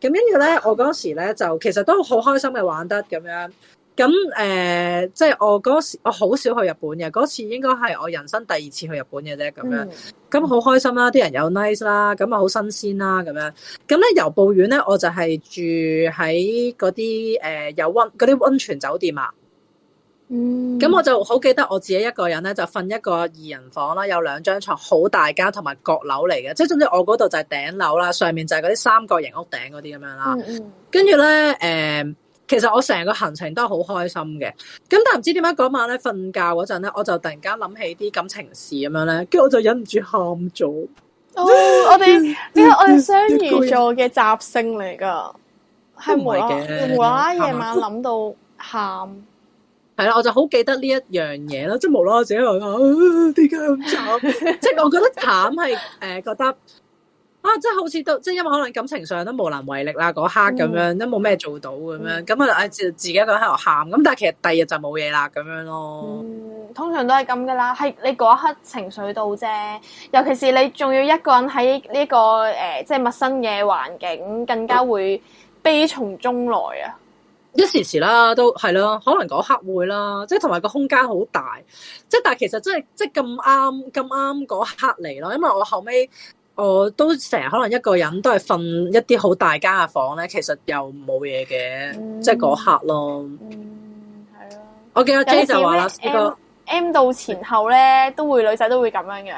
咁跟住咧，我嗰時咧就其實都好開心嘅，玩得咁樣。咁誒、呃，即係我嗰我好少去日本嘅，嗰次應該係我人生第二次去日本嘅啫，咁樣，咁好開心啦，啲人有 nice 啦，咁啊好新鮮啦，咁樣，咁咧由布院咧，我就係住喺嗰啲誒有溫嗰啲溫泉酒店啊，嗯，咁我就好記得我自己一個人咧，就瞓一個二人房啦，有兩張床，好大間，同埋閣樓嚟嘅，即係總之我嗰度就係頂樓啦，上面就係嗰啲三角形屋頂嗰啲咁樣啦，跟住咧誒。其實我成個行程都係好開心嘅，咁但唔知點解嗰晚咧瞓覺嗰陣咧，我就突然間諗起啲感情事咁樣咧，跟住我就忍唔住喊咗。哦，我哋呢個我哋雙魚座嘅習性嚟㗎，係冇啦冇啦，夜了晚諗到喊。係啦了，我就好記得呢一樣嘢啦，即係無啦啦自己話點解咁慘，即、啊、係 我覺得慘係誒覺得。啊！即係好似都，即係因為可能感情上都無能為力啦，嗰刻咁樣、嗯、都冇咩做到咁樣，咁啊、嗯，自自己一個人喺度喊。咁但係其實第二日就冇嘢啦，咁樣咯、嗯。通常都係咁噶啦，係你嗰一刻情緒到啫。尤其是你仲要一個人喺呢、這個誒、呃，即係陌生嘅環境，更加會悲從中來啊、嗯！一時時啦，都係咯，可能嗰刻會啦。即係同埋個空間好大，即係但係其實真係即係咁啱咁啱嗰刻嚟咯。因為我後尾。我、哦、都成日可能一個人都係瞓一啲好大間嘅房咧，其實又冇嘢嘅，即係嗰刻咯。嗯，係咯。我記得阿 J 就話啦，呢個說 M, M 到前後咧都會女仔都會咁樣嘅，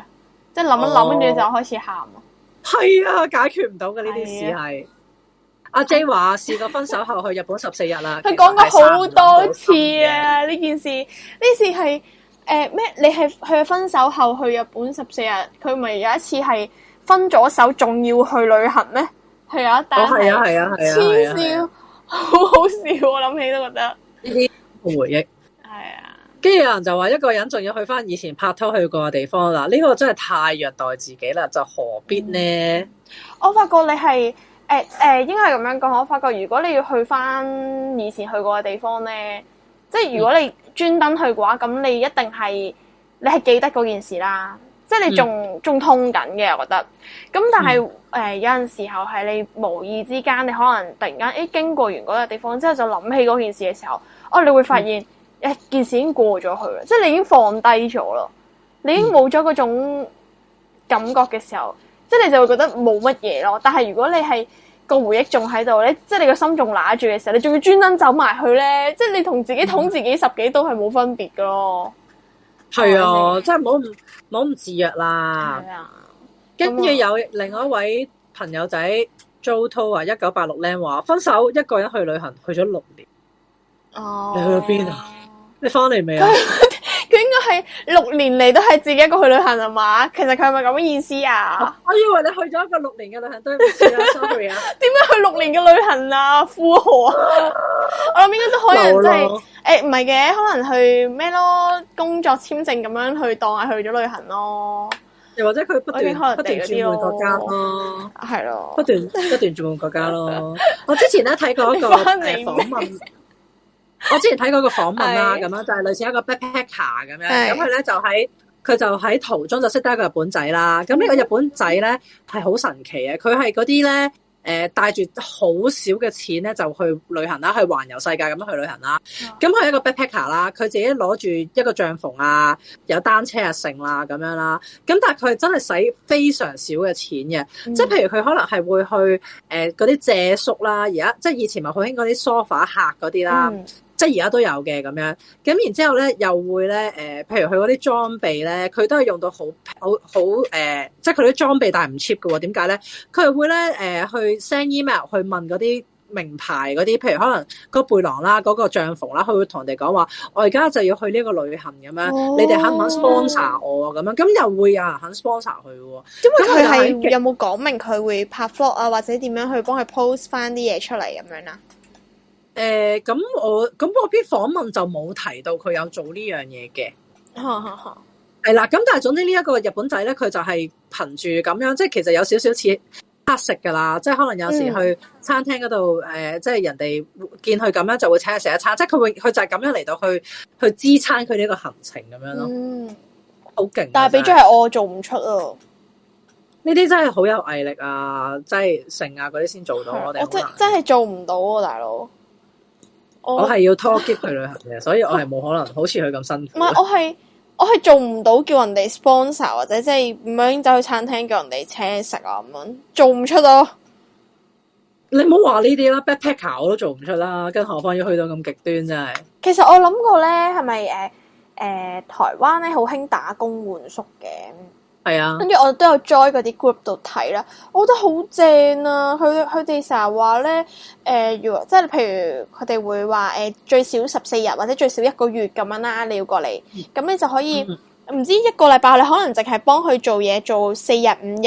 即係諗一諗跟住就開始喊。係啊、哦，解決唔到嘅呢啲事係。阿的、啊、J 話試過分手後去日本十四日啦。佢講過好多次啊，呢件事呢件事係誒咩？你係去分手後去日本十四日，佢咪有一次係。分咗手仲要去旅行咩？係啊、oh, is，但係痴笑，好好笑，啊。我諗起都覺得呢啲 回憶係啊。跟住有人就話一個人仲要去翻以前拍拖去過嘅地方啦。呢、呢個真係太虐待自己啦！就何必呢？嗯、我發覺你係誒誒，應該係咁樣講。我發覺如果你要去翻以前去過嘅地方呢，即係如果你專登去嘅話，咁你一定係你係記得嗰件事啦。即係你仲、嗯、仲痛緊嘅，我覺得。咁但係誒、嗯呃、有陣時候係你無意之間，你可能突然間誒經過完嗰個地方之後，就諗起嗰件事嘅時候，哦、啊，你會發現誒、嗯啊、件事已經過咗去啦，即係你已經放低咗咯，你已經冇咗嗰種感覺嘅時候，即係你就會覺得冇乜嘢咯。但係如果你係個回憶仲喺度咧，即係你個心仲揦住嘅時候，你仲要專登走埋去咧，即係你同自己捅自己十幾刀係冇分別噶咯。嗯係啊，對 oh, okay. 真係唔好唔好唔自虐啦。跟住 Yeah. 有另外一位朋友仔 Jo To 啊，一九八六靚話分手，一個人去旅行，去咗六年。哦，oh. 你去咗邊啊？你翻嚟未啊？ 佢應該係六年嚟都係自己一個去旅行啊嘛？其實佢係咪咁嘅意思啊？我以為你去咗一個六年嘅旅行對唔住啊！sorry 啊，點解 去六年嘅旅行啊？富豪啊！ 我諗應該都可人能即係誒唔係嘅，可能去咩咯？工作簽證咁樣去當係去咗旅行咯。又或者佢不斷可能不斷轉換國家咯，係咯，不斷不斷 轉換國家咯。我之前咧睇過一個你、呃、訪問。 我之前睇過個訪問啦，咁樣就係類似一個 backpacker 咁樣，咁佢咧就喺佢就喺途中就識得一個日本仔啦。咁呢個日本仔咧係好神奇嘅，佢係嗰啲咧誒帶住好少嘅錢咧就去旅行啦，去環遊世界咁樣去旅行啦。咁佢、嗯、一個 backpacker 啦，佢自己攞住一個帳篷啊，有單車啊剩啦咁樣啦。咁但係佢真係使非常少嘅錢嘅，即係譬如佢可能係會去誒嗰啲借宿啦、啊，而家即係以前咪好興嗰啲 sofa 客嗰啲啦。嗯即係而家都有嘅咁樣，咁然之後咧又會咧，誒，譬如佢嗰啲裝備咧，佢都係用到好好好誒，即係佢啲裝備但係唔 cheap 嘅喎，點解咧？佢會咧，誒、呃，去 send email 去問嗰啲名牌嗰啲，譬如可能嗰背囊，啦，嗰、嗰個帳篷啦，佢會同人哋講話，我而家就要去呢個旅行咁、哦、樣，你哋肯唔肯 sponsor 我咁樣？咁又會有肯 sponsor 佢？因為佢係有冇講明佢會拍 vlog 啊，或者點樣去幫佢 post 翻啲嘢出嚟咁樣啊？誒、咁、嗯、我咁我啲訪問就冇提到佢有做呢樣嘢嘅，係啦。咁 但係，總之呢一個日本仔咧，佢就係憑住咁樣，即係其實有少少似乞食噶啦，即係可能有時去餐廳嗰度，誒、呃，即係人哋見佢咁樣就會請佢食一餐，即係佢會佢就係咁樣嚟到去去支撐佢呢個行程咁樣咯，好勁、嗯！但係俾咗係我做唔出啊，呢啲真係好有毅力啊，即係成啊嗰啲先做到我哋難，真真係做唔到啊，大佬。 我係 要拖 keep 去旅行嘅，所以我係冇可能好似佢咁辛苦。唔係，我係我係做唔到叫人哋 sponsor 或者即係咁走去餐廳叫人哋請食啊咁樣，er、做唔出咯。你唔好話呢啲啦，backpacker 我都做唔出啦，跟何況，要去到咁極端真係。其實我諗過咧，係咪誒誒台灣咧好興打工換宿嘅？係啊，跟住我都有 join 嗰啲 group 度睇啦，我覺得好正啊！佢佢哋成日話咧，誒，要、呃、即係譬如佢哋會話誒、呃、最少十四日或者最少一個月咁樣啦，你要過嚟，咁、嗯、你就可以唔、嗯、知一個禮拜你可能淨係幫佢做嘢做四日五日，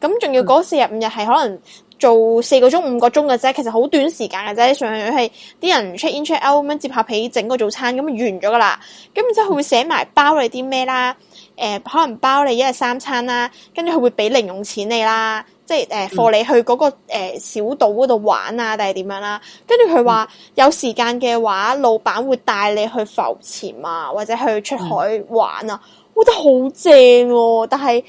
咁仲要嗰四日五日係可能做四個鐘五個鐘嘅啫，其實好短時間嘅啫，上係啲人 check in check out 咁樣接下皮整個早餐咁就完咗噶啦，咁然之後佢會寫埋包你啲咩啦。誒、呃、可能包你一日三餐啦，跟住佢會俾零用錢你啦，即係誒俾你去嗰、那個、呃、小島嗰度玩啊，定係點樣啦？跟住佢話有時間嘅話，老闆會帶你去浮潛啊，或者去出海玩啊，我、嗯、覺得好正喎！但係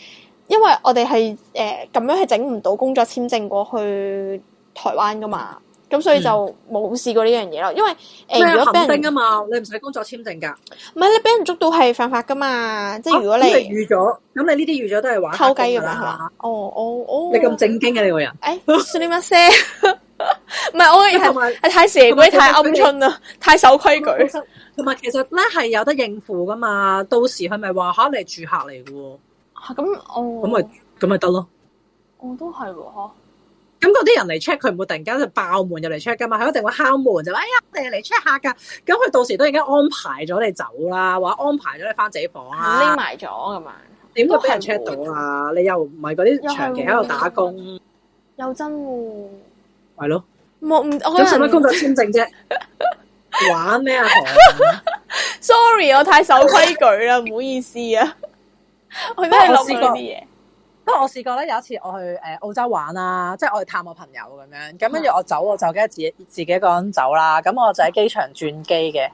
因為我哋係誒咁樣係整唔到工作簽證過去台灣㗎嘛。咁所以就冇試過呢樣嘢咯，因為誒如果俾人啊嘛，你唔使工作簽證噶，唔係你俾人捉到係犯法噶嘛，即係如果你預咗，咁你呢啲預咗都係玩偷雞嘅嘛，哦哦哦，你咁正經嘅呢個人？誒，算你乜聲？唔係我係，係睇蛇鬼、太鵪鶉啦，太守規矩。同埋其實咧係有得應付噶嘛，到時係咪話吓你係住客嚟嘅喎。咁哦，咁咪咁咪得咯。我都係喎。咁嗰啲人嚟 check 佢唔會突然間就爆門入嚟 check 噶嘛，佢一定會敲門就，哎呀，我哋嚟 check 下噶。咁佢到時都已經安排咗你走啦，啊，或者安排咗你翻自己房啊。匿埋咗咁啊？點會俾人 check 到啊？你又唔係嗰啲長期喺度打工，又，又真係、啊、咯。冇唔咁使乜工作簽證啫？ 玩咩啊 ？Sorry，我太守規矩啦，唔好意思啊。 我都係諗住呢啲嘢。因為我試過咧，有一次我去誒澳洲玩啦，即係我去探我朋友咁樣，咁跟住我走，我就記得自己自己一個人走啦。咁我就喺機場轉機嘅，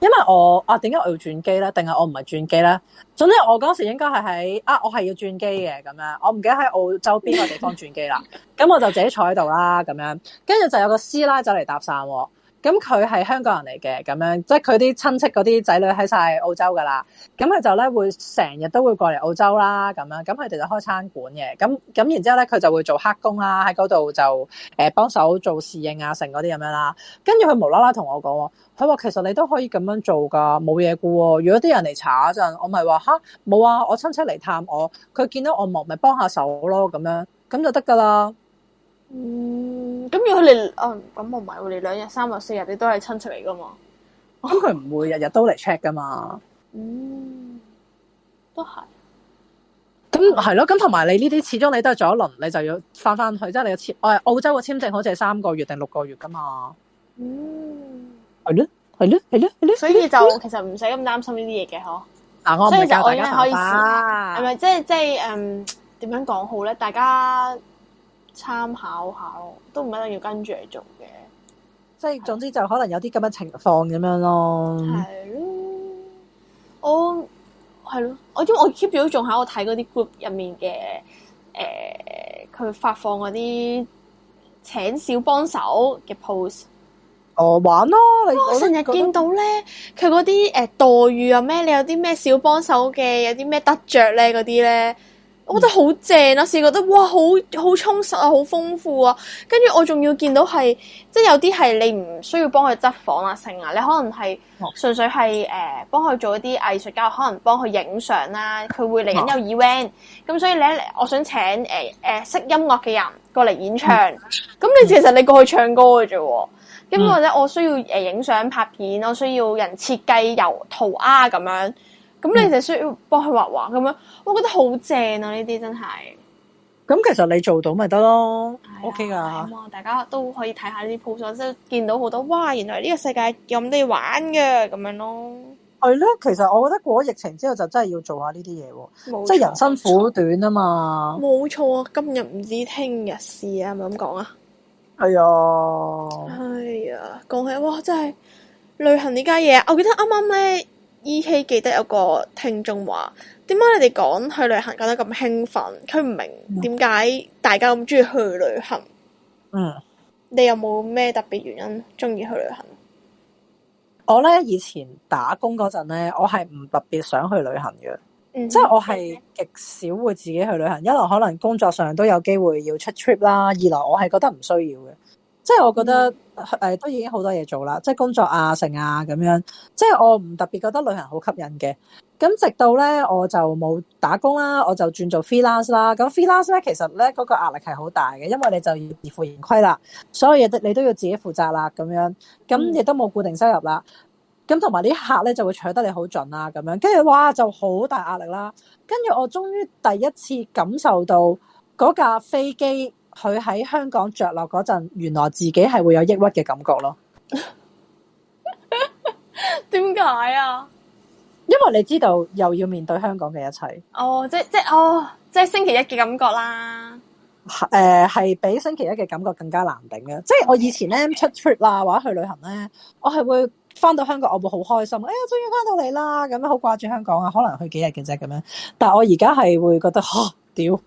因為我啊點解我要轉機咧？定係我唔係轉機咧？總之我嗰時應該係喺啊，我係要轉機嘅咁樣。我唔記得喺澳洲邊個地方轉機啦。咁 我就自己坐喺度啦，咁樣跟住就有個師奶走嚟搭訕。咁佢係香港人嚟嘅，咁樣，即係佢啲親戚嗰啲仔女喺晒澳洲噶啦，咁佢就咧會成日都會過嚟澳洲啦，咁樣，咁佢哋就開餐館嘅，咁咁然之後咧佢就會做黑工啦，喺嗰度就誒幫手做侍應啊，成嗰啲咁樣啦。跟住佢無啦啦同我講，佢話其實你都可以咁樣做噶，冇嘢噶。如果啲人嚟查陣，我咪話吓冇啊，我親戚嚟探我，佢見到我忙咪幫下手咯，咁樣咁就得噶啦。嗯，咁如果你，哦，咁唔係喎，你兩日、三日、四日你都係親出嚟噶嘛？咁佢唔會日日都嚟 check 噶嘛？嗯，都係。咁係咯，咁同埋你呢啲始終你都係做咗一輪，你就要返返去，即係你簽，澳洲個簽證好似係三個月定六個月噶嘛？嗯，係咯，係咯，係咯，係咯，所以就其實唔使咁擔心呢啲嘢嘅嗬。嗱、啊，我所以就我依家可以，係咪即係即係，嗯，點樣講好咧？大、嗯、家。參考下都唔一定要跟住嚟做嘅。即係是，的總之就可能有啲咁樣情況咁樣咯。係咯，我係咯，我因為我 keep 住都仲喺我睇嗰啲 group 入面嘅，誒、呃，佢發放嗰啲請小幫手嘅 post 哦，玩咯！你我成經日覺見到咧，佢嗰啲誒待遇啊咩，你有啲咩小幫手嘅，有啲咩得着咧嗰啲咧。我覺得好正啊，試覺得哇，好好，好充實啊，好豐富啊！跟住我仲要見到係，即係有啲係你唔需要幫佢執房啊、成啊，你可能係純粹係誒、呃、幫佢做一啲藝術家，可能幫佢影相啦，佢會嚟緊有 event，咁所以咧，我想請誒誒、呃呃、識音樂嘅人過嚟演唱。咁你、嗯、其實你過去唱歌嘅啫喎，咁或者我需要誒影相拍片，我需要人設計由塗鴉，咁樣。咁、嗯、你就需要幫佢畫畫咁樣，我覺得好正啊！呢啲真係，咁其實你做到咪得咯，OK 噶。啊、哎呀哎，大家都可以睇下呢啲鋪數，即係見到好多哇！原來呢個世界咁多玩嘅咁樣咯。係咯，其實我覺得過咗疫情之後，就真係要做下呢啲嘢喎，錯即係人生苦短啊嘛。冇錯啊，今日唔知聽日事啊，咪咁講啊。係啊，係啊、哎呀，講、哎、起哇，真係旅行呢家嘢，我記得啱啱咧。依稀記得有個聽眾話：點解你哋講去旅行講得咁興奮？佢唔明點解大家咁中意去旅行。嗯，你有冇咩特別原因中意去旅行？我咧以前打工嗰陣咧，我係唔特別想去旅行嘅，即係、嗯、我係極少會自己去旅行。一來可能工作上都有機會要出 trip 啦，二來我係覺得唔需要嘅。即係我覺得誒都已經好多嘢做啦，即係工作啊、成啊咁樣。即係我唔特別覺得旅行好吸引嘅。咁直到咧，我就冇打工啦，我就轉做 freelance 啦。咁 freelance 咧，其實咧嗰個壓力係好大嘅，因為你就要自負盈虧啦，所有嘢你都要自己負責啦，咁樣咁亦都冇固定收入啦。咁同埋啲客咧就會取得你好盡啊，咁樣跟住哇就好大壓力啦。跟住我終於第一次感受到嗰架飛機。佢喺香港着落嗰陣，原來自己係會有抑鬱嘅感覺咯。點解啊？因為你知道又要面對香港嘅一切哦。哦，即即哦，即星期一嘅感覺啦。誒，係、呃、係比星期一嘅感覺更加難頂嘅。即係我以前咧出 trip 啦或者去旅行咧，我係會翻到香港我會好開心，哎呀終於翻到嚟啦，咁樣好掛住香港啊，可能去幾日嘅啫咁樣。但係我而家係會覺得，吓屌！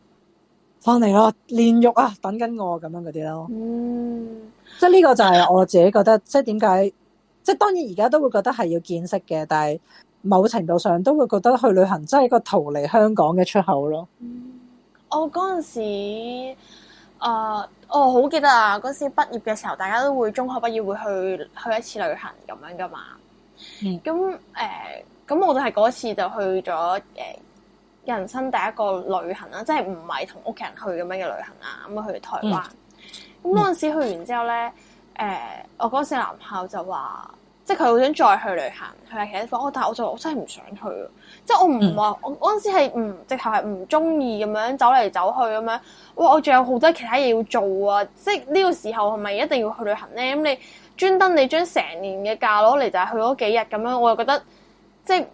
翻嚟咯，煉獄啊，等緊我咁樣嗰啲咯。嗯，即係呢個就係我自己覺得，即係點解，即係當然而家都會覺得係要見識嘅，但係某程度上都會覺得去旅行真係一個逃離香港嘅出口咯。嗯、我嗰陣時，誒、呃，我好記得啊，嗰時畢業嘅時候，大家都會中學畢業會去去一次旅行咁樣噶嘛。嗯。咁誒，咁、呃、我就係嗰次就去咗誒。人生第一個旅行啦，即係唔係同屋企人去咁樣嘅旅行啊，咁去台灣。咁嗰陣時去完之後咧，誒、呃，我嗰時男校就話，即係佢好想再去旅行，去下其他地方。我、哦、但係我就我真係唔想去，即係我唔話，嗯、我嗰陣時係唔直頭係唔中意咁樣走嚟走去咁樣。哇，我仲有好多其他嘢要做啊！即係呢個時候係咪一定要去旅行咧？咁你專登你將成年嘅假攞嚟就係去嗰幾日咁樣，我又覺得即係。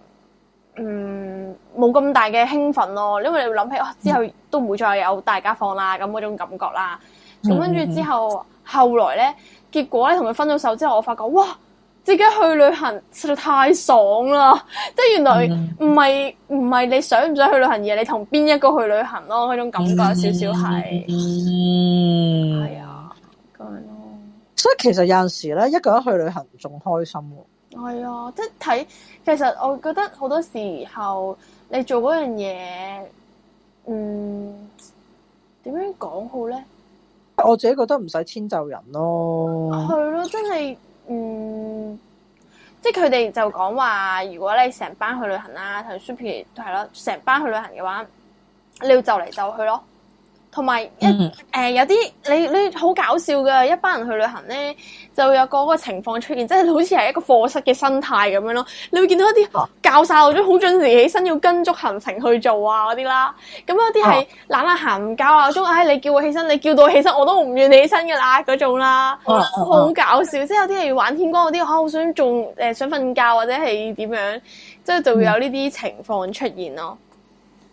嗯，冇咁大嘅興奮咯，因為你會諗起、啊、之後都唔會再有大家放啦咁嗰種感覺啦。咁跟住之後，後來呢結果咧同佢分咗手之後，我發覺哇，自己去旅行實在太爽啦！即係原來唔係唔係你想唔想去旅行，而係你同邊一個去旅行咯，嗰種感覺少少係，係啊、嗯、咁、嗯、樣、哎就是咯。所以其實有陣時咧，一個人去旅行仲開心。係啊，即係睇，其實我覺得好多時候你做嗰樣嘢，嗯，點樣講好咧？我自己覺得唔使遷就人咯。係咯，真係，嗯，即係佢哋就講話，如果你成班去旅行啦，同 Super 係咯，成班去旅行嘅話，你要就嚟，就去咯。同埋一誒有啲、嗯呃、你你好搞笑噶，一班人去旅行咧，就會有個個情況出現，即係好似係一個課室嘅生態咁樣咯。你會見到一啲教晒我，即係好、啊、準時起身要跟足行程去做啊嗰啲啦。咁有啲係懶下行唔覺啊，嗰唉、哎，你叫我起身，你叫到我起身，我都唔願起身噶啦嗰種啦，好、啊啊、搞笑。即係有啲係玩天光嗰啲，我好想仲誒、呃、想瞓覺或者係點樣，即係就會、是、有呢啲情況出現咯。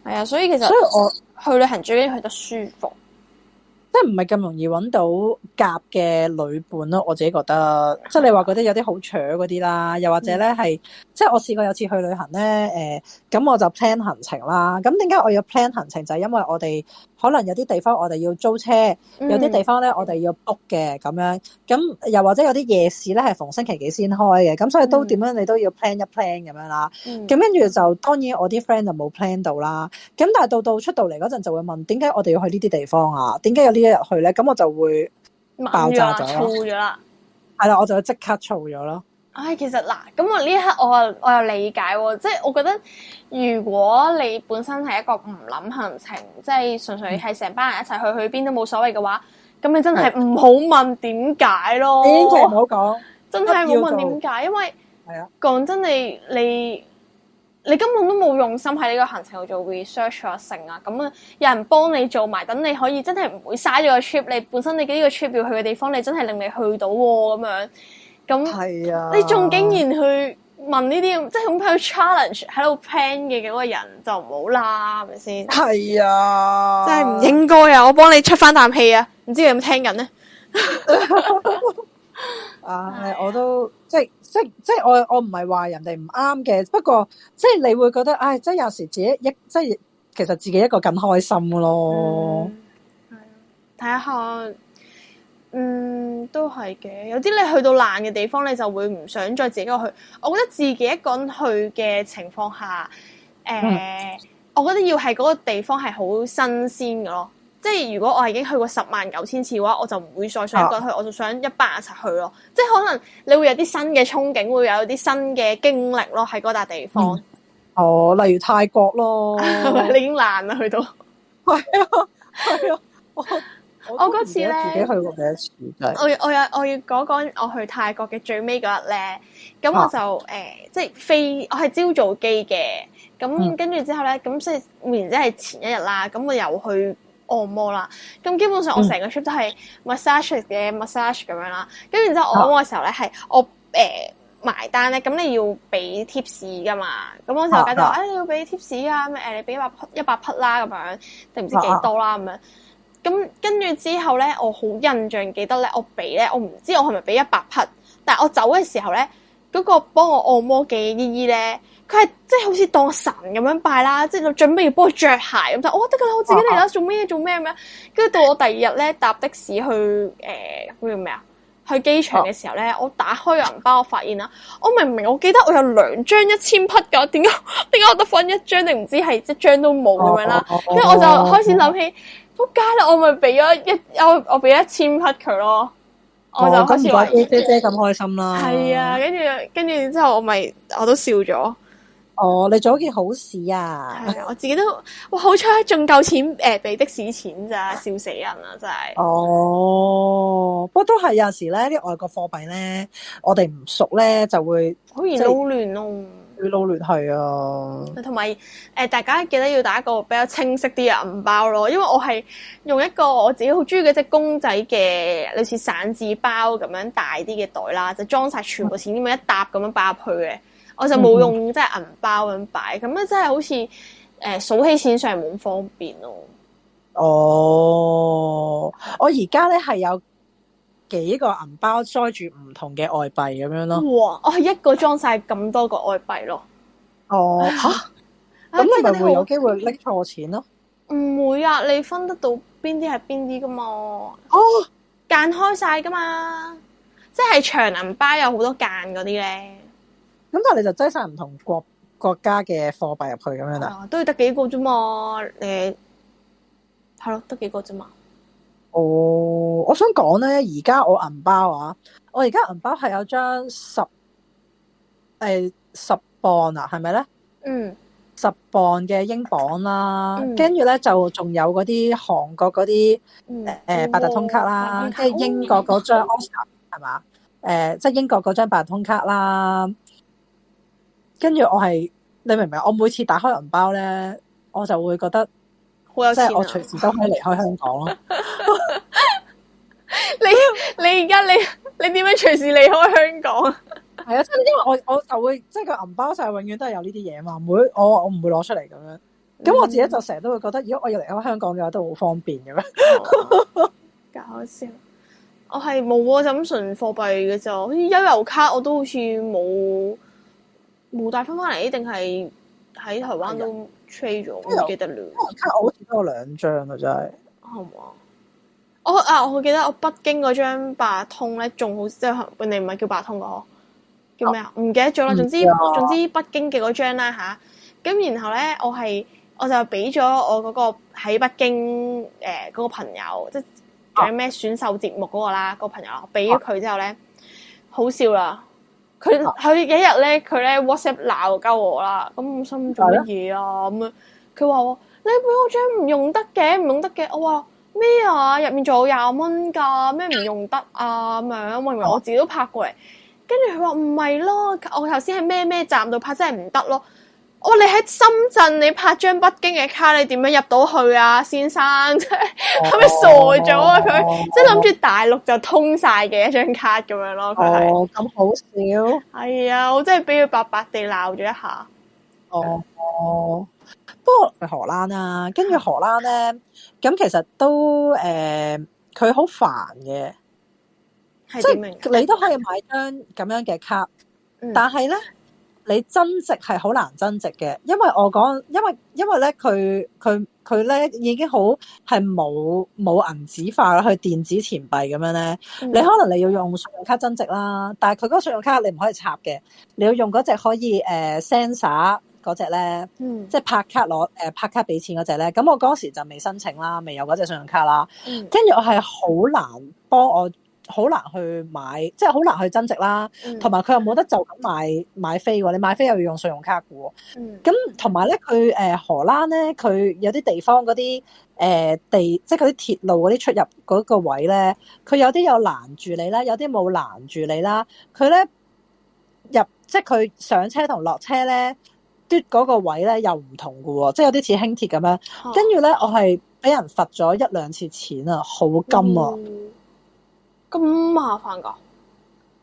係啊、嗯嗯，所以其實所以我。去旅行最緊要去得舒服，即係唔係咁容易揾到夾嘅旅伴咯。我自己覺得，即係你話覺得有啲好扯嗰啲啦，又或者咧係，嗯、即係我試過有次去旅行咧，誒、呃，咁我就 plan 行程啦。咁點解我要 plan 行程就係、是、因為我哋。可能有啲地方我哋要租車，有啲地方咧我哋要 book 嘅咁樣，咁又或者有啲夜市咧係逢星期幾先開嘅，咁所以都點樣你都要 plan 一 plan 咁樣啦。咁跟住就當然我啲 friend 就冇 plan 到啦。咁但係到到出到嚟嗰陣就會問點解我哋要去呢啲地方啊？點解有呢一日去咧？咁我就會爆炸咗啦，係啦，我就會即刻嘈咗咯。唉，其實嗱，咁我呢一刻我我又理解、哦，即係我覺得如果你本身係一個唔諗行程，嗯、即係純粹係成班人一齊去去邊都冇所謂嘅話，咁你真係唔好問點解咯，唔好講，真係唔好問點解，因為係啊，講真你你你根本都冇用心喺呢個行程度做 research 啊成啊，咁有人幫你做埋，等你可以真係唔會嘥咗個 trip，你本身你呢個 trip 要去嘅地方，你真係令你去到咁樣。咁，係啊、你仲竟然去問呢啲，即係咁喺度 challenge 喺度 plan 嘅嗰個人就唔好啦，係咪先？係啊，真係唔應該啊！我幫你出翻啖氣啊！唔知你有冇聽緊咧？啊，我都即係即係即係，我我唔係話人哋唔啱嘅，不過即係你會覺得，唉，即係有時自己一即係其實自己一個咁開心咯、嗯，睇下、啊。看看。嗯，都係嘅。有啲你去到爛嘅地方，你就會唔想再自己去。我覺得自己一個人去嘅情況下，誒、呃，嗯、我覺得要係嗰個地方係好新鮮嘅咯。即係如果我係已經去過十萬九千次嘅話，我就唔會再想一個人去。啊、我就想一班人一齊去咯。即係可能你會有啲新嘅憧憬，會有啲新嘅經歷咯喺嗰笪地方、嗯。哦，例如泰國咯， 你已經爛啦去到。係 啊，係啊。我嗰次咧，自己去過幾多次。我次、就是、我有我要講講我去泰國嘅最尾嗰日咧，咁我就誒、啊呃、即係飛，我係朝早機嘅。咁、嗯、跟住之後咧，咁即係然之係前一日啦。咁我又去按摩啦。咁基本上我成個 trip 都係 massage 嘅、嗯、massage 咁樣啦。咁然之後按摩嘅時候咧，係我誒埋單咧，咁你要俾貼士噶嘛？咁我就間就誒你要俾貼士啊？誒你俾一百一百匹啦咁樣，定唔知幾多啦咁樣。咁跟住之後咧，我好印象記得咧，我俾咧，我唔知我係咪俾一百匹，但係我走嘅時候咧，嗰、嗰個幫我按摩嘅姨姨咧，佢係即係好似當神咁樣拜啦，即係準備要幫佢着鞋咁就，哇、哦、得噶啦，我自己嚟啦，做咩做咩咩？跟住到我第二日咧，搭的士去誒叫咩啊？去機場嘅時候咧，啊、我打開銀包，我發現啦，我明明我記得我有兩張一千匹噶，點解點解我得返一張定唔知係一張都冇咁樣啦？跟住我就開始諗起。嗯嗯嗯嗯嗯嗯好加啦，我咪俾咗一，我我俾一千匹佢咯，哦、我就好似話姐姐咁開心啦。係啊，跟住跟住之後我咪我都笑咗。哦，你做一件好事啊！係啊，我自己都哇，好彩仲夠錢誒，俾、呃、的士錢咋，笑死人啦，真係。哦，不過都係有時咧啲外國貨幣咧，我哋唔熟咧就會，好似好亂咯。亂亂，係啊，同埋誒，大家記得要打一個比較清晰啲嘅銀包咯，因為我係用一個我自己好中意嘅隻公仔嘅類似散紙包咁樣大啲嘅袋啦，就裝晒全部錢咁樣一沓咁樣擺入去嘅，我就冇用即係銀包咁擺，咁啊、嗯、真係好似誒數起錢上嚟，冇咁方便咯。哦，我而家咧係有。幾個銀包塞住唔同嘅外幣咁樣咯。哇！我、哦、係一個裝晒咁多個外幣咯。哦，吓、啊，咁你咪會有機會拎錯錢咯。唔、啊，會啊，你分得到邊啲係邊啲噶嘛？哦，間開晒噶嘛，即係長林包有好多間嗰啲咧。咁、啊、但係你就擠晒唔同國國家嘅貨幣入去咁樣啦、啊。都要得幾個啫嘛？誒、啊，係囉，得幾個啫嘛？哦，oh, 我想講咧，而家我銀包啊，我而家銀包係有張十誒十磅啊，係咪咧？嗯，十磅嘅英鎊啦，跟住咧就仲有嗰啲韓國嗰啲誒八達通卡啦，即係、mm. oh. 英國嗰張係嘛？誒、oh. 呃，即係英國嗰張八達通卡啦，跟住我係，你明唔明？我每次打開銀包咧，我就會覺得。有啊、即係我隨時都可以離開香港咯。你你而家你你點樣隨時離開香港啊？係 啊，即 係 因為我我就會即係個銀包上，永遠都係有呢啲嘢嘛。唔會，我我唔會攞出嚟咁樣。咁我自己就成日都會覺得，如果我要離開香港嘅話，都好方便咁樣。 搞笑，我係冇就咁純貨幣嘅，就好似悠遊卡我都好似冇冇帶翻翻嚟，定係喺台灣都。trade 咗，唔如記得了、啊。我好似都有兩張啊，真係。好唔好？我啊，我記得我北京嗰張八通咧，仲好張，原你唔係叫八通噶，叫咩啊？唔記得咗啦。總之總之，北京嘅嗰張啦、啊、吓，咁、啊、然後咧，我係我就俾咗我嗰個喺北京誒嗰、呃那個朋友，即係做咩選秀節目嗰、那個啦，啊、個朋友俾咗佢之後咧，好笑啦。佢佢幾日咧？佢咧 WhatsApp 鬧鳩我啦，咁心做乜嘢啊？佢話的你俾我張唔用得嘅，唔用得嘅。我話咩啊？入面仲有廿蚊㗎，咩唔用得啊？咁樣，我以為我自己都拍過嚟？跟住佢話唔係咯，我頭先喺咩咩站度拍，真係唔得咯。哦，你喺深圳，你拍張北京嘅卡，你點樣入到去啊？先生？係 咪傻咗啊？佢即係諗住大陸就通晒嘅一張卡咁樣咯。哦，咁、哦、好少。係啊、哎，我真係俾佢白白地鬧咗一下。哦，不過荷蘭啊，跟住荷蘭咧，咁其實都誒，佢、呃、好煩嘅。即係你都可以買張咁樣嘅卡， 但係咧。你增值係好難增值嘅，因為我講，因為因為咧佢佢佢咧已經好係冇冇銀紙化去電子錢幣咁樣咧，嗯、你可能你要用信用卡增值啦，但係佢嗰個信用卡你唔可以插嘅，你要用嗰隻可以誒、uh, sense 卡嗰隻咧，嗯、即係拍卡攞誒拍卡俾錢嗰隻咧，咁我嗰時就未申請啦，未有嗰隻信用卡啦，跟住、嗯、我係好難幫我。好難去買，即係好難去增值啦。同埋佢又冇得就咁買買飛喎，你買飛又要用信用卡嘅喎。咁同埋咧，佢誒、呃、荷蘭咧，佢有啲地方嗰啲誒地，即係佢啲鐵路嗰啲出入嗰個位咧，佢有啲有攔住你啦，有啲冇攔住你啦。佢咧入，即係佢上車同落車咧，嘟嗰個位咧又唔同嘅喎，即係有啲似輕鐵咁樣。跟住咧，我係俾人罰咗一兩次錢啊，好金啊喎！嗯咁麻煩噶，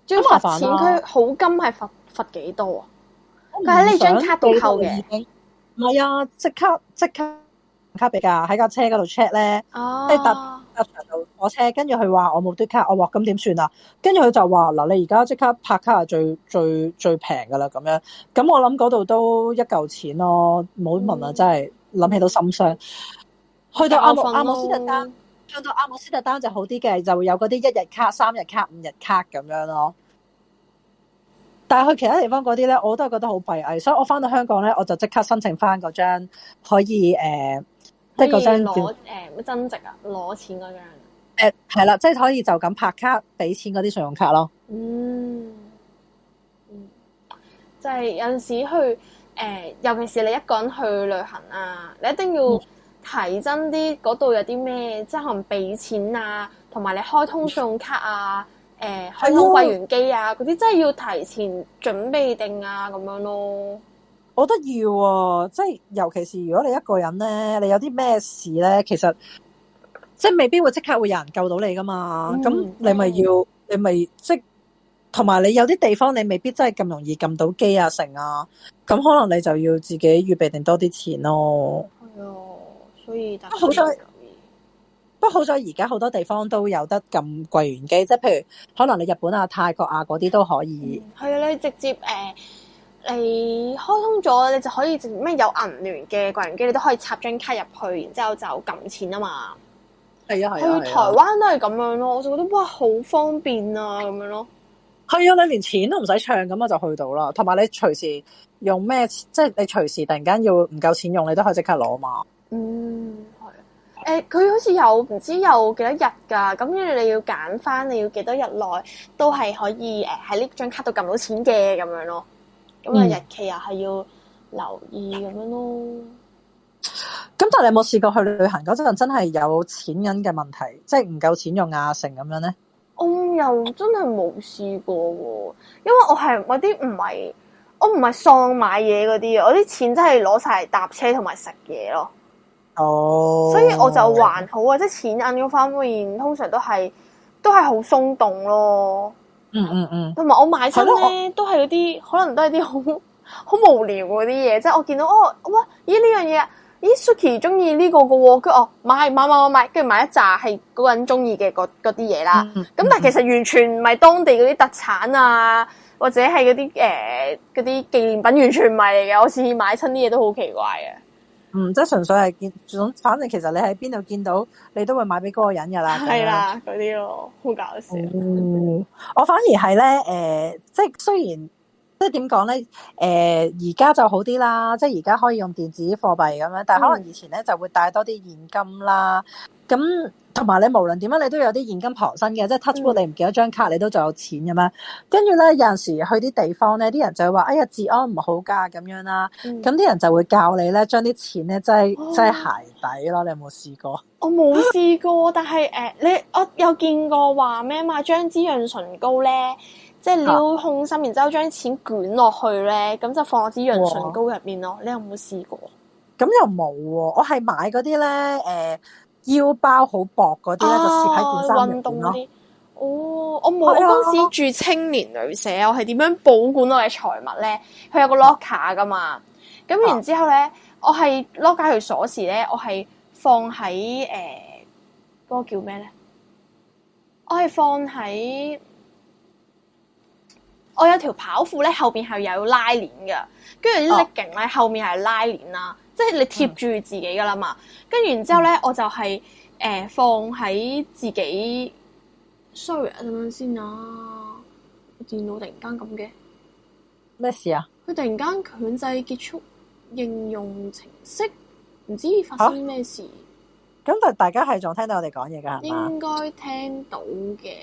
要罰錢，佢好金，係罰罰幾多啊？佢喺呢張卡度扣嘅，唔係啊，即刻即刻拍卡俾噶，喺架車嗰度 check 咧，即係搭搭台度火車，跟住佢話我冇啲卡，我話咁點算啊？跟住佢就話嗱，你而家即刻拍卡係最最最平噶啦，咁樣，咁我諗嗰度都一嚿錢咯，唔好問啦，嗯、真係諗起都心傷。去到阿姆阿姆斯特丹站。去到阿姆斯特丹就好啲嘅，就會有嗰啲一日卡、三日卡、五日卡咁樣咯。但係去其他地方嗰啲咧，我都係覺得好弊翳，所以我翻到香港咧，我就即刻申請翻嗰張可以誒，即係嗰張攞誒增值啊，攞錢嗰張。誒、嗯，係啦，即係可以就咁拍卡俾錢嗰啲信用卡咯。嗯，嗯，就係、是、有陣時去誒、呃，尤其是你一個人去旅行啊，你一定要、嗯。提真啲，嗰度有啲咩，即係可能俾錢啊，同埋你開通信用卡啊，誒、嗯呃，開通櫃員機啊，嗰啲、嗯、真係要提前準備定啊，咁樣咯。我覺得要、啊、即係，尤其是如果你一個人咧，你有啲咩事咧，其實即係未必會即刻會有人救到你噶嘛。咁、嗯、你咪要、嗯、你咪即同埋你有啲地方你未必真係咁容易撳到機啊，成啊，咁可能你就要自己預備定多啲錢咯。係啊。 可以可以好，好在，不過好在而家好多地方都有得撳櫃員機，即係譬如可能你日本啊、泰國啊嗰啲都可以。係啊、嗯，你直接誒、呃，你開通咗，你就可以直接咩有銀聯嘅櫃員機，你都可以插張卡入去，然之後就撳錢啊嘛。係啊。係去台灣都係咁樣咯，我就覺得哇好方便啊咁樣咯。係啊，你連錢都唔使唱咁我就去到啦。同埋你隨時用咩，即係你隨時突然間要唔夠錢用，你都可以即刻攞嘛。嗯，係誒，佢、欸、好似有唔知有幾多日噶，咁跟住你要揀翻，你要幾多日內都係可以誒喺呢張卡度撳到錢嘅咁樣咯，咁啊、嗯、日期又係要留意咁、嗯、樣咯。咁但係你有冇試過去旅行嗰陣真係有錢銀嘅問題，即係唔夠錢用啊，成咁樣咧？我又真係冇試過喎，因為我係我啲唔係我唔係喪買嘢嗰啲，我啲錢真係攞晒嚟搭車同埋食嘢咯。所以我就還好啊，即係錢銀嗰方面通常都係都係好鬆動咯。嗯嗯嗯，同埋我買親咧都係嗰啲可能都係啲好好無聊嗰啲嘢，即係我見到哦，哇，咦呢樣嘢咦 Suki 中意呢個嘅喎、哦，跟住我買買買買，跟住買，買，買，買，買，買一扎係嗰個人中意嘅嗰啲嘢啦。咁、嗯嗯嗯嗯嗯、但係其實完全唔係當地嗰啲特產啊，或者係嗰啲誒啲紀念品，完全唔係嚟嘅。我試試買親啲嘢都好奇怪嘅。嗯，即係純粹係見，總反正其實你喺邊度見到，你都會買俾嗰個人噶啦，係啦，嗰啲咯，好搞笑，嗯。我反而係咧，誒、呃，即係雖然，即係點講咧，誒、呃，而家就好啲啦，即係而家可以用電子貨幣咁樣，但係可能以前咧、嗯、就會帶多啲現金啦，咁、嗯。同埋你無論點樣，你都有啲現金傍身嘅，即係 touch 到你唔記得張卡，嗯、你都仲有錢嘅咩？跟住咧，有陣時去啲地方咧，啲人就會話：哎呀，治安唔好㗎咁樣啦。咁啲、嗯、人就會教你咧，將啲錢咧，即係即係鞋底咯。你有冇試過？哦、我冇試過，但係誒、呃，你我有見過話咩啊嘛？將滋潤唇膏咧，即係你要控心，然之後將啲錢捲落去咧，咁就放滋潤唇膏入面咯。哇你有冇試過？咁又冇喎，我係買嗰啲咧誒。呃嗯腰包好薄嗰啲咧，啊、就折喺件衫入邊啲。哦，我冇、啊、我嗰陣時住青年旅社，我係點樣保管我嘅財物咧？佢有個 locker 噶嘛，咁然之後咧、啊 er，我係 locker 條鎖匙咧，我係放喺誒嗰個叫咩咧？我係放喺我有條跑褲咧，後邊係有拉鏈噶，跟住啲 legging 咧，後面係拉鏈啦。啊啊即係你貼住自己噶啦嘛，跟、嗯、然之後咧，我就係、是、誒、呃、放喺自己，Sorry，等陣先啊！我電腦突然間咁嘅咩事啊？佢突然間強制結束應用程式，唔知發生咩事。咁但、啊、大家係仲聽到我哋講嘢噶係嘛？應該聽到嘅，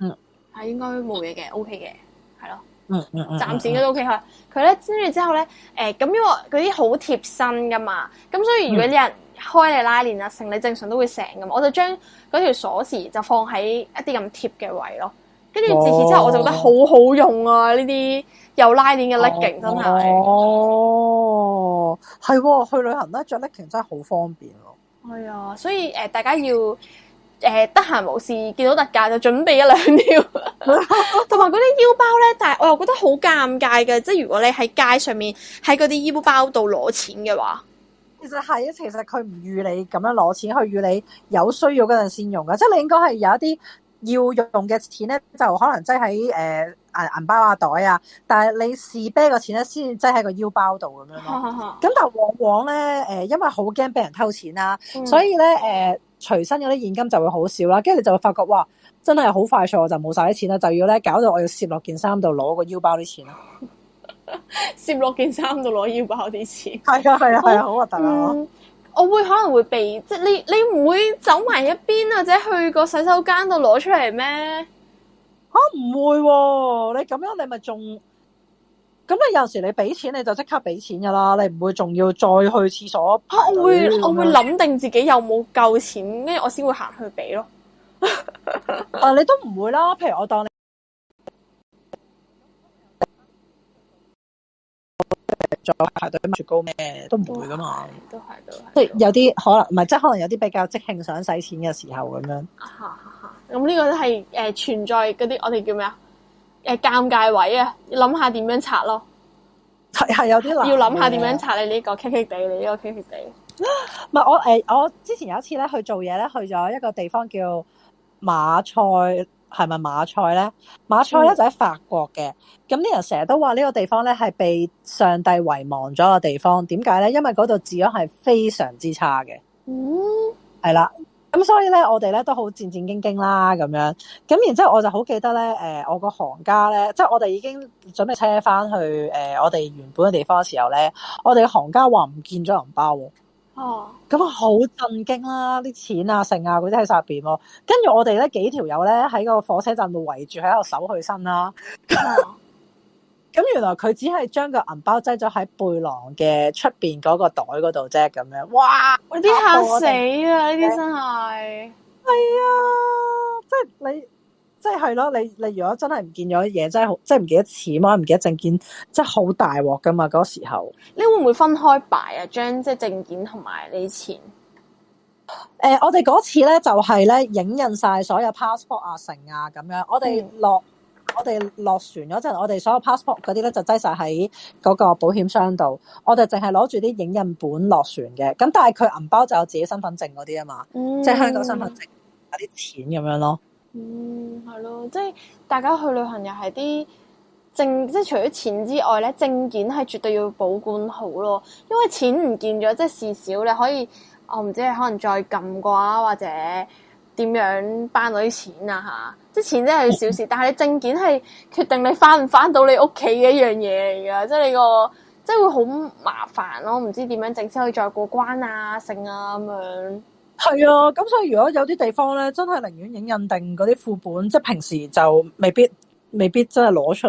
嗯係應該冇嘢嘅，O K 嘅係咯。OK。嗯嗯，暫時都 O K 佢，佢咧跟住之後咧，誒、欸、咁因為佢啲好貼身噶嘛，咁所以如果你人開嚟拉鏈啦，成你、嗯、正常都會成噶嘛，我就將嗰條鎖匙就放喺一啲咁貼嘅位咯，跟住自此之後我就覺得好好用啊呢啲，哦、有拉鏈嘅 legging 真係、哦，哦係、哦、去旅行咧着 legging 真係好方便咯，係啊、哎，所以誒、呃、大家要。誒，得閒無事見到特價就準備一兩條，同埋嗰啲腰包咧，但係我又覺得好尷尬嘅，即係如果你喺街上面喺嗰啲腰包度攞錢嘅話其，其實係啊，其實佢唔預你咁樣攞錢，佢預你有需要嗰陣先用噶，即係你應該係有一啲要用嘅錢咧，就可能擠喺誒銀銀包啊袋啊，但係你試啤個錢咧，先擠喺個腰包度咁樣咯。咁 但係往往咧，誒、呃，因為好驚俾人偷錢啦、啊，嗯、所以咧，誒、呃。隨身嗰啲現金就會好少啦，跟住你就會發覺哇，真係好快脆，我就冇晒啲錢啦，就要咧搞到我要攝落件衫度攞個腰包啲錢啦，攝落件衫度攞腰包啲錢，係啊係啊係啊，好核突啊！我會可能會避即係你你唔會走埋一邊或者去個洗手間度攞出嚟咩？吓唔會喎？你咁樣你咪仲？咁你、嗯、有時你俾錢你就即刻俾錢噶啦，你唔會仲要再去廁所、啊、我會樣我會諗定自己有冇夠錢，跟住我先會行去俾咯。 啊！你都唔會啦。譬如我當你再排隊買雪糕咩，都唔會噶嘛。都係即係有啲可能，唔係即係可能有啲比較即興想使錢嘅時候咁樣。咁呢、啊啊啊啊、個都係、呃、存在啲我哋叫咩啊？誒、呃，尷尬位啊，要諗下點樣拆咯，係有啲難。要諗下點樣拆你呢、這個 Kiki 地， 你呢、這個 Kiki 地。唔 係 我誒、呃，我之前有一次咧去做嘢咧，去咗一個地方叫馬賽，係咪馬賽咧？馬賽咧、嗯、就喺法國嘅。咁啲人成日都話呢個地方咧係被上帝遺忘咗嘅地方。點解咧？因為嗰度治安係非常之差嘅。嗯，係啦。 咁、嗯、所以咧，我哋咧都好戰戰兢兢啦，咁樣。咁然之後我、呃，我就好記得咧，誒，我個行家咧，即係我哋已經準備車翻去誒、呃，我哋原本嘅地方嘅時候咧，我哋嘅行家話唔見咗銀包。哦。咁啊，好、嗯、震驚啦！啲錢啊、剩啊，嗰啲喺晒入邊咯。跟住我哋咧，幾條友咧喺個火車站度圍住喺度搜佢身啦、啊。啊 咁原來佢只係將個銀包擠咗喺背囊嘅出邊嗰個袋嗰度啫，咁樣哇！嚇我啲吓死啊！呢啲真係係啊，即係你，即係係咯，你你如果真係唔見咗嘢，真係即係唔記得錢啊，唔記得證件，真係好大鑊噶嘛！嗰、那個、時候，你會唔會分開擺啊？將即係證件同埋呢啲錢？誒、呃，我哋嗰次咧就係、是、咧影印晒所有 passport 啊、成啊咁樣，我哋落。嗯我哋落船嗰陣，我哋所有 passport 嗰啲咧就擠晒喺嗰個保險箱度。我哋淨係攞住啲影印本落船嘅。咁但係佢銀包就有自己身份證嗰啲啊嘛，嗯、即係香港身份證有啲錢咁樣咯。嗯，係咯，即係大家去旅行又係啲證，即係除咗錢之外咧，證件係絕對要保管好咯。因為錢唔見咗，即係事少你可以，我唔知係可能再撳啩或者。點樣攞啲錢啊？吓、啊、即錢真係小事，但係你證件係決定你翻唔翻到你屋企嘅一樣嘢嚟㗎，即係你、個即係會好麻煩咯、啊，唔知點樣整先可以再過關啊、剩啊咁樣係啊，咁、啊、所以如果有啲地方咧，真係寧願影印定啲副本，即係平時就未必未必真係攞出。